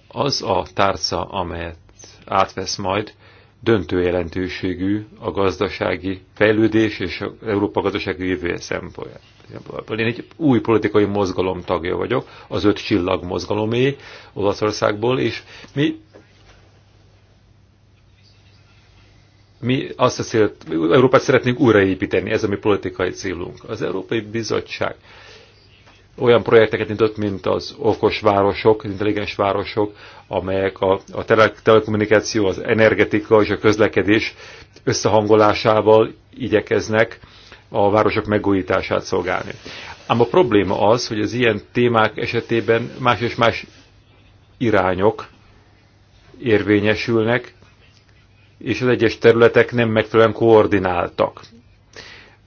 Az a tárca, amelyet átvesz majd, döntő jelentőségű a gazdasági fejlődés és a Európa gazdasági jövője szempontjából. Én egy új politikai mozgalom tagja vagyok, az öt csillag mozgalomé Olaszországból, és mi mi azt a célt, Európát szeretnénk újraépíteni, ez a mi politikai célunk. Az Európai Bizottság olyan projekteket nyitott, mint az okos városok, intelligens városok, amelyek a, a tele, telekommunikáció, az energetika és a közlekedés összehangolásával igyekeznek a városok megújítását szolgálni. Ám a probléma az, hogy az ilyen témák esetében más és más irányok érvényesülnek, és az egyes területek nem megfelelően koordináltak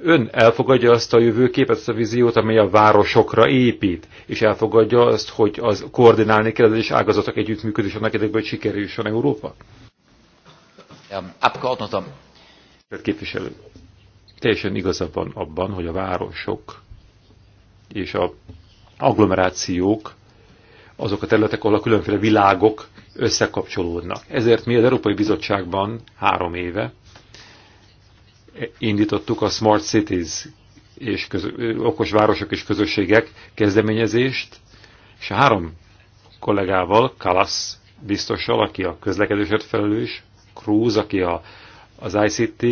Ön elfogadja azt a jövőképet, azt a víziót, amely a városokra épít, és elfogadja azt, hogy az koordinálni kell, és ágazatok együttműködés annak érdekében, hogy sikerüljön Európa? Tehát Képviselő. Teljesen igazabban abban, hogy a városok és a agglomerációk azok a területek, ahol a különféle világok összekapcsolódnak. Ezért mi az Európai Bizottságban három éve indítottuk a Smart Cities és okos városok és közösségek kezdeményezést, és a három kollégával, Kalasz biztossal, aki a közlekedésért felelős, Cruz, aki a, az ICT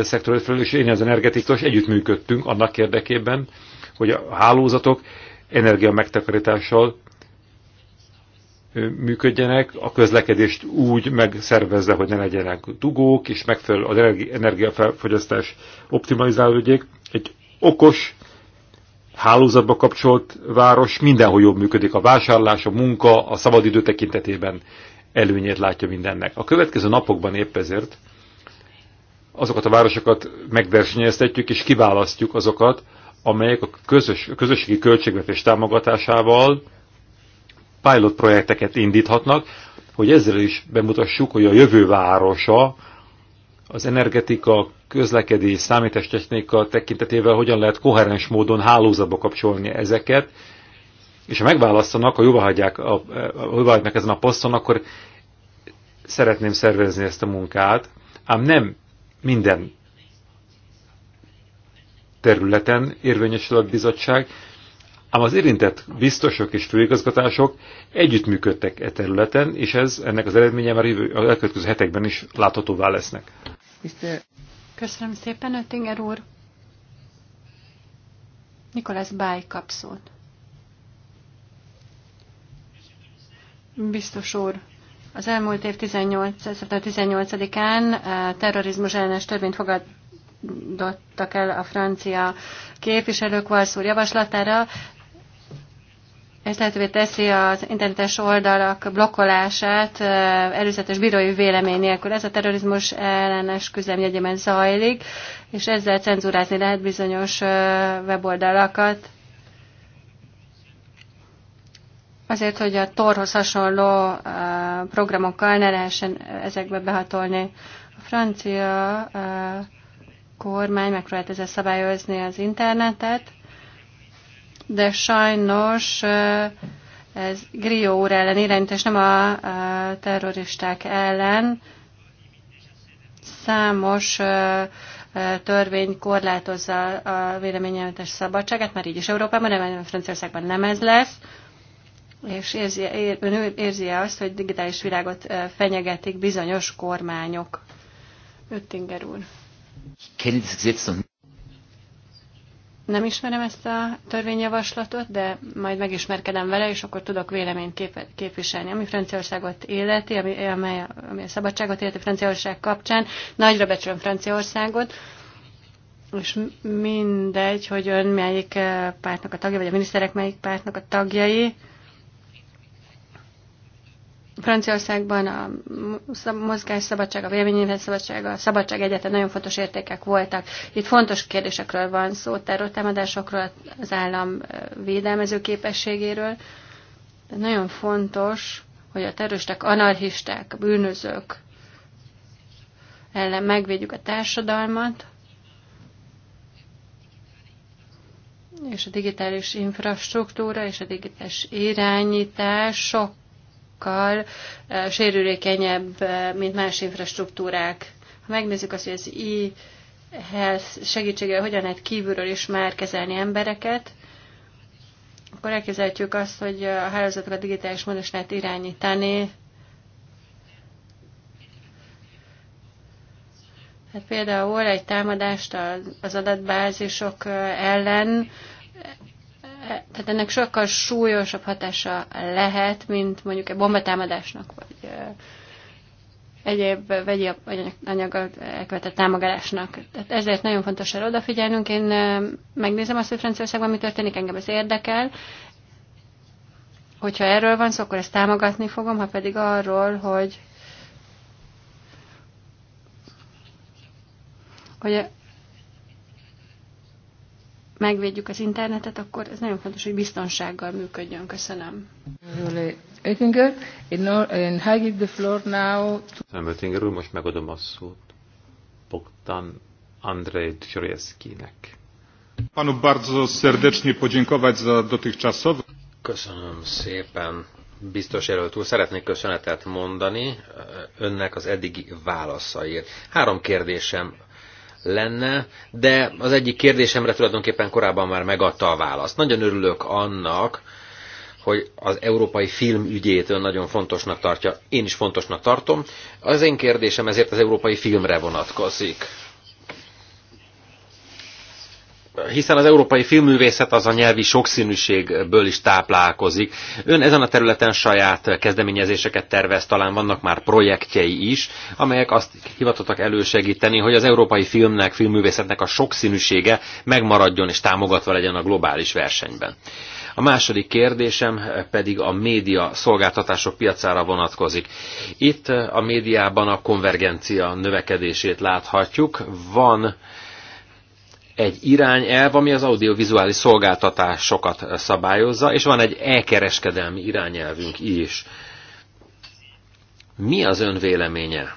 szektorért felelős, én az energetikus, együttműködtünk annak érdekében, hogy a hálózatok energia megtakarítással működjenek, a közlekedést úgy megszervezze, hogy ne legyenek dugók, és megfelelő az energiafogyasztás optimalizálódjék. Egy okos, hálózatba kapcsolt város mindenhol jobb működik. A vásárlás, a munka, a szabadidő tekintetében előnyét látja mindennek. A következő napokban épp ezért azokat a városokat megversenyeztetjük és kiválasztjuk azokat, amelyek a közös, a közösségi költségvetés támogatásával pilot projekteket indíthatnak, hogy ezzel is bemutassuk, hogy a jövő városa az energetika, közlekedés, számítástechnika tekintetével hogyan lehet koherens módon hálózatba kapcsolni ezeket, és ha megválasztanak, ha jóváhagyják, a, jóváhagynak ezen a poszton, akkor szeretném szervezni ezt a munkát, ám nem minden területen érvényesül a bizottság, Ám az érintett biztosok és főigazgatások együttműködtek e területen, és ez ennek az eredménye már a következő hetekben is láthatóvá lesznek. Köszönöm szépen, Öttinger úr. Nikolász Báj kap szót. Biztos úr, az elmúlt év 18, 18-án eh, terrorizmus ellenes törvényt fogadtak el a francia képviselők Valszúr javaslatára, ez lehetővé teszi az internetes oldalak blokkolását előzetes bírói vélemény nélkül. Ez a terrorizmus ellenes küzdelem jegyében zajlik, és ezzel cenzúrázni lehet bizonyos weboldalakat. Azért, hogy a torhoz hasonló programokkal ne lehessen ezekbe behatolni. A francia kormány megpróbált ezzel szabályozni az internetet, de sajnos ez Grió úr ellen és nem a terroristák ellen. Számos törvény korlátozza a véleményelmetes szabadságát, már így is Európában, nem Franciaországban nem ez lesz, és érzi, ér, ön érzi -e azt, hogy digitális világot fenyegetik bizonyos kormányok. Öttinger úr. Nem ismerem ezt a törvényjavaslatot, de majd megismerkedem vele, és akkor tudok véleményt kép- képviselni. Ami Franciaországot életi, ami, amely, ami a szabadságot életi Franciaország kapcsán, nagyra becsülöm Franciaországot, és mindegy, hogy ön melyik eh, pártnak a tagja, vagy a miniszterek melyik pártnak a tagjai, Franciaországban a mozgásszabadság, a véleményéhez szabadság, a szabadság egyetlen nagyon fontos értékek voltak. Itt fontos kérdésekről van szó, terrortámadásokról, az állam védelmező képességéről. De nagyon fontos, hogy a terroristák, anarchisták, a bűnözők ellen megvédjük a társadalmat, és a digitális infrastruktúra és a digitális irányítás sok sokkal sérülékenyebb, mint más infrastruktúrák. Ha megnézzük azt, hogy az e-health segítségével hogyan lehet kívülről is már kezelni embereket, akkor elképzelhetjük azt, hogy a hálózatokat digitális módon lehet irányítani. Hát például egy támadást az adatbázisok ellen tehát ennek sokkal súlyosabb hatása lehet, mint mondjuk egy bombatámadásnak, vagy egyéb vegyi anyaggal elkövetett támogatásnak. Tehát ezért nagyon fontos erre odafigyelnünk. Én megnézem azt, hogy Franciaországban mi történik, engem ez érdekel. Hogyha erről van szó, akkor ezt támogatni fogom, ha pedig arról, hogy hogy megvédjük az internetet, akkor ez nagyon fontos, hogy biztonsággal működjön. Köszönöm. Oettinger, and I give the floor now Oettinger úr, most megadom a szót Bogdan Andrej Czorieszkinek. Panu bardzo serdecznie podziękować za dotychczasowy... Köszönöm szépen. Biztos jelölt úr, szeretnék köszönetet mondani e, önnek az eddigi válaszaiért. Három kérdésem lenne, de az egyik kérdésemre tulajdonképpen korábban már megadta a választ. Nagyon örülök annak, hogy az európai film ügyét ön nagyon fontosnak tartja, én is fontosnak tartom. Az én kérdésem ezért az európai filmre vonatkozik hiszen az európai filmművészet az a nyelvi sokszínűségből is táplálkozik. Ön ezen a területen saját kezdeményezéseket tervez, talán vannak már projektjei is, amelyek azt hivatottak elősegíteni, hogy az európai filmnek, filmművészetnek a sokszínűsége megmaradjon és támogatva legyen a globális versenyben. A második kérdésem pedig a média szolgáltatások piacára vonatkozik. Itt a médiában a konvergencia növekedését láthatjuk. Van egy irányelv, ami az audiovizuális szolgáltatásokat szabályozza, és van egy elkereskedelmi irányelvünk is. Mi az ön véleménye?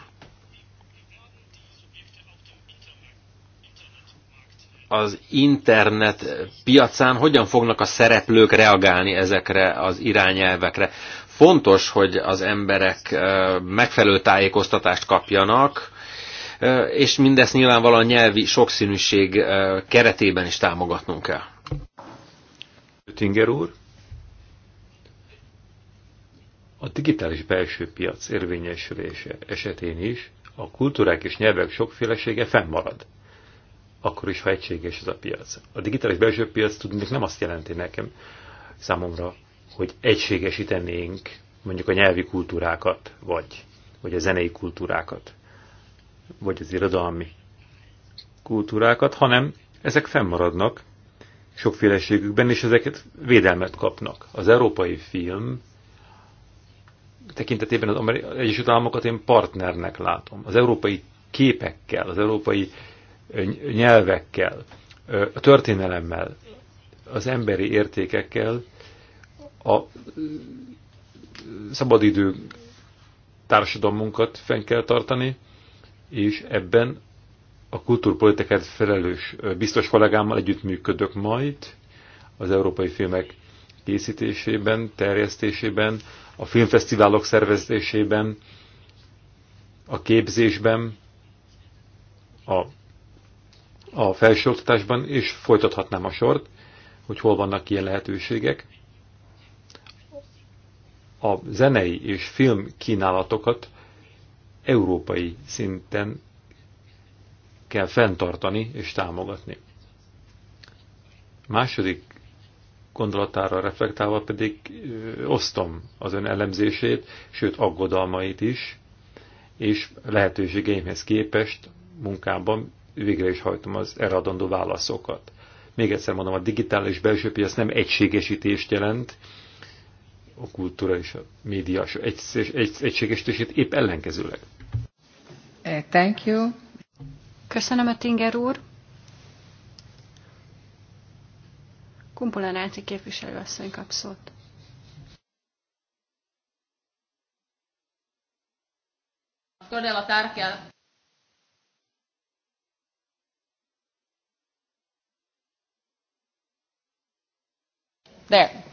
Az internet piacán hogyan fognak a szereplők reagálni ezekre az irányelvekre? Fontos, hogy az emberek megfelelő tájékoztatást kapjanak, és mindezt nyilvánvalóan nyelvi sokszínűség keretében is támogatnunk kell. Tinger úr, a digitális belső piac érvényesülése esetén is a kultúrák és nyelvek sokfélesége fennmarad. Akkor is, ha egységes ez a piac. A digitális belső piac tudnék nem azt jelenti nekem számomra, hogy egységesítenénk mondjuk a nyelvi kultúrákat, vagy, vagy a zenei kultúrákat vagy az irodalmi kultúrákat, hanem ezek fennmaradnak sokféleségükben, és ezeket védelmet kapnak. Az európai film tekintetében az Egyesült Államokat én partnernek látom. Az európai képekkel, az európai nyelvekkel, a történelemmel, az emberi értékekkel, a szabadidő társadalmunkat fenn kell tartani, és ebben a kultúrpolitikát felelős biztos kollégámmal együttműködök majd az európai filmek készítésében, terjesztésében, a filmfesztiválok szervezésében, a képzésben, a, a felsőoktatásban, és folytathatnám a sort, hogy hol vannak ilyen lehetőségek. A zenei és film kínálatokat európai szinten kell fenntartani és támogatni. Második gondolatára reflektálva pedig ö, osztom az ön elemzését, sőt aggodalmait is, és lehetőségeimhez képest munkában végre is hajtom az erre adandó válaszokat. Még egyszer mondom, a digitális belső piac nem egységesítést jelent, a kultúra és a média egy, egy, egységesítését épp ellenkezőleg Eh, thank you. Köszönöm a Tinger úr. Kumpulánáci képviselőasszony kap szót. Todella tärkeä There.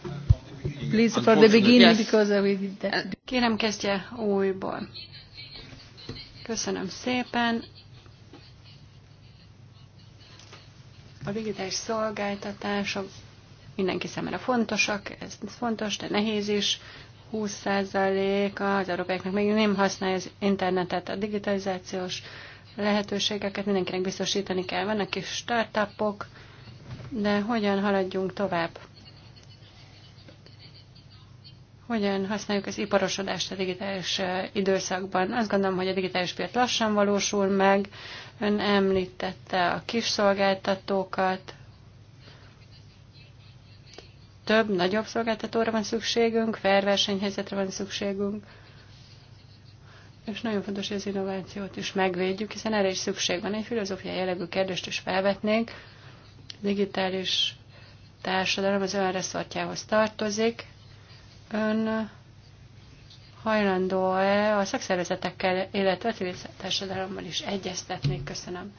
Please for the beginning because we did that. Kérem kezdje újból. Köszönöm szépen. A digitális szolgáltatások mindenki számára fontosak, ez fontos, de nehéz is. 20%-a az európaiaknak még nem használja az internetet, a digitalizációs lehetőségeket mindenkinek biztosítani kell. Vannak kis startupok, de hogyan haladjunk tovább? hogyan használjuk az iparosodást a digitális időszakban. Azt gondolom, hogy a digitális piac lassan valósul meg. Ön említette a kis szolgáltatókat. Több, nagyobb szolgáltatóra van szükségünk, felversenyhelyzetre versenyhelyzetre van szükségünk. És nagyon fontos, hogy az innovációt is megvédjük, hiszen erre is szükség van. Egy filozófiai jellegű kérdést is felvetnék. Digitális társadalom az önreszortjához tartozik, Ön hajlandó-e a szakszervezetekkel, illetve a civil társadalommal is egyeztetni? Köszönöm.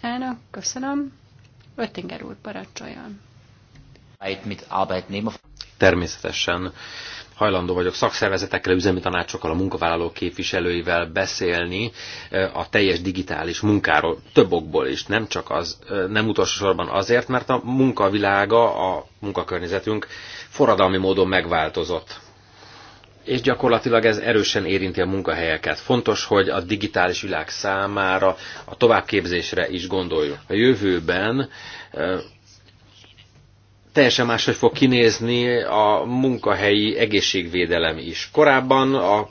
Elnök, köszönöm. Öttinger úr, parancsoljon. Természetesen hajlandó vagyok szakszervezetekkel, üzemi tanácsokkal, a munkavállalók képviselőivel beszélni a teljes digitális munkáról, több okból is, nem csak az, nem utolsó sorban azért, mert a munkavilága, a munkakörnyezetünk forradalmi módon megváltozott és gyakorlatilag ez erősen érinti a munkahelyeket. Fontos, hogy a digitális világ számára a továbbképzésre is gondoljuk. A jövőben teljesen máshogy fog kinézni a munkahelyi egészségvédelem is. Korábban a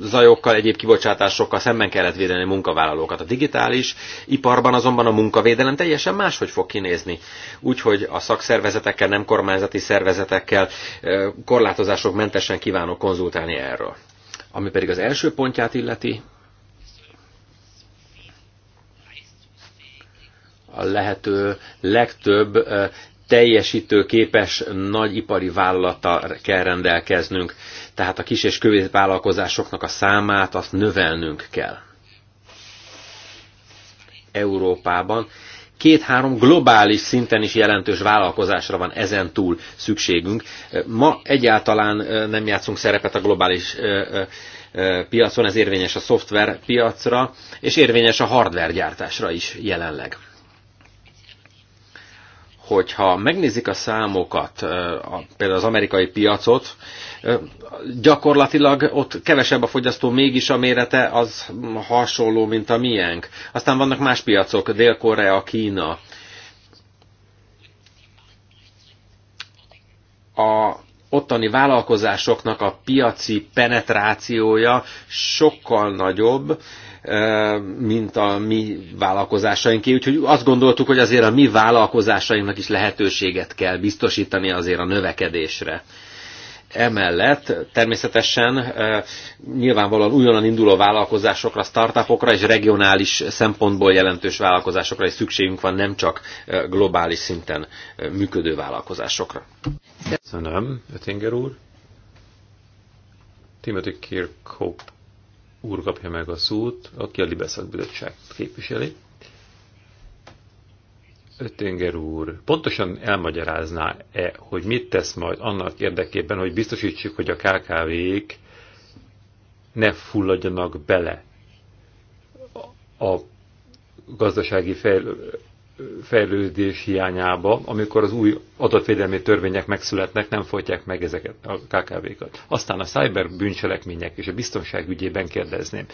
zajokkal, egyéb kibocsátásokkal szemben kellett védeni a munkavállalókat. A digitális iparban azonban a munkavédelem teljesen máshogy fog kinézni. Úgyhogy a szakszervezetekkel, nem kormányzati szervezetekkel eh, korlátozások mentesen kívánok konzultálni erről. Ami pedig az első pontját illeti, a lehető legtöbb eh, képes nagy ipari vállalata kell rendelkeznünk, tehát a kis és vállalkozásoknak a számát azt növelnünk kell. Európában két-három globális szinten is jelentős vállalkozásra van ezen túl szükségünk. Ma egyáltalán nem játszunk szerepet a globális piacon, ez érvényes a szoftver piacra, és érvényes a hardware gyártásra is jelenleg hogyha megnézik a számokat, például az amerikai piacot, gyakorlatilag ott kevesebb a fogyasztó, mégis a mérete az hasonló, mint a miénk. Aztán vannak más piacok, Dél-Korea, Kína. A ottani vállalkozásoknak a piaci penetrációja sokkal nagyobb, eh, mint a mi vállalkozásainké. Úgyhogy azt gondoltuk, hogy azért a mi vállalkozásainknak is lehetőséget kell biztosítani azért a növekedésre. Emellett természetesen eh, nyilvánvalóan újonnan induló vállalkozásokra, startupokra és regionális szempontból jelentős vállalkozásokra is szükségünk van, nem csak eh, globális szinten működő vállalkozásokra. Köszönöm, Ötinger úr. Timothy Kirkhope úr kapja meg a szót, aki a Libeszak Bizottságot képviseli. Ötinger úr, pontosan elmagyarázná-e, hogy mit tesz majd annak érdekében, hogy biztosítsuk, hogy a KKV-k ne fulladjanak bele a gazdasági fejl fejlődés hiányába, amikor az új adatvédelmi törvények megszületnek, nem folytják meg ezeket a KKV-kat. Aztán a cyber bűncselekmények és a biztonság ügyében kérdezném.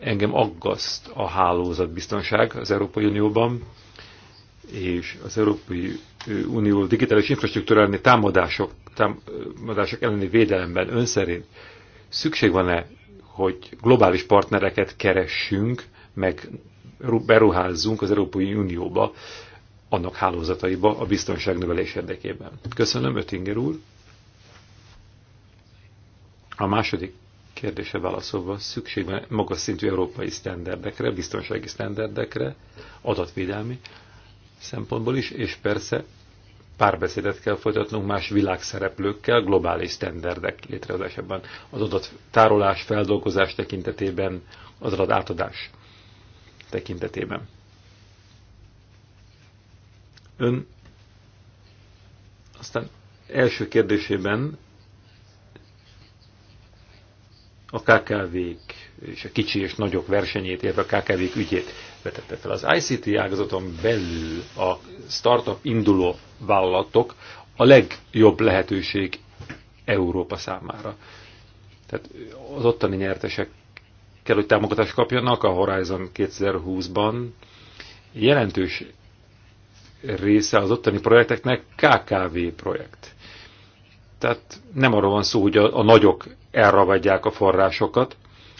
Engem aggaszt a hálózatbiztonság az Európai Unióban, és az Európai Unió digitális infrastruktúrálni támadások, támadások elleni védelemben ön szerint szükség van-e, hogy globális partnereket keressünk, meg beruházzunk az Európai Unióba, annak hálózataiba a biztonság növelés érdekében. Köszönöm, Ötinger úr. A második kérdése válaszolva szükség van magas szintű európai sztenderdekre, biztonsági sztenderdekre, adatvédelmi szempontból is, és persze párbeszédet kell folytatnunk más világszereplőkkel globális sztenderdek létrehozásában, az adat tárolás, feldolgozás tekintetében, az adat átadás tekintetében. Ön aztán első kérdésében a KKV-k és a kicsi és nagyok versenyét, illetve a KKV-k ügyét vetette fel. Az ICT ágazaton belül a startup induló vállalatok a legjobb lehetőség Európa számára. Tehát az ottani nyertesek kell, hogy támogatást kapjanak a Horizon 2020-ban. Jelentős része az ottani projekteknek KKV projekt. Tehát nem arról van szó, hogy a, a nagyok elravadják a forrásokat,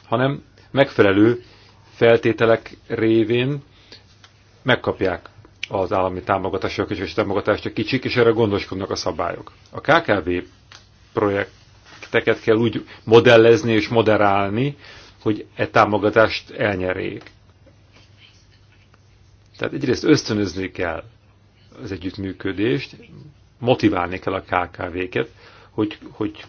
hanem megfelelő feltételek révén megkapják az állami támogatást, a közös támogatást a kicsik, és erre gondoskodnak a szabályok. A KKV projekteket kell úgy modellezni és moderálni, hogy e támogatást elnyerjék. Tehát egyrészt ösztönözni kell az együttműködést, motiválni kell a KKV-ket, hogy, hogy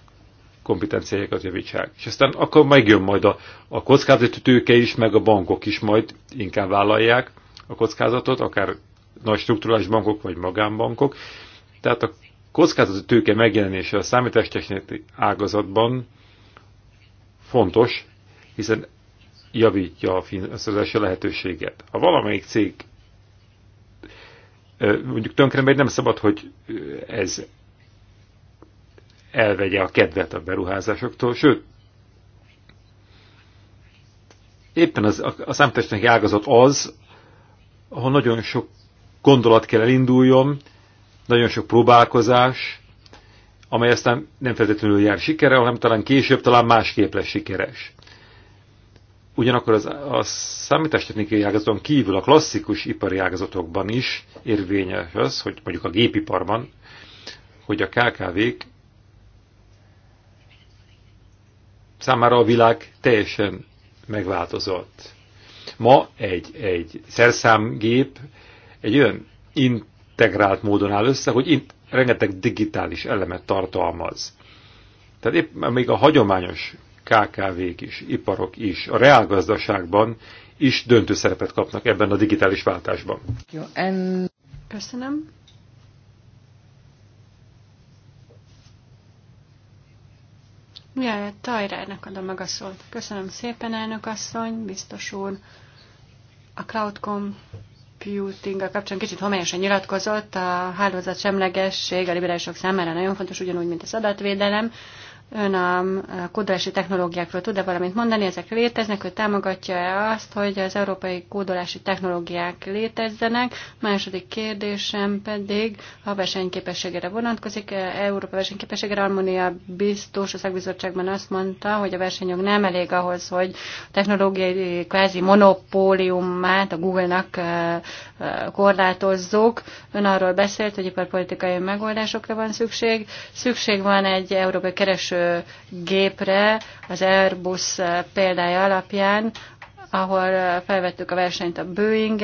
kompetenciájákat javítsák. És aztán akkor megjön majd a, a kockázati tőke is, meg a bankok is majd inkább vállalják a kockázatot, akár nagy struktúrális bankok, vagy magánbankok. Tehát a kockázati tőke megjelenése a számítástechnikai ágazatban fontos, hiszen javítja a finanszírozási lehetőséget. Ha valamelyik cég mondjuk tönkre megy, nem szabad, hogy ez elvegye a kedvet a beruházásoktól, sőt, éppen az, a, a számítástechnikai ágazat az, ahol nagyon sok gondolat kell elinduljon, nagyon sok próbálkozás, amely aztán nem feltétlenül jár sikere, hanem talán később, talán másképp lesz sikeres. Ugyanakkor az, a számítástechnikai ágazaton kívül a klasszikus ipari ágazatokban is érvényes az, hogy mondjuk a gépiparban, hogy a KKV-k számára a világ teljesen megváltozott. Ma egy, egy szerszámgép egy olyan integrált módon áll össze, hogy itt rengeteg digitális elemet tartalmaz. Tehát épp még a hagyományos KKV-k is, iparok is, a reálgazdaságban is döntő szerepet kapnak ebben a digitális váltásban. Köszönöm. Mielőtt Tajrának adom meg a szót. Köszönöm szépen, elnök asszony, biztos úr. A cloud computing a kapcsán kicsit homályosan nyilatkozott. A hálózat semlegesség a liberálisok számára nagyon fontos, ugyanúgy, mint az adatvédelem. Ön a kódolási technológiákról tud-e valamit mondani, ezek léteznek, ő támogatja-e azt, hogy az európai kódolási technológiák létezzenek? Második kérdésem pedig a versenyképességére vonatkozik. Európa versenyképességére Almonia biztos a szakbizottságban azt mondta, hogy a versenyjog nem elég ahhoz, hogy a technológiai kvázi monopóliumát a Google-nak korlátozzuk. Ön arról beszélt, hogy iparpolitikai megoldásokra van szükség. Szükség van egy európai kereső gépre az Airbus példája alapján, ahol felvettük a versenyt a boeing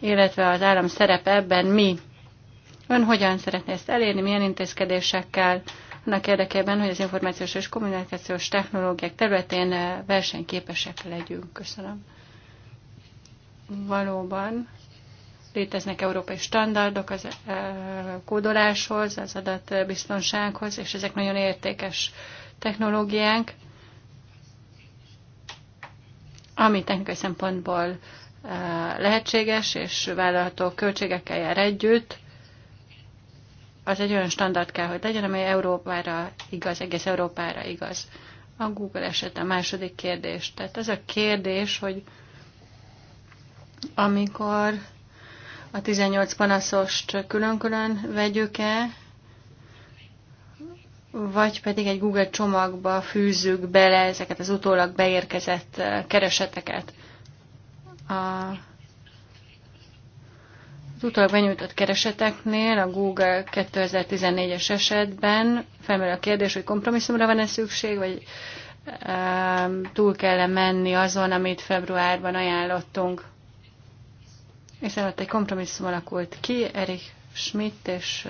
illetve az állam szerep ebben mi. Ön hogyan szeretné ezt elérni, milyen intézkedésekkel, annak érdekében, hogy az információs és kommunikációs technológiák területén versenyképesek legyünk. Köszönöm. Valóban Léteznek európai standardok az kódoláshoz, az adatbiztonsághoz, és ezek nagyon értékes technológiánk, ami technikai szempontból lehetséges, és vállalható költségekkel jár együtt, az egy olyan standard kell, hogy legyen, amely Európára igaz, egész Európára igaz. A Google eset a második kérdés. Tehát ez a kérdés, hogy amikor a 18 panaszost külön-külön vegyük-e, vagy pedig egy Google csomagba fűzzük bele ezeket az utólag beérkezett eh, kereseteket. A, az utólag benyújtott kereseteknél a Google 2014-es esetben felmerül a kérdés, hogy kompromisszumra van-e szükség, vagy e, túl kell -e menni azon, amit februárban ajánlottunk és ott egy kompromisszum alakult ki, Erik Schmidt és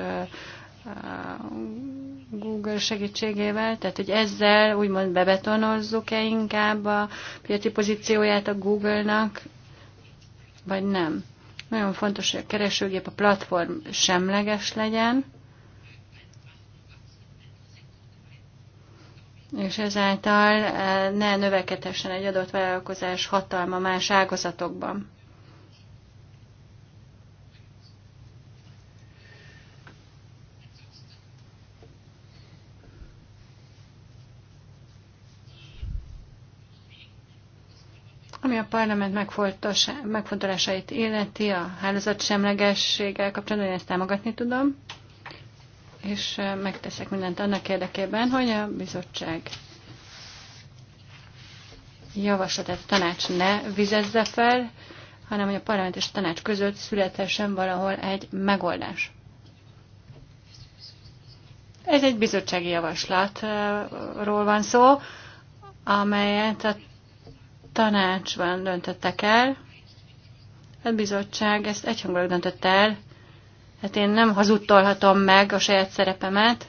Google segítségével, tehát hogy ezzel úgymond bebetonozzuk-e inkább a piaci pozícióját a Google-nak, vagy nem. Nagyon fontos, hogy a keresőgép, a platform semleges legyen, és ezáltal ne növekedhessen egy adott vállalkozás hatalma más ágazatokban. Ami a parlament megfontolásait illeti, a semlegességgel kapcsolatban én ezt támogatni tudom, és megteszek mindent annak érdekében, hogy a bizottság javaslatát a tanács ne vizezze fel, hanem hogy a parlament és a tanács között születhessen valahol egy megoldás. Ez egy bizottsági javaslatról van szó, amelyet a tanácsban döntöttek el, a bizottság ezt egyhangulag döntött el, hát én nem hazudtolhatom meg a saját szerepemet.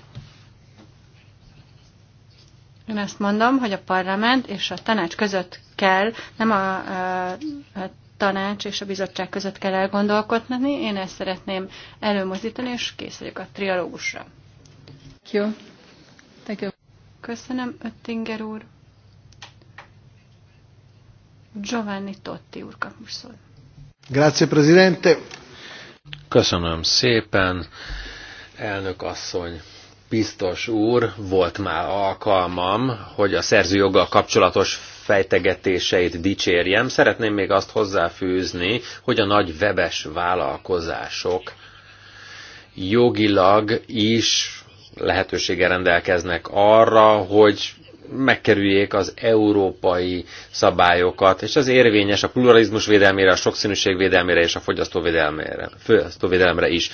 Én azt mondom, hogy a parlament és a tanács között kell, nem a, a, a tanács és a bizottság között kell elgondolkodni. Én ezt szeretném előmozdítani, és kész vagyok a trialógusra. Jó. Köszönöm, Öttinger úr. Giovanni Totti úr kap most Grazie, Presidente. Köszönöm szépen, elnök asszony biztos úr, volt már alkalmam, hogy a szerzőjoggal kapcsolatos fejtegetéseit dicsérjem. Szeretném még azt hozzáfűzni, hogy a nagy webes vállalkozások jogilag is lehetősége rendelkeznek arra, hogy megkerüljék az európai szabályokat, és ez érvényes a pluralizmus védelmére, a sokszínűség védelmére és a fogyasztóvédelmére, fogyasztóvédelemre is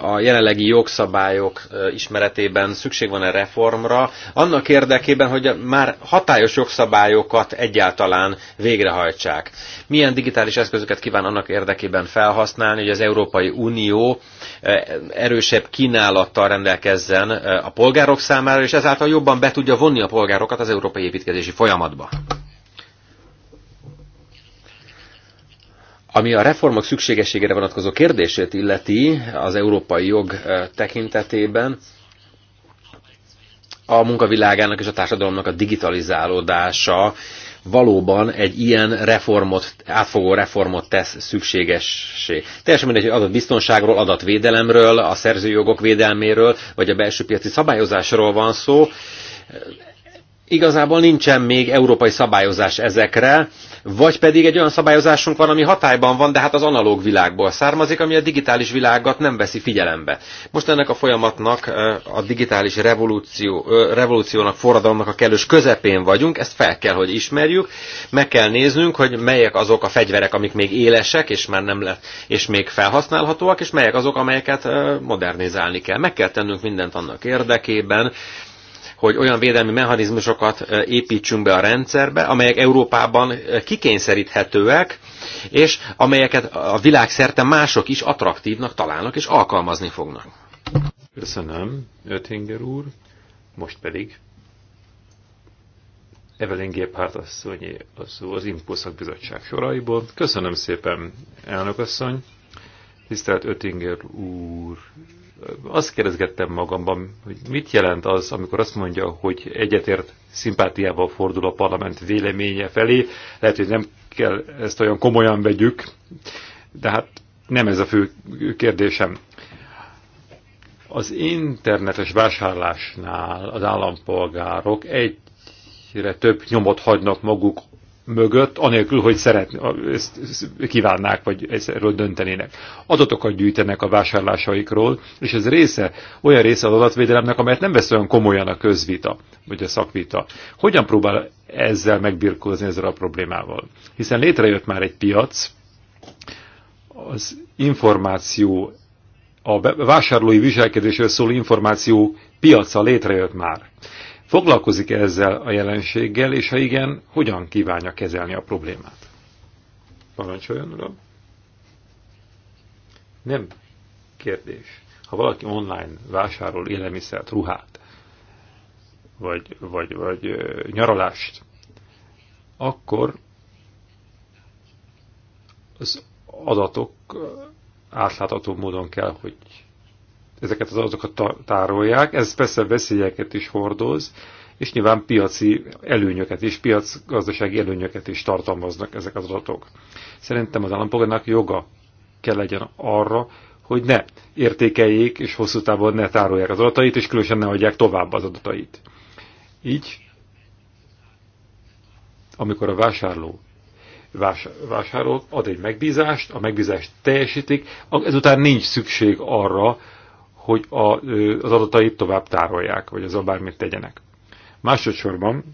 a jelenlegi jogszabályok ismeretében szükség van-e reformra, annak érdekében, hogy már hatályos jogszabályokat egyáltalán végrehajtsák. Milyen digitális eszközöket kíván annak érdekében felhasználni, hogy az Európai Unió erősebb kínálattal rendelkezzen a polgárok számára, és ezáltal jobban be tudja vonni a polgárokat az európai építkezési folyamatba? Ami a reformok szükségességére vonatkozó kérdését illeti az európai jog eh, tekintetében, a munkavilágának és a társadalomnak a digitalizálódása valóban egy ilyen reformot, átfogó reformot tesz szükségessé. Teljesen mindegy, hogy biztonságról, adatvédelemről, a szerzőjogok védelméről, vagy a belső piaci szabályozásról van szó, igazából nincsen még európai szabályozás ezekre, vagy pedig egy olyan szabályozásunk van, ami hatályban van, de hát az analóg világból származik, ami a digitális világot nem veszi figyelembe. Most ennek a folyamatnak, a digitális revolúció, revolúciónak, forradalomnak a kellős közepén vagyunk, ezt fel kell, hogy ismerjük, meg kell néznünk, hogy melyek azok a fegyverek, amik még élesek, és már nem le, és még felhasználhatóak, és melyek azok, amelyeket modernizálni kell. Meg kell tennünk mindent annak érdekében, hogy olyan védelmi mechanizmusokat e, építsünk be a rendszerbe, amelyek Európában e, kikényszeríthetőek, és amelyeket a világszerte mások is attraktívnak találnak és alkalmazni fognak. Köszönöm, Ötinger úr. Most pedig Evelyn Géphárt asszony az, az Impulszak Bizottság soraiból. Köszönöm szépen, elnök asszony. Tisztelt Öttinger úr, azt kérdezgettem magamban, hogy mit jelent az, amikor azt mondja, hogy egyetért szimpátiával fordul a parlament véleménye felé. Lehet, hogy nem kell ezt olyan komolyan vegyük, de hát nem ez a fő kérdésem. Az internetes vásárlásnál az állampolgárok egyre több nyomot hagynak maguk mögött, anélkül, hogy szeret, ezt kívánnák, vagy erről döntenének. Adatokat gyűjtenek a vásárlásaikról, és ez része, olyan része az adatvédelemnek, amelyet nem vesz olyan komolyan a közvita, vagy a szakvita. Hogyan próbál ezzel megbirkózni ezzel a problémával? Hiszen létrejött már egy piac, az információ, a vásárlói viselkedésről szóló információ piaca létrejött már. Foglalkozik -e ezzel a jelenséggel, és ha igen, hogyan kívánja kezelni a problémát? Parancsoljon, uram! Nem kérdés. Ha valaki online vásárol élelmiszert, ruhát, vagy, vagy, vagy nyaralást, akkor az adatok átlátható módon kell, hogy ezeket az adatokat tárolják, ez persze veszélyeket is hordoz, és nyilván piaci előnyöket is, piacgazdasági előnyöket is tartalmaznak ezek az adatok. Szerintem az állampolgárnak joga kell legyen arra, hogy ne értékeljék és hosszú távon ne tárolják az adatait, és különösen ne adják tovább az adatait. Így, amikor a vásárló vásárol, ad egy megbízást, a megbízást teljesítik, ezután nincs szükség arra, hogy a, az adatait tovább tárolják, vagy az bármit tegyenek. Másodszorban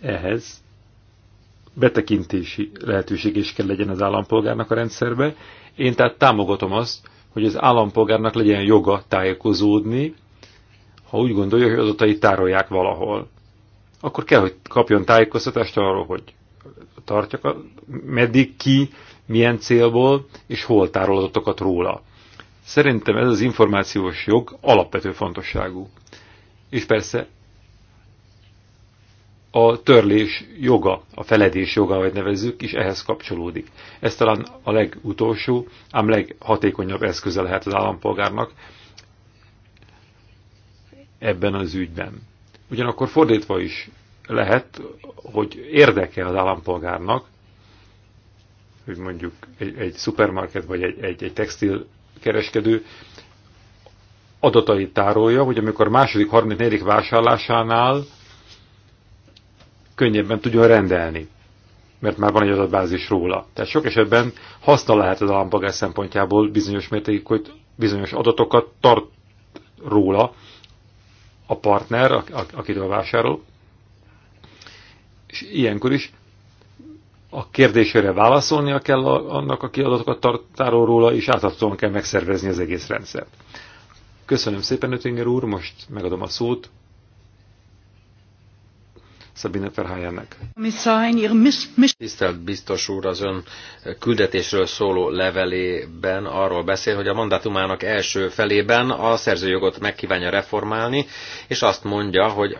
ehhez betekintési lehetőség is kell legyen az állampolgárnak a rendszerbe. Én tehát támogatom azt, hogy az állampolgárnak legyen joga tájékozódni, ha úgy gondolja, hogy adatai tárolják valahol. Akkor kell, hogy kapjon tájékoztatást arról, hogy tartjak, a, meddig ki, milyen célból, és hol tárolatokat róla. Szerintem ez az információs jog alapvető fontosságú. És persze a törlés joga, a feledés joga, vagy nevezzük, is ehhez kapcsolódik. Ez talán a legutolsó, ám leghatékonyabb eszköze lehet az állampolgárnak ebben az ügyben. Ugyanakkor fordítva is lehet, hogy érdeke az állampolgárnak, hogy mondjuk egy, egy szupermarket vagy egy, egy, egy textil kereskedő adatait tárolja, hogy amikor második, harmadik, negyedik vásárlásánál könnyebben tudjon rendelni, mert már van egy adatbázis róla. Tehát sok esetben haszna lehet az állampolgár szempontjából bizonyos mértékig, hogy bizonyos adatokat tart róla a partner, akitől vásárol. És ilyenkor is a kérdésére válaszolnia kell annak, aki adatokat tartáról róla, és átadatóan kell megszervezni az egész rendszert. Köszönöm szépen, Ötinger úr, most megadom a szót Szabina Ferhájának. Tisztelt biztos úr, az ön küldetésről szóló levelében arról beszél, hogy a mandátumának első felében a szerzőjogot megkívánja reformálni, és azt mondja, hogy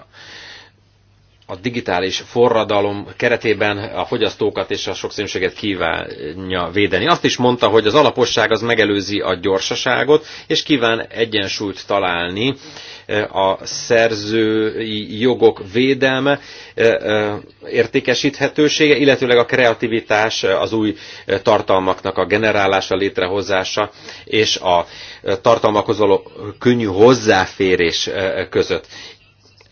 a digitális forradalom keretében a fogyasztókat és a sokszínűséget kívánja védeni. Azt is mondta, hogy az alaposság az megelőzi a gyorsaságot, és kíván egyensúlyt találni e, a szerzői jogok védelme, e, e, értékesíthetősége, illetőleg a kreativitás, az új tartalmaknak a generálása, létrehozása és a tartalmakhoz való könnyű hozzáférés között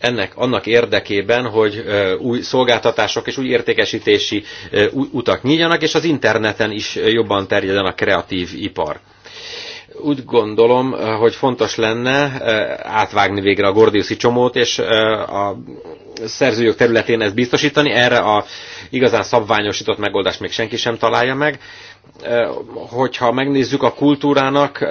ennek annak érdekében, hogy új szolgáltatások és új értékesítési utak nyíljanak, és az interneten is jobban terjedjen a kreatív ipar úgy gondolom, eh, hogy fontos lenne eh, átvágni végre a Gordiuszi csomót, és eh, a szerzőjog területén ezt biztosítani. Erre a igazán szabványosított megoldást még senki sem találja meg. Hogyha megnézzük a kultúrának,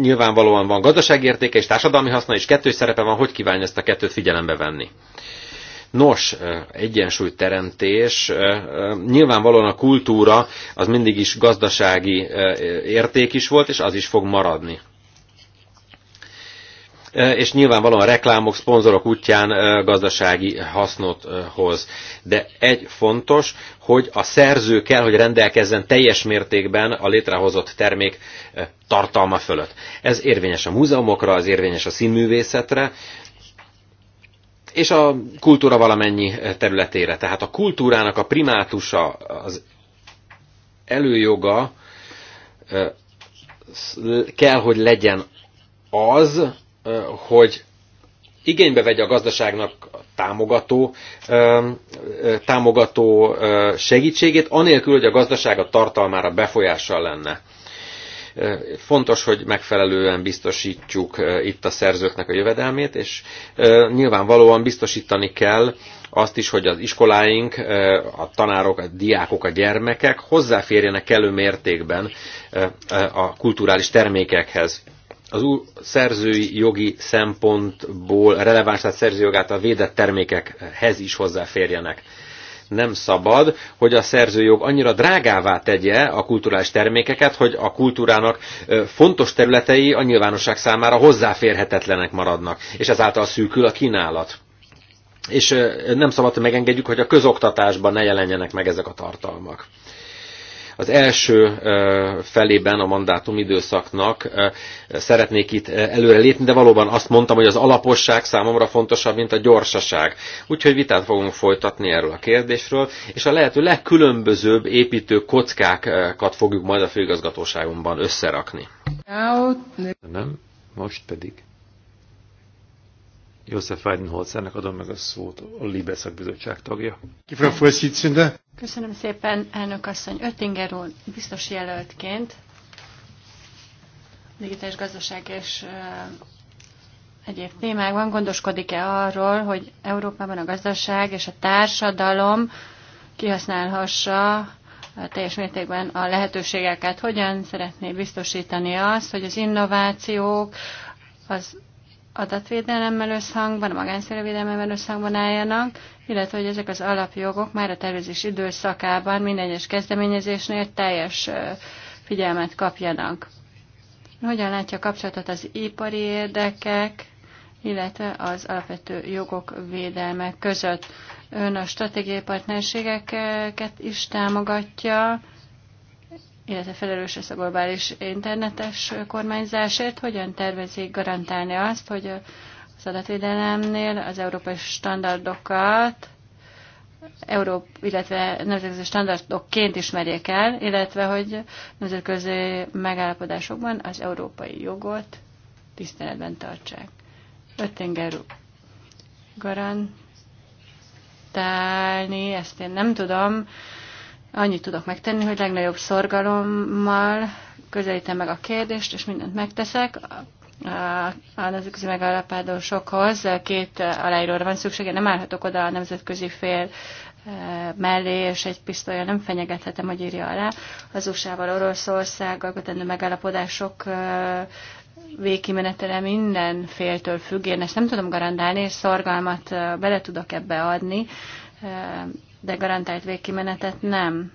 nyilvánvalóan van gazdaságértéke és társadalmi haszna, és kettős szerepe van, hogy kívánja ezt a kettőt figyelembe venni. Nos, egyensúlyteremtés, nyilvánvalóan a kultúra az mindig is gazdasági érték is volt, és az is fog maradni és nyilvánvalóan a reklámok, szponzorok útján gazdasági hasznot hoz. De egy fontos, hogy a szerző kell, hogy rendelkezzen teljes mértékben a létrehozott termék tartalma fölött. Ez érvényes a múzeumokra, az érvényes a színművészetre, és a kultúra valamennyi területére. Tehát a kultúrának a primátusa, az előjoga kell, hogy legyen az, hogy igénybe vegye a gazdaságnak támogató, támogató segítségét, anélkül, hogy a gazdaság a tartalmára befolyással lenne. Fontos, hogy megfelelően biztosítjuk itt a szerzőknek a jövedelmét, és nyilvánvalóan biztosítani kell azt is, hogy az iskoláink, a tanárok, a diákok, a gyermekek hozzáférjenek elő mértékben a kulturális termékekhez az új szerzői jogi szempontból releváns, tehát szerzői a védett termékekhez is hozzáférjenek nem szabad, hogy a szerzőjog annyira drágává tegye a kulturális termékeket, hogy a kultúrának fontos területei a nyilvánosság számára hozzáférhetetlenek maradnak, és ezáltal szűkül a kínálat. És nem szabad, hogy megengedjük, hogy a közoktatásban ne jelenjenek meg ezek a tartalmak. Az első felében a mandátum időszaknak szeretnék itt előre lépni, de valóban azt mondtam, hogy az alaposság számomra fontosabb, mint a gyorsaság. Úgyhogy vitát fogunk folytatni erről a kérdésről, és a lehető legkülönbözőbb építő kockákat fogjuk majd a főigazgatóságunkban összerakni. Nem, most pedig József Weidenholzernek adom meg a szót, a Libeszak bizottság tagja. Köszönöm szépen, elnök asszony Öttinger úr, biztos jelöltként, digitális gazdaság és egyéb témákban gondoskodik-e arról, hogy Európában a gazdaság és a társadalom kihasználhassa teljes mértékben a lehetőségeket. Hogyan szeretné biztosítani azt, hogy az innovációk, az adatvédelemmel összhangban, a magánszerevédelemmel összhangban álljanak, illetve hogy ezek az alapjogok már a tervezés időszakában minden egyes kezdeményezésnél teljes figyelmet kapjanak. Hogyan látja a kapcsolatot az ipari érdekek, illetve az alapvető jogok védelme között? Ön a stratégiai partnerségeket is támogatja, illetve felelős lesz a globális internetes kormányzásért, hogyan tervezik garantálni azt, hogy az adatvédelemnél az európai standardokat Európ, illetve nemzetközi standardokként ismerjék el, illetve hogy nemzetközi megállapodásokban az európai jogot tiszteletben tartsák. Öttinger garantálni, ezt én nem tudom, Annyit tudok megtenni, hogy legnagyobb szorgalommal közelítem meg a kérdést, és mindent megteszek. A nemzetközi megállapodásokhoz két aláíróra van szüksége, nem állhatok oda a nemzetközi fél e, mellé, és egy pisztolya nem fenyegethetem, hogy írja alá. Az USA-val, Oroszországgal kötendő megállapodások e, végkimenetele minden féltől függ. Én ezt nem tudom garantálni, és szorgalmat e, bele tudok ebbe adni de garantált végkimenetet nem.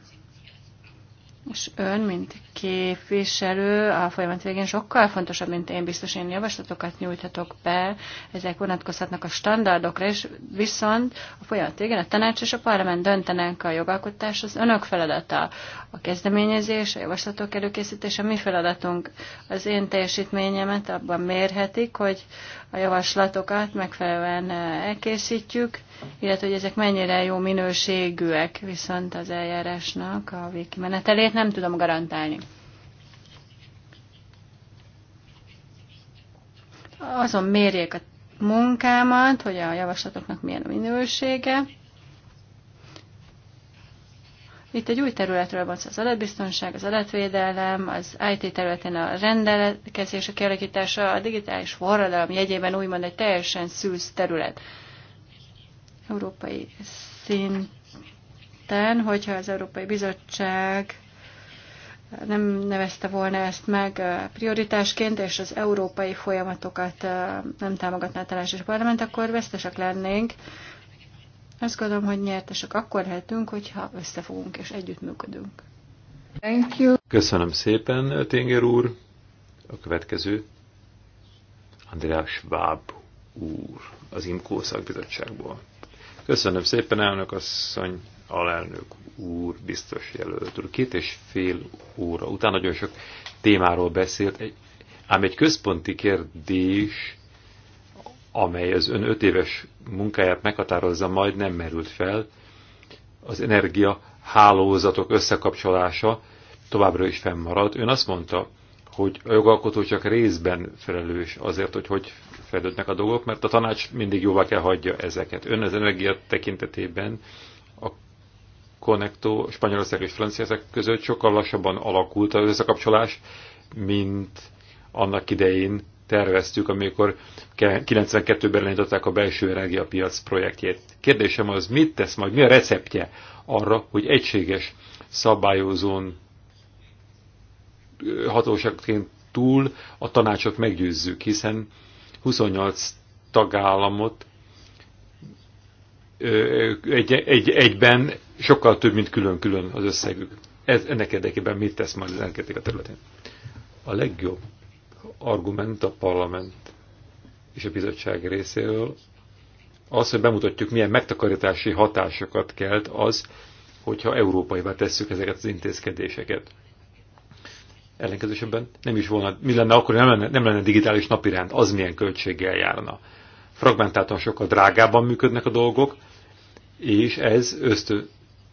És ön, mint képviselő, a folyamat végén sokkal fontosabb, mint én biztos, én javaslatokat nyújthatok be, ezek vonatkozhatnak a standardokra, és viszont a folyamat végén a tanács és a parlament döntenek a jogalkotás, az önök feladata. A kezdeményezés, a javaslatok előkészítése mi feladatunk. Az én teljesítményemet abban mérhetik, hogy a javaslatokat megfelelően eh, elkészítjük, illetve hogy ezek mennyire jó minőségűek, viszont az eljárásnak a végkimenetelét nem tudom garantálni. Azon mérjék a munkámat, hogy a javaslatoknak milyen a minősége. Itt egy új területről van szó, az adatbiztonság, az adatvédelem, az IT területén a rendelkezés, a kialakítása, a digitális forradalom jegyében úgymond egy teljesen szűz terület európai szinten, hogyha az Európai Bizottság nem nevezte volna ezt meg prioritásként, és az európai folyamatokat nem támogatná a tanács és a parlament, akkor vesztesek lennénk. Azt gondolom, hogy nyertesek akkor lehetünk, hogyha összefogunk és együttműködünk. Thank you. Köszönöm szépen, Tinger úr. A következő András Schwab úr az IMCO szakbizottságból. Köszönöm szépen, elnök asszony, alelnök úr, biztos jelölt úr. Két és fél óra után nagyon sok témáról beszélt, egy, ám egy központi kérdés, amely az ön öt éves munkáját meghatározza, majd nem merült fel, az energia hálózatok összekapcsolása továbbra is fennmarad. Ön azt mondta, hogy a jogalkotó csak részben felelős azért, hogy hogy fejlődnek a dolgok, mert a tanács mindig jóvá kell hagyja ezeket. Ön az energia tekintetében a Connecto, Spanyolország és Franciaország között sokkal lassabban alakult az összekapcsolás, mint annak idején terveztük, amikor 92-ben lenyitották a belső energiapiac projektjét. Kérdésem az, mit tesz majd, mi a receptje arra, hogy egységes szabályozón hatóságként túl a tanácsot meggyőzzük, hiszen 28 tagállamot egy, egy, egyben sokkal több, mint külön-külön az összegük. Ez, ennek érdekében mit tesz majd az enkedék a területén? A legjobb argument a parlament és a bizottság részéről az, hogy bemutatjuk, milyen megtakarítási hatásokat kelt az, hogyha európaivá tesszük ezeket az intézkedéseket ellenkezősebben nem is volna, mi lenne akkor, nem lenne, nem lenne digitális napirend, az milyen költséggel járna. Fragmentáltan sokkal drágábban működnek a dolgok, és ez ösztö,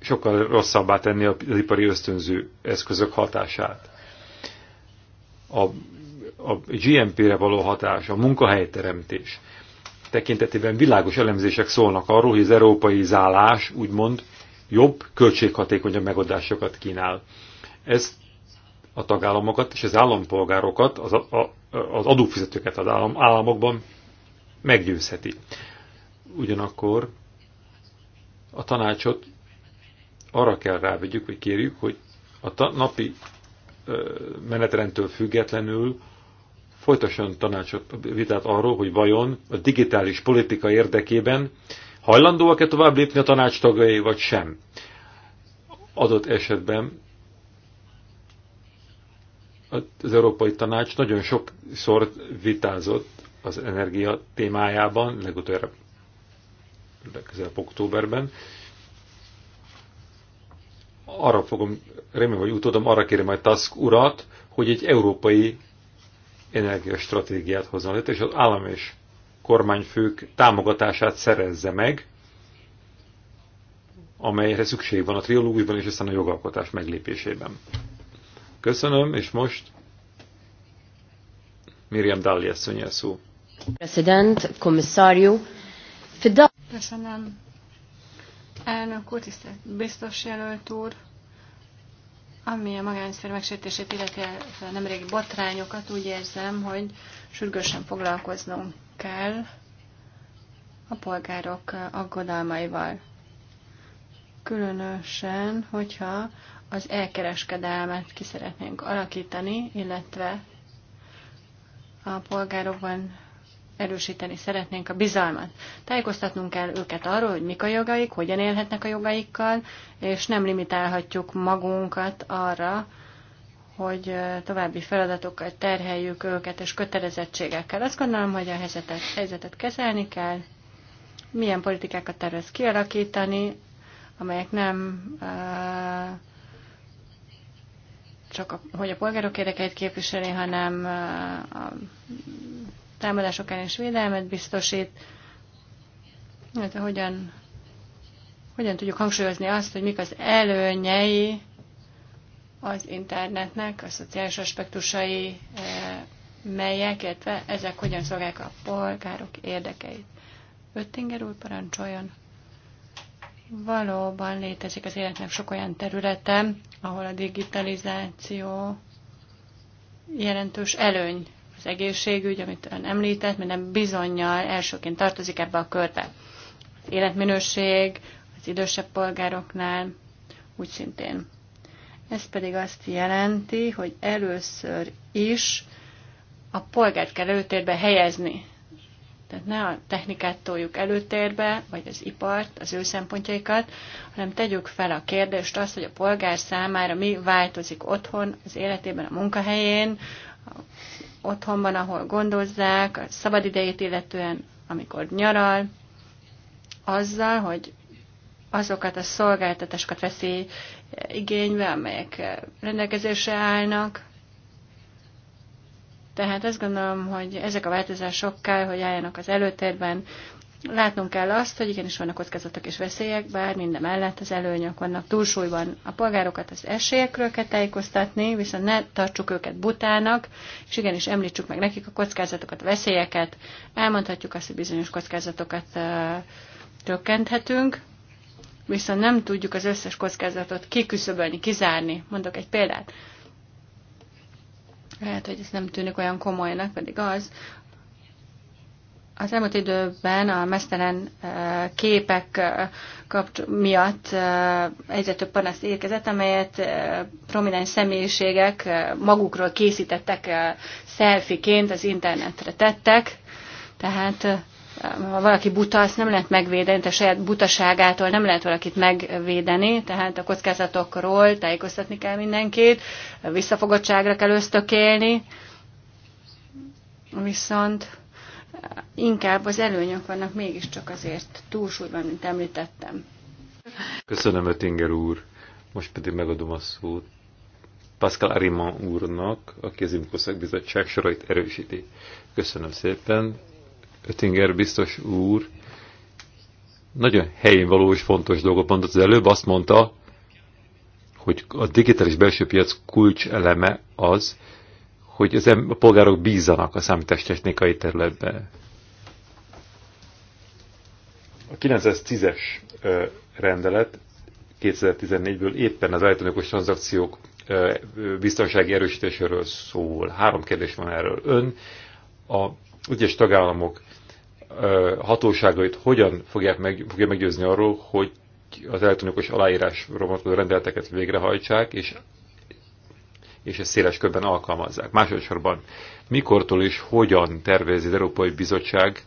sokkal rosszabbá tenni az ipari ösztönző eszközök hatását. A, a GMP-re való hatás, a munkahelyteremtés tekintetében világos elemzések szólnak arról, hogy az európai zálás úgymond jobb, költséghatékonyabb megoldásokat kínál. Ezt a tagállamokat és az állampolgárokat, az, a, az adófizetőket az állam, államokban meggyőzheti. Ugyanakkor a tanácsot arra kell rávegyük, hogy kérjük, hogy a napi menetrendtől függetlenül folytasson tanácsot, vitát arról, hogy vajon a digitális politika érdekében hajlandóak-e tovább lépni a tanács tagjai, vagy sem. Adott esetben az Európai Tanács nagyon sokszor vitázott az energia témájában, legutóbb legközelebb októberben. Arra fogom, remélem, hogy utódom, arra kérem majd Tusk urat, hogy egy európai energiastratégiát hozzon létre, és az állam és kormányfők támogatását szerezze meg, amelyre szükség van a triológusban és aztán a jogalkotás meglépésében. Köszönöm, és most Miriam Dalli asszony a szó. President, komisszárió, Köszönöm. Elnök úr, tisztelt biztos jelölt úr, ami a magánszfér megsértését illeti nemrégi botrányokat, úgy érzem, hogy sürgősen foglalkoznunk kell a polgárok aggodalmaival. Különösen, hogyha az elkereskedelmet ki szeretnénk alakítani, illetve a polgárokban erősíteni szeretnénk a bizalmat. Tájékoztatnunk kell őket arról, hogy mik a jogaik, hogyan élhetnek a jogaikkal, és nem limitálhatjuk magunkat arra, hogy további feladatokkal terheljük őket, és kötelezettségekkel. Azt gondolom, hogy a helyzetet, helyzetet kezelni kell, milyen politikákat tervez kialakítani, amelyek nem uh, csak a, hogy a polgárok érdekeit képviseli, hanem a támadások ellen is védelmet biztosít, illetve hát, hogyan, hogyan tudjuk hangsúlyozni azt, hogy mik az előnyei az internetnek, a szociális aspektusai, melyek, illetve ezek hogyan szolgálják a polgárok érdekeit. Öttinger úr parancsoljon. Valóban létezik az életnek sok olyan területe, ahol a digitalizáció jelentős előny az egészségügy, amit ön említett, minden bizonyal elsőként tartozik ebbe a körbe. Az életminőség az idősebb polgároknál úgy szintén. Ez pedig azt jelenti, hogy először is a polgárt kell előtérbe helyezni. Tehát ne a technikát toljuk előtérbe, vagy az ipart, az ő szempontjaikat, hanem tegyük fel a kérdést azt, hogy a polgár számára mi változik otthon, az életében, a munkahelyén, otthonban, ahol gondozzák, a szabadidejét illetően, amikor nyaral, azzal, hogy azokat a szolgáltatásokat veszi igénybe, amelyek rendelkezésre állnak, tehát azt gondolom, hogy ezek a változások kell, hogy álljanak az előtérben. Látnunk kell azt, hogy igenis vannak kockázatok és veszélyek, bár minden mellett az előnyök vannak túlsúlyban. A polgárokat az esélyekről kell tájékoztatni, viszont ne tartsuk őket butának, és igenis említsük meg nekik a kockázatokat, a veszélyeket. Elmondhatjuk azt, hogy bizonyos kockázatokat uh, csökkenthetünk, viszont nem tudjuk az összes kockázatot kiküszöbölni, kizárni. Mondok egy példát. Lehet, hogy ez nem tűnik olyan komolynak, pedig az, az elmúlt időben a mesztelen képek kapcs- miatt egyre több panaszt érkezett, amelyet prominens személyiségek magukról készítettek szelfiként, az internetre tettek. Tehát ha valaki buta, azt nem lehet megvédeni, tehát saját butaságától nem lehet valakit megvédeni, tehát a kockázatokról tájékoztatni kell mindenkit, visszafogottságra kell ösztökélni, viszont eh, inkább az előnyök vannak mégiscsak azért túlsúlyban, mint említettem. Köszönöm, Ötinger úr. Most pedig megadom a szót Pascal Arimán úrnak, aki az Imkoszak Bizottság sorait erősíti. Köszönöm szépen, Ötinger biztos úr nagyon helyén való és fontos dolgot mondott az előbb, azt mondta, hogy a digitális belső piac kulcs eleme az, hogy az a polgárok bízzanak a számítástechnikai területbe. A 910-es rendelet 2014-ből éppen az elektronikus tranzakciók biztonsági erősítéséről szól. Három kérdés van erről. Ön a ügyes tagállamok hatóságait hogyan fogják meg, fogja meggyőzni arról, hogy az elektronikus aláírásról vonatkozó rendeleteket végrehajtsák, és, és ezt széles körben alkalmazzák. Másodszorban, mikortól és hogyan tervezi az Európai Bizottság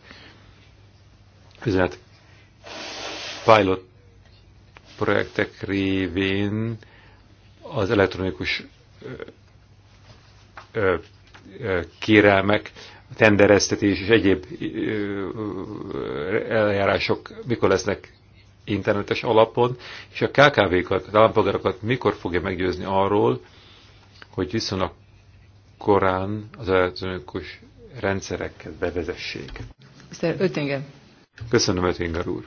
üzenet pilot projektek révén az elektronikus ö, ö, kérelmek tendereztetés és egyéb eljárások mikor lesznek internetes alapon, és a KKV-kat, az állampolgárokat mikor fogja meggyőzni arról, hogy viszonylag korán az elektronikus rendszereket bevezessék. Mr. Öttinger. Köszönöm, Öttinger úr.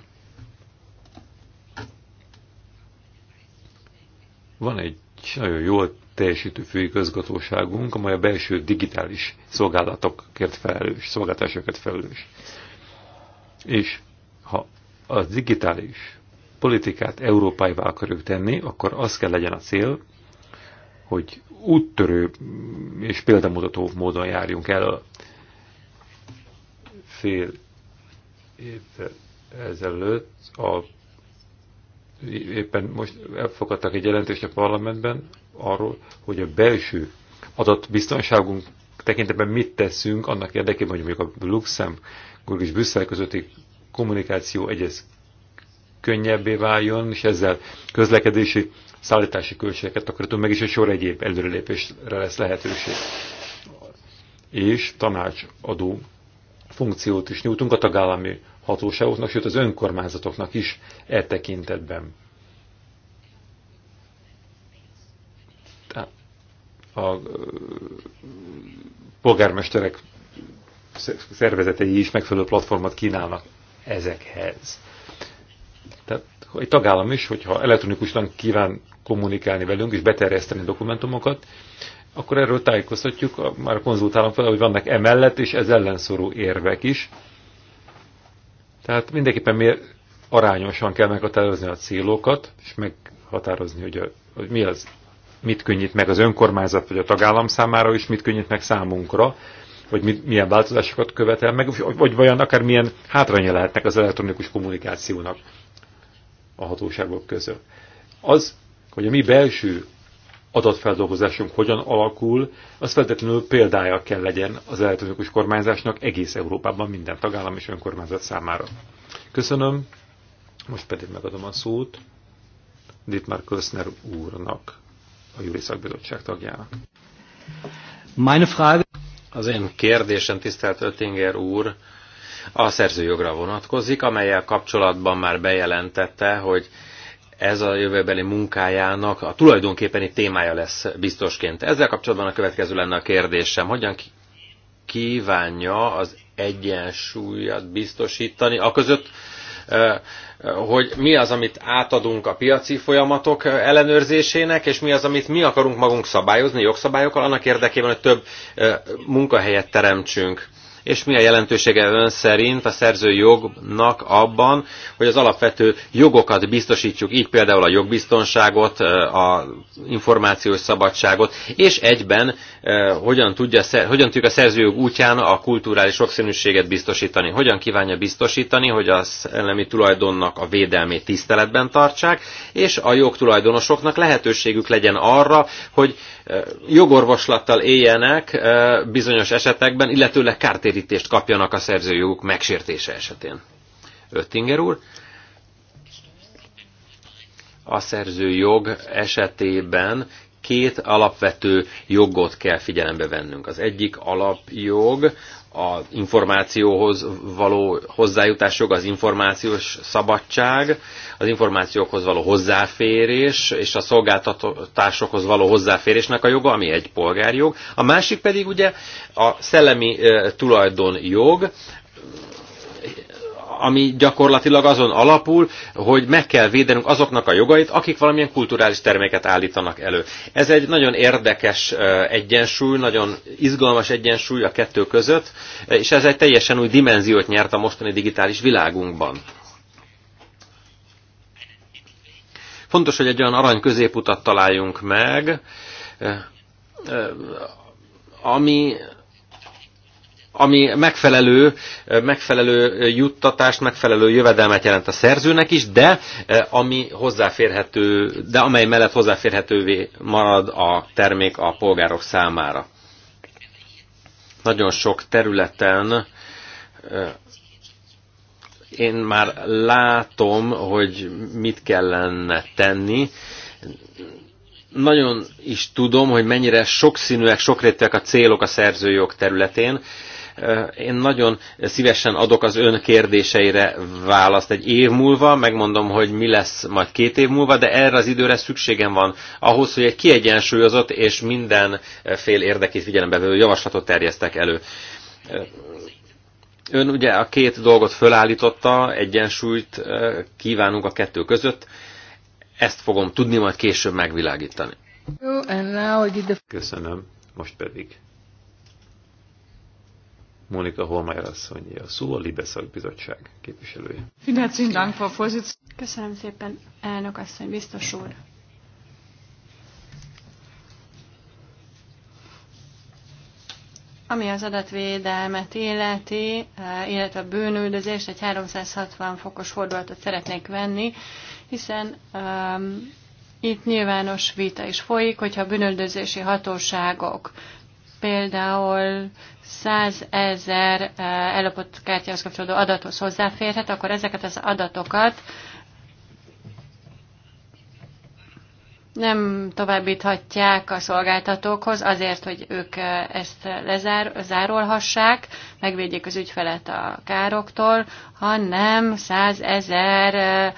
Van egy nagyon jól teljesítő főigazgatóságunk, amely a belső digitális szolgálatokért felelős, szolgáltásokért felelős. És ha a digitális politikát európáivá akarjuk tenni, akkor az kell legyen a cél, hogy úttörő és példamutató módon járjunk el a fél évvel ezelőtt a éppen most elfogadtak egy jelentést a parlamentben, arról, hogy a belső adatbiztonságunk tekintetben mit teszünk annak érdekében, hogy mondjuk a Luxemburg és Brüsszel közötti kommunikáció egyes könnyebbé váljon, és ezzel közlekedési, szállítási költségeket takarítunk meg, is egy sor egyéb előrelépésre lesz lehetőség. És tanácsadó funkciót is nyújtunk a tagállami hatóságoknak, sőt az önkormányzatoknak is e tekintetben. a polgármesterek szervezetei is megfelelő platformot kínálnak ezekhez. Tehát egy tagállam is, hogyha elektronikusan kíván kommunikálni velünk és beterjeszteni dokumentumokat, akkor erről tájékoztatjuk, már konzultálom fel, hogy vannak emellett és ez ellenszorú érvek is. Tehát mindenképpen mi arányosan kell meghatározni a célokat, és meghatározni, hogy, a, hogy mi az mit könnyít meg az önkormányzat vagy a tagállam számára, és mit könnyít meg számunkra, vagy mit, milyen változásokat követel meg, vagy vajon akár milyen hátránya lehetnek az elektronikus kommunikációnak a hatóságok közül. Az, hogy a mi belső adatfeldolgozásunk hogyan alakul, az feltétlenül példája kell legyen az elektronikus kormányzásnak egész Európában minden tagállam és önkormányzat számára. Köszönöm, most pedig megadom a szót Dietmar Köszner úrnak a júri Szakbizottság tagjának. Meine Frage... Az én kérdésem, tisztelt Öttinger úr, a szerzőjogra vonatkozik, amelyel kapcsolatban már bejelentette, hogy ez a jövőbeli munkájának a tulajdonképpeni témája lesz biztosként. Ezzel kapcsolatban a következő lenne a kérdésem, hogyan kívánja az egyensúlyat biztosítani, aközött, Eh, hogy mi az, amit átadunk a piaci folyamatok eh, ellenőrzésének, és mi az, amit mi akarunk magunk szabályozni jogszabályokkal, annak érdekében, hogy több eh, munkahelyet teremtsünk és mi a jelentősége ön szerint a szerzőjognak jognak abban, hogy az alapvető jogokat biztosítjuk, így például a jogbiztonságot, a információs szabadságot, és egyben hogyan, tudja, hogyan tudjuk a szerzőjog útján a kulturális sokszínűséget biztosítani, hogyan kívánja biztosítani, hogy a szellemi tulajdonnak a védelmét tiszteletben tartsák, és a jogtulajdonosoknak lehetőségük legyen arra, hogy jogorvoslattal éljenek bizonyos esetekben, illetőleg kártérítést kapjanak a szerzőjoguk megsértése esetén. Öttinger úr a szerzőjog esetében két alapvető jogot kell figyelembe vennünk. Az egyik alapjog az információhoz való hozzájutás jog, az információs szabadság, az információkhoz való hozzáférés és a szolgáltatásokhoz való hozzáférésnek a joga, ami egy polgárjog. A másik pedig ugye a szellemi eh, tulajdonjog, ami gyakorlatilag azon alapul, hogy meg kell védenünk azoknak a jogait, akik valamilyen kulturális terméket állítanak elő. Ez egy nagyon érdekes egyensúly, nagyon izgalmas egyensúly a kettő között, és ez egy teljesen új dimenziót nyert a mostani digitális világunkban. Fontos, hogy egy olyan arany középutat találjunk meg, ami ami megfelelő, megfelelő juttatást, megfelelő jövedelmet jelent a szerzőnek is, de eh, ami hozzáférhető, de amely mellett hozzáférhetővé marad a termék a polgárok számára. Nagyon sok területen eh, én már látom, hogy mit kellene tenni. Nagyon is tudom, hogy mennyire sokszínűek, sokrétűek a célok a szerzőjog területén, én nagyon szívesen adok az ön kérdéseire választ egy év múlva, megmondom, hogy mi lesz majd két év múlva, de erre az időre szükségem van ahhoz, hogy egy kiegyensúlyozott és minden fél érdekét figyelembe vevő javaslatot terjesztek elő. Ön ugye a két dolgot fölállította, egyensúlyt kívánunk a kettő között, ezt fogom tudni majd később megvilágítani. Köszönöm, most pedig Mónika Holmeier asszony, a szó, a Libeszak bizottság képviselője. Köszönöm szépen, elnök asszony, biztos úr. Ami az adatvédelmet illeti, illetve a bűnüldözést, egy 360 fokos fordulatot szeretnék venni, hiszen um, itt nyilvános vita is folyik, hogyha a bűnöldözési hatóságok például 100 ezer eh, ellopott kártyához kapcsolódó adathoz hozzáférhet, akkor ezeket az adatokat nem továbbíthatják a szolgáltatókhoz azért, hogy ők eh, ezt lezárolhassák, megvédjék az ügyfelet a károktól, hanem 100 ezer eh,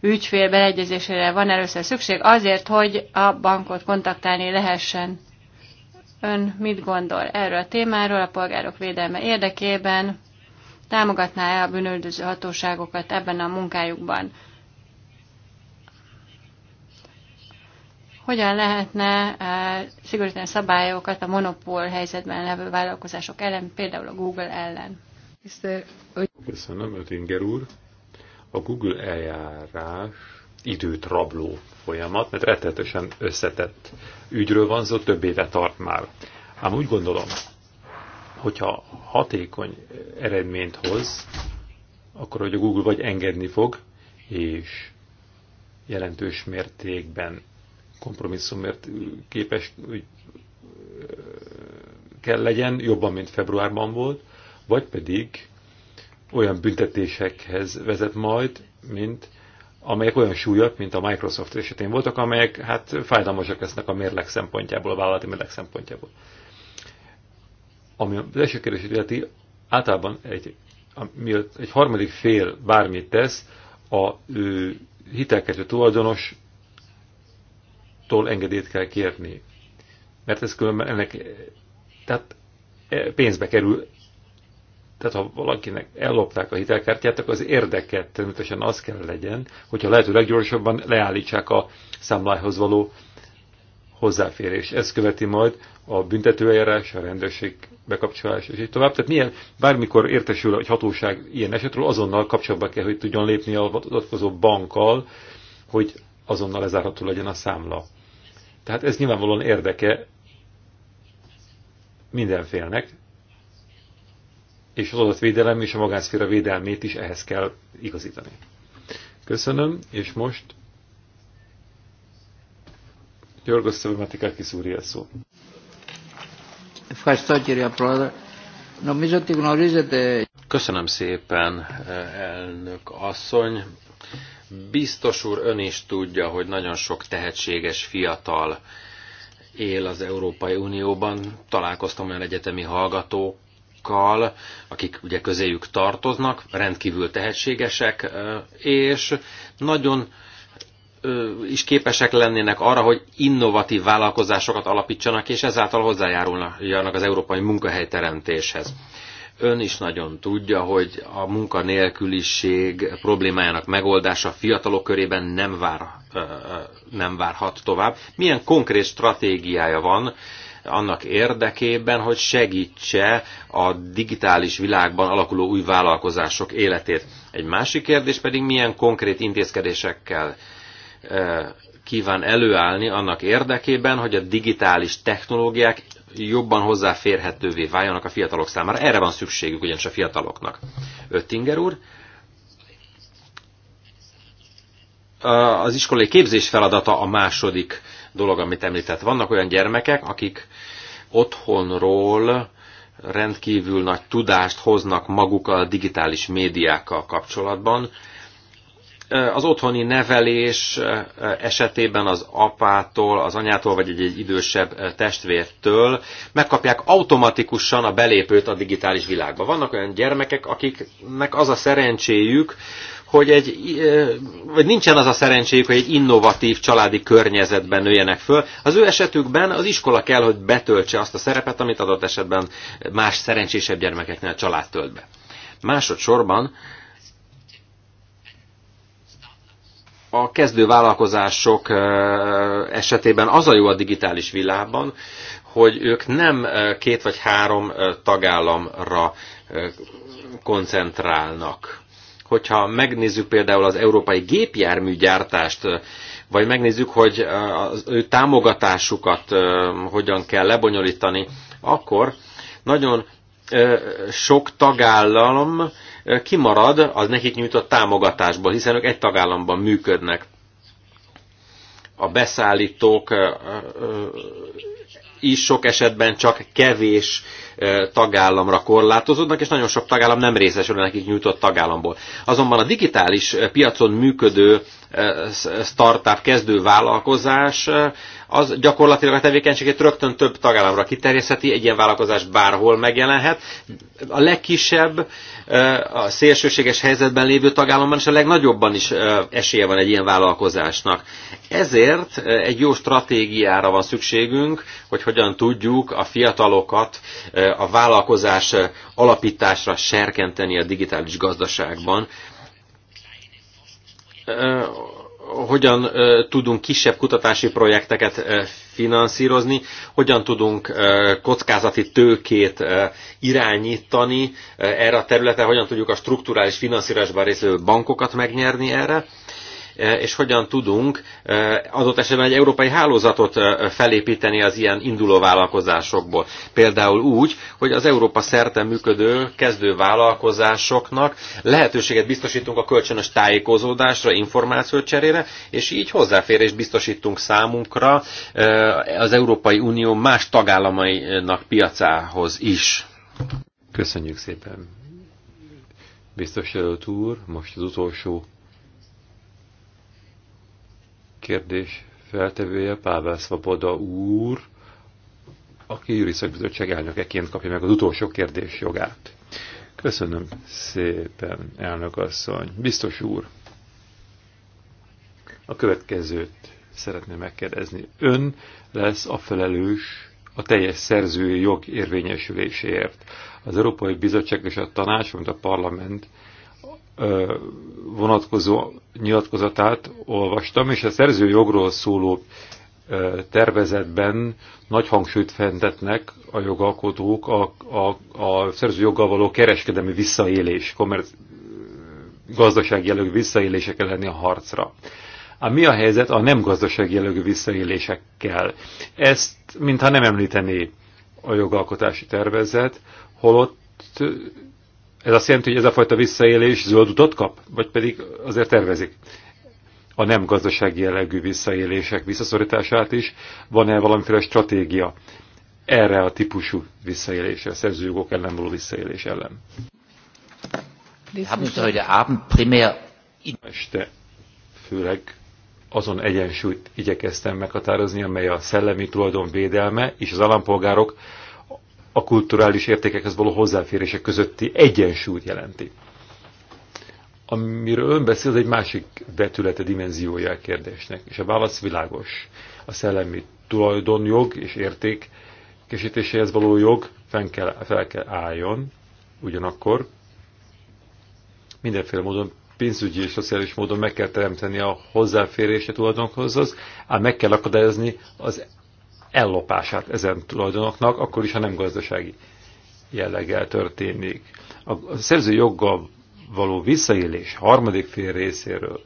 ügyfél beleegyezésére van először szükség azért, hogy a bankot kontaktálni lehessen. Ön mit gondol erről a témáról a polgárok védelme érdekében? Támogatná-e a bűnöldöző hatóságokat ebben a munkájukban? Hogyan lehetne e, szigorítani szabályokat a monopól helyzetben levő vállalkozások ellen, például a Google ellen? Köszönöm, Ötinger úr. A Google eljárás időt rabló folyamat, mert rettetesen összetett ügyről van szó, több éve tart már. Ám úgy gondolom, hogyha hatékony eredményt hoz, akkor hogy a Google vagy engedni fog, és jelentős mértékben kompromisszumért képes hogy kell legyen, jobban, mint februárban volt, vagy pedig olyan büntetésekhez vezet majd, mint amelyek olyan súlyak, mint a Microsoft esetén voltak, amelyek hát fájdalmasak lesznek a mérleg szempontjából, a vállalati mérleg szempontjából. Ami az első kérdés illeti, általában egy, miatt egy harmadik fél bármit tesz, a ő, hitelkedő tulajdonostól engedélyt kell kérni. Mert ez különben ennek, tehát e, pénzbe kerül tehát ha valakinek ellopták a hitelkártyát, akkor az érdeket természetesen az kell legyen, hogyha lehető leggyorsabban leállítsák a számlához való hozzáférés. ez követi majd a büntetőeljárás, a rendőrség bekapcsolás, és így tovább. Tehát milyen, bármikor értesül egy hatóság ilyen esetről, azonnal kapcsolatba kell, hogy tudjon lépni a adatkozó bankkal, hogy azonnal lezárható legyen a számla. Tehát ez nyilvánvalóan érdeke mindenfélnek, és az adatvédelem és a magánszféra védelmét is ehhez kell igazítani. Köszönöm, és most Γιώργος Σεβηματικάκης Ουρίας Σού. Ευχαριστώ κύριε Πρόεδρε. Νομίζω ότι γνωρίζετε... Köszönöm szépen, elnök asszony. Biztos úr, ön is tudja, hogy nagyon sok tehetséges fiatal él az Európai Unióban. Találkoztam olyan egyetemi hallgatók, fiatalokkal, akik ugye közéjük tartoznak, rendkívül tehetségesek, és nagyon is képesek lennének arra, hogy innovatív vállalkozásokat alapítsanak, és ezáltal hozzájárulnak az európai munkahelyteremtéshez. Ön is nagyon tudja, hogy a munkanélküliség problémájának megoldása fiatalok körében nem, vár, nem várhat tovább. Milyen konkrét stratégiája van annak érdekében, hogy segítse a digitális világban alakuló új vállalkozások életét. Egy másik kérdés pedig, milyen konkrét intézkedésekkel eh, kíván előállni annak érdekében, hogy a digitális technológiák jobban hozzáférhetővé váljanak a fiatalok számára. Erre van szükségük ugyanis a fiataloknak. Öttinger úr, az iskolai képzés feladata a második dolog, amit említett. Vannak olyan gyermekek, akik otthonról rendkívül nagy tudást hoznak magukkal a digitális médiákkal kapcsolatban. Az otthoni nevelés esetében az apától, az anyától, vagy egy, egy idősebb testvértől megkapják automatikusan a belépőt a digitális világba. Vannak olyan gyermekek, akiknek az a szerencséjük, hogy egy, vagy nincsen az a szerencséjük, hogy egy innovatív családi környezetben nőjenek föl. Az ő esetükben az iskola kell, hogy betöltse azt a szerepet, amit adott esetben más szerencsésebb gyermekeknél a család tölt be. Másodszorban a kezdő vállalkozások esetében az a jó a digitális világban, hogy ők nem két vagy három tagállamra koncentrálnak Hogyha megnézzük például az európai gépjárműgyártást, vagy megnézzük, hogy az ő támogatásukat hogyan kell lebonyolítani, akkor nagyon sok tagállam kimarad az nekik nyújtott támogatásból, hiszen ők egy tagállamban működnek. A beszállítók is sok esetben csak kevés tagállamra korlátozódnak, és nagyon sok tagállam nem részesül nekik nyújtott tagállamból. Azonban a digitális piacon működő startup kezdő vállalkozás az gyakorlatilag a tevékenységét rögtön több tagállamra kiterjesztheti, egy ilyen vállalkozás bárhol megjelenhet. A legkisebb, a szélsőséges helyzetben lévő tagállamban és a legnagyobban is esélye van egy ilyen vállalkozásnak. Ezért egy jó stratégiára van szükségünk, hogy hogyan tudjuk a fiatalokat a vállalkozás alapításra serkenteni a digitális gazdaságban hogyan tudunk kisebb kutatási projekteket finanszírozni, hogyan tudunk kockázati tőkét irányítani erre a területre, hogyan tudjuk a strukturális finanszírozásban részlő bankokat megnyerni erre, Eh, és hogyan tudunk eh, adott esetben egy európai hálózatot eh, felépíteni az ilyen induló vállalkozásokból. Például úgy, hogy az Európa szerte működő kezdő vállalkozásoknak lehetőséget biztosítunk a kölcsönös tájékozódásra, információcserére, és így hozzáférést biztosítunk számunkra az Európai Unió más tagállamainak piacához is. Köszönjük szépen! Biztos jelölt úr, most az utolsó kérdés feltevője Pável Szvaboda úr, aki Júri Szakbizottság elnökeként kapja meg az utolsó kérdés jogát. Köszönöm szépen, elnök asszony. Biztos úr, a következőt szeretném megkérdezni. Ön lesz a felelős a teljes szerzői jog érvényesüléséért. Az Európai Bizottság és a Tanács, mint a Parlament vonatkozó nyilatkozatát olvastam, és a szerző jogról szóló tervezetben nagy hangsúlyt fentetnek a jogalkotók a, a, a szerző joggal való kereskedelmi visszaélés, kommerc, gazdasági jellegű visszaélésekkel lenni a harcra. A mi a helyzet a nem gazdasági jellegű visszaélésekkel? Ezt mintha nem említené a jogalkotási tervezet, holott ez azt jelenti, hogy ez a fajta visszaélés zöld utat kap? Vagy pedig azért tervezik? A nem gazdasági jellegű visszaélések visszaszorítását is van-e valamiféle stratégia erre a típusú visszaélésre, szerzőjogok ellen való visszaélés ellen? Haben Sie heute Abend primär... Este főleg azon egyensúlyt igyekeztem meghatározni, amely a szellemi tulajdon védelme és az állampolgárok a kulturális értékekhez való hozzáférések közötti egyensúlyt jelenti. Amiről ön beszél, egy másik vetülete, dimenziója a kérdésnek, és a válasz világos. A szellemi tulajdonjog és érték kesítéséhez való jog fel kell, fel kell álljon, ugyanakkor mindenféle módon pénzügyi és szociális módon meg kell teremteni a hozzáférést a tulajdonhoz, ám meg kell akadályozni az ellopását ezen tulajdonoknak, akkor is, ha nem gazdasági jelleggel történik. A szerző joggal való visszaélés harmadik fél részéről,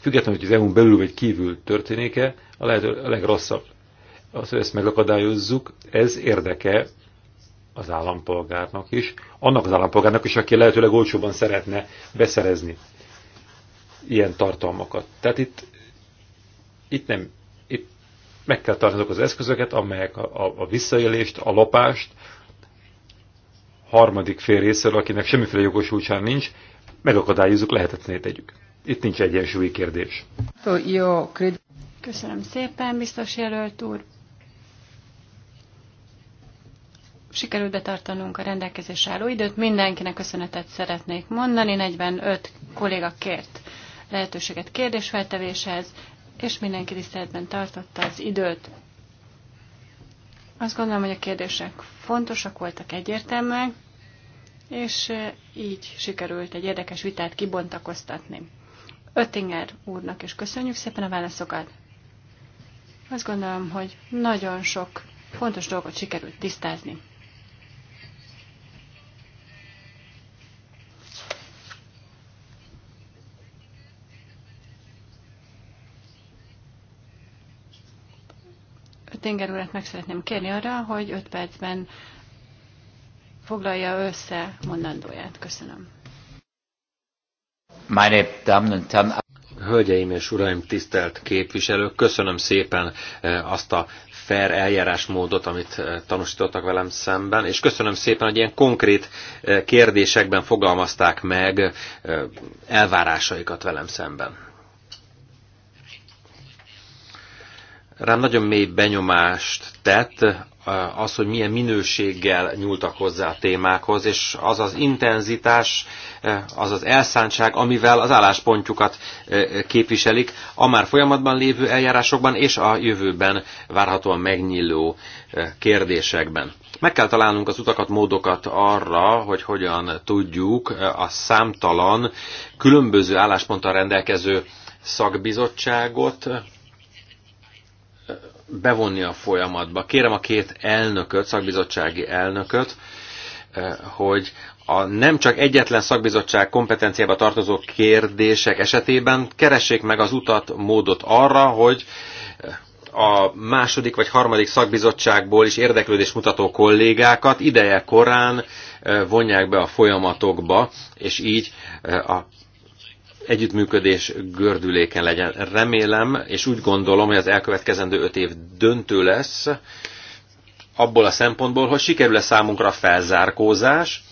függetlenül, hogy az EU-n belül vagy kívül történik-e, a lehető a legrosszabb. Az, hogy ezt megakadályozzuk, ez érdeke az állampolgárnak is, annak az állampolgárnak is, aki lehetőleg olcsóban szeretne beszerezni ilyen tartalmakat. Tehát itt, itt nem meg kell tartanunk az eszközöket, amelyek a, a, a visszaélést, a lopást harmadik fél részéről, akinek semmiféle jogosultság nincs, megakadályozzuk, lehetetlené tegyük. Itt nincs egyensúlyi kérdés. Jó, Köszönöm szépen, biztos jelölt úr. Sikerült betartanunk a rendelkezés álló időt. Mindenkinek köszönetet szeretnék mondani. 45 kolléga kért lehetőséget kérdésfeltevéshez és mindenki tiszteletben tartotta az időt. Azt gondolom, hogy a kérdések fontosak voltak, egyértelműen, és eh, így sikerült egy érdekes vitát kibontakoztatni. Öttinger úrnak is köszönjük szépen a válaszokat. Azt gondolom, hogy nagyon sok fontos dolgot sikerült tisztázni. Tinger urat meg szeretném kérni arra, hogy 5 percben foglalja össze mondandóját. Köszönöm. Meine Damen und Herren, Hölgyeim és uraim, tisztelt képviselők, köszönöm szépen eh, azt a fair eljárásmódot, amit eh, tanúsítottak velem szemben, és köszönöm szépen, hogy ilyen konkrét eh, kérdésekben fogalmazták meg elvárásaikat velem szemben. Rám nagyon mély benyomást tett eh, az, hogy milyen minőséggel nyúltak hozzá a témákhoz, és az az intenzitás, eh, az az elszántság, amivel az álláspontjukat eh, képviselik a már folyamatban lévő eljárásokban és a jövőben várhatóan megnyíló kérdésekben. Meg kell találnunk az utakat, módokat arra, hogy hogyan tudjuk a számtalan különböző állásponttal rendelkező szakbizottságot bevonni a folyamatba. Kérem a két elnököt, szakbizottsági elnököt, eh, hogy a nem csak egyetlen szakbizottság kompetenciába tartozó kérdések esetében keressék meg az utat, módot arra, hogy eh, a második vagy harmadik szakbizottságból is érdeklődés mutató kollégákat ideje korán eh, vonják be a folyamatokba, és így a együttműködés gördüléken legyen. Remélem, és úgy gondolom, hogy az elkövetkezendő öt év döntő lesz, abból a szempontból, hogy sikerül-e számunkra a felzárkózás,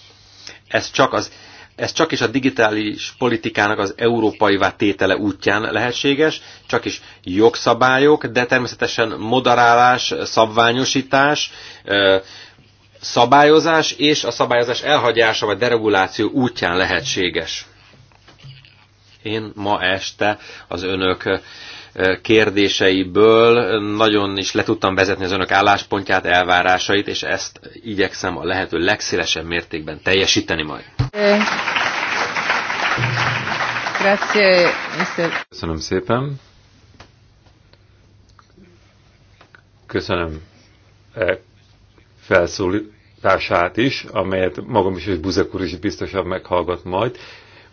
ez csak, az, ez csak is a digitális politikának az európai tétele útján lehetséges, csak is jogszabályok, de természetesen moderálás, szabványosítás, szabályozás és a szabályozás elhagyása vagy dereguláció útján lehetséges. Én ma este az önök eh, kérdéseiből nagyon is le tudtam vezetni az önök álláspontját, elvárásait, és ezt igyekszem a lehető legszélesebb mértékben teljesíteni majd. Köszönöm szépen. Köszönöm eh, felszólítását is, amelyet magam is és Buzek úr is biztosan meghallgat majd.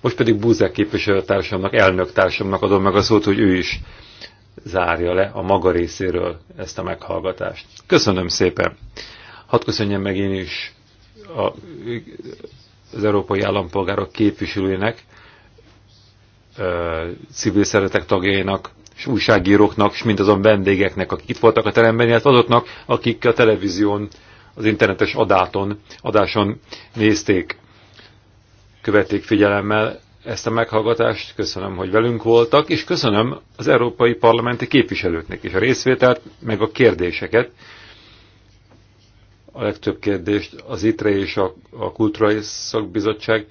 Most pedig Búzák képviselőtársamnak, elnök társamnak adom meg a szót, hogy ő is zárja le a maga részéről ezt a meghallgatást. Köszönöm szépen! Hadd köszönjem meg én is a, az európai állampolgárok képviselőjének, civil szeretek tagjainak, és újságíróknak, és mindazon vendégeknek, akik itt voltak a teremben, illetve azoknak, akik a televízión, az internetes adáton, adáson nézték követik figyelemmel ezt a meghallgatást, köszönöm, hogy velünk voltak, és köszönöm az európai parlamenti képviselőknek is a részvételt, meg a kérdéseket. A legtöbb kérdést az ITRE és a, a Kulturai Szakbizottság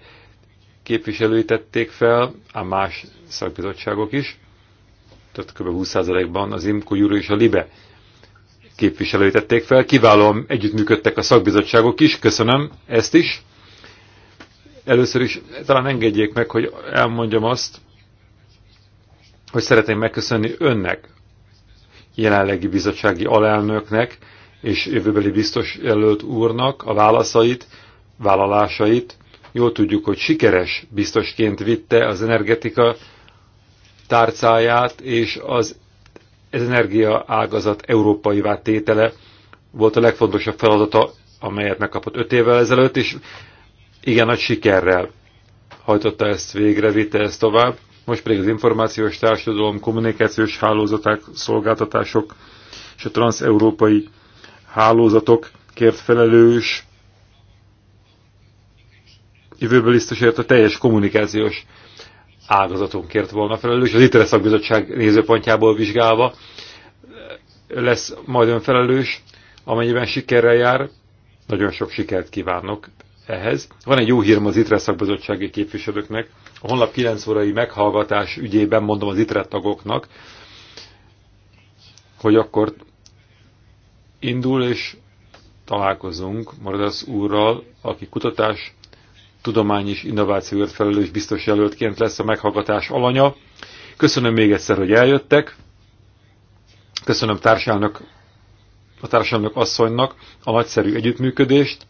képviselői tették fel, a más szakbizottságok is, tehát kb. 20%-ban az IMKO, Júri és a LIBE képviselői tették fel. Kiválóan együttműködtek a szakbizottságok is, köszönöm ezt is. Először is talán engedjék meg, hogy elmondjam azt, hogy szeretném megköszönni önnek, jelenlegi bizottsági alelnöknek és jövőbeli biztos jelölt úrnak a válaszait, vállalásait. Jól tudjuk, hogy sikeres biztosként vitte az energetika tárcáját, és az energia ágazat európai tétele volt a legfontosabb feladata, amelyet megkapott öt évvel ezelőtt, és igen nagy sikerrel hajtotta ezt végre, vitte ezt tovább. Most pedig az információs társadalom, kommunikációs hálózaták, szolgáltatások és a transeurópai kért felelős jövőből biztosért a teljes kommunikációs ágazatunkért volna felelős, az ITRE szakbizottság nézőpontjából vizsgálva lesz majd önfelelős, amennyiben sikerrel jár. Nagyon sok sikert kívánok ehhez. Van egy jó hírem az ITRE szakbizottsági képviselőknek. A honlap 9 órai meghallgatás ügyében mondom az ITRE tagoknak, hogy akkor indul és találkozunk Maradasz úrral, aki kutatás, tudomány és innovációért felelős biztos jelöltként lesz a meghallgatás alanya. Köszönöm még egyszer, hogy eljöttek. Köszönöm társának, a társadalmi asszonynak a nagyszerű együttműködést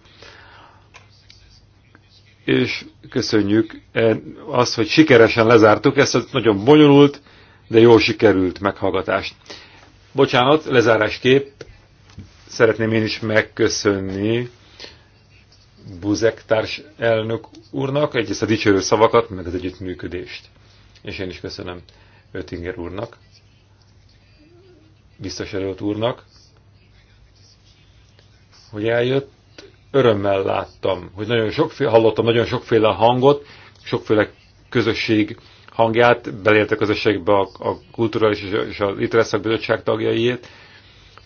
és köszönjük e, azt, hogy sikeresen lezártuk ezt a nagyon bonyolult, de jól sikerült meghallgatást. Bocsánat, lezáráskép. szeretném én is megköszönni Buzek társ elnök úrnak egyrészt a dicsérő szavakat, meg az együttműködést. És én is köszönöm Ötinger úrnak, biztos előtt úrnak, hogy eljött, örömmel láttam, hogy nagyon sokféle, hallottam nagyon sokféle hangot, sokféle közösség hangját, beléltek közösségbe a, a kulturális és a litereszak bizottság tagjaiét.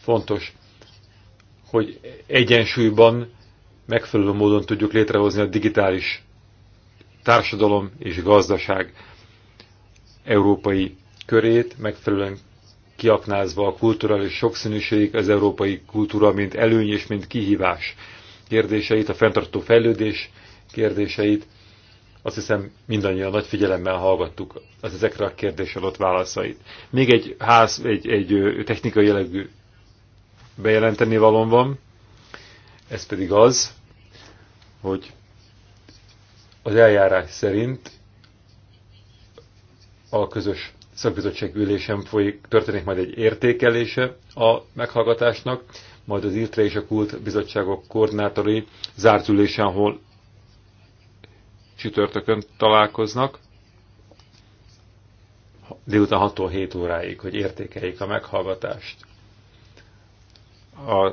Fontos, hogy egyensúlyban megfelelő módon tudjuk létrehozni a digitális társadalom és gazdaság európai körét, megfelelően kiaknázva a kulturális sokszínűség, az európai kultúra, mint előny és mint kihívás kérdéseit, a fenntartó fejlődés kérdéseit. Azt hiszem mindannyian nagy figyelemmel hallgattuk az ezekre a kérdésre adott válaszait. Még egy ház, egy, egy technikai jellegű bejelenteni valon van, ez pedig az, hogy az eljárás szerint a közös szakbizottság ülésen folyik, történik majd egy értékelése a meghallgatásnak, majd az IRTRE és a KULT bizottságok koordinátori zárt ülésen, ahol csütörtökön találkoznak, délután 6-tól 7 óráig, hogy értékeljék a meghallgatást a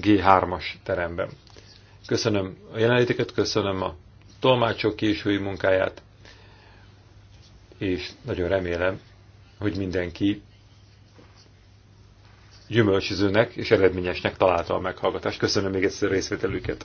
G3-as teremben. Köszönöm a jelenléteket, köszönöm a tolmácsok késői munkáját, és nagyon remélem, hogy mindenki gyümölcsözőnek és eredményesnek találta a meghallgatást. Köszönöm még egyszer részvételüket.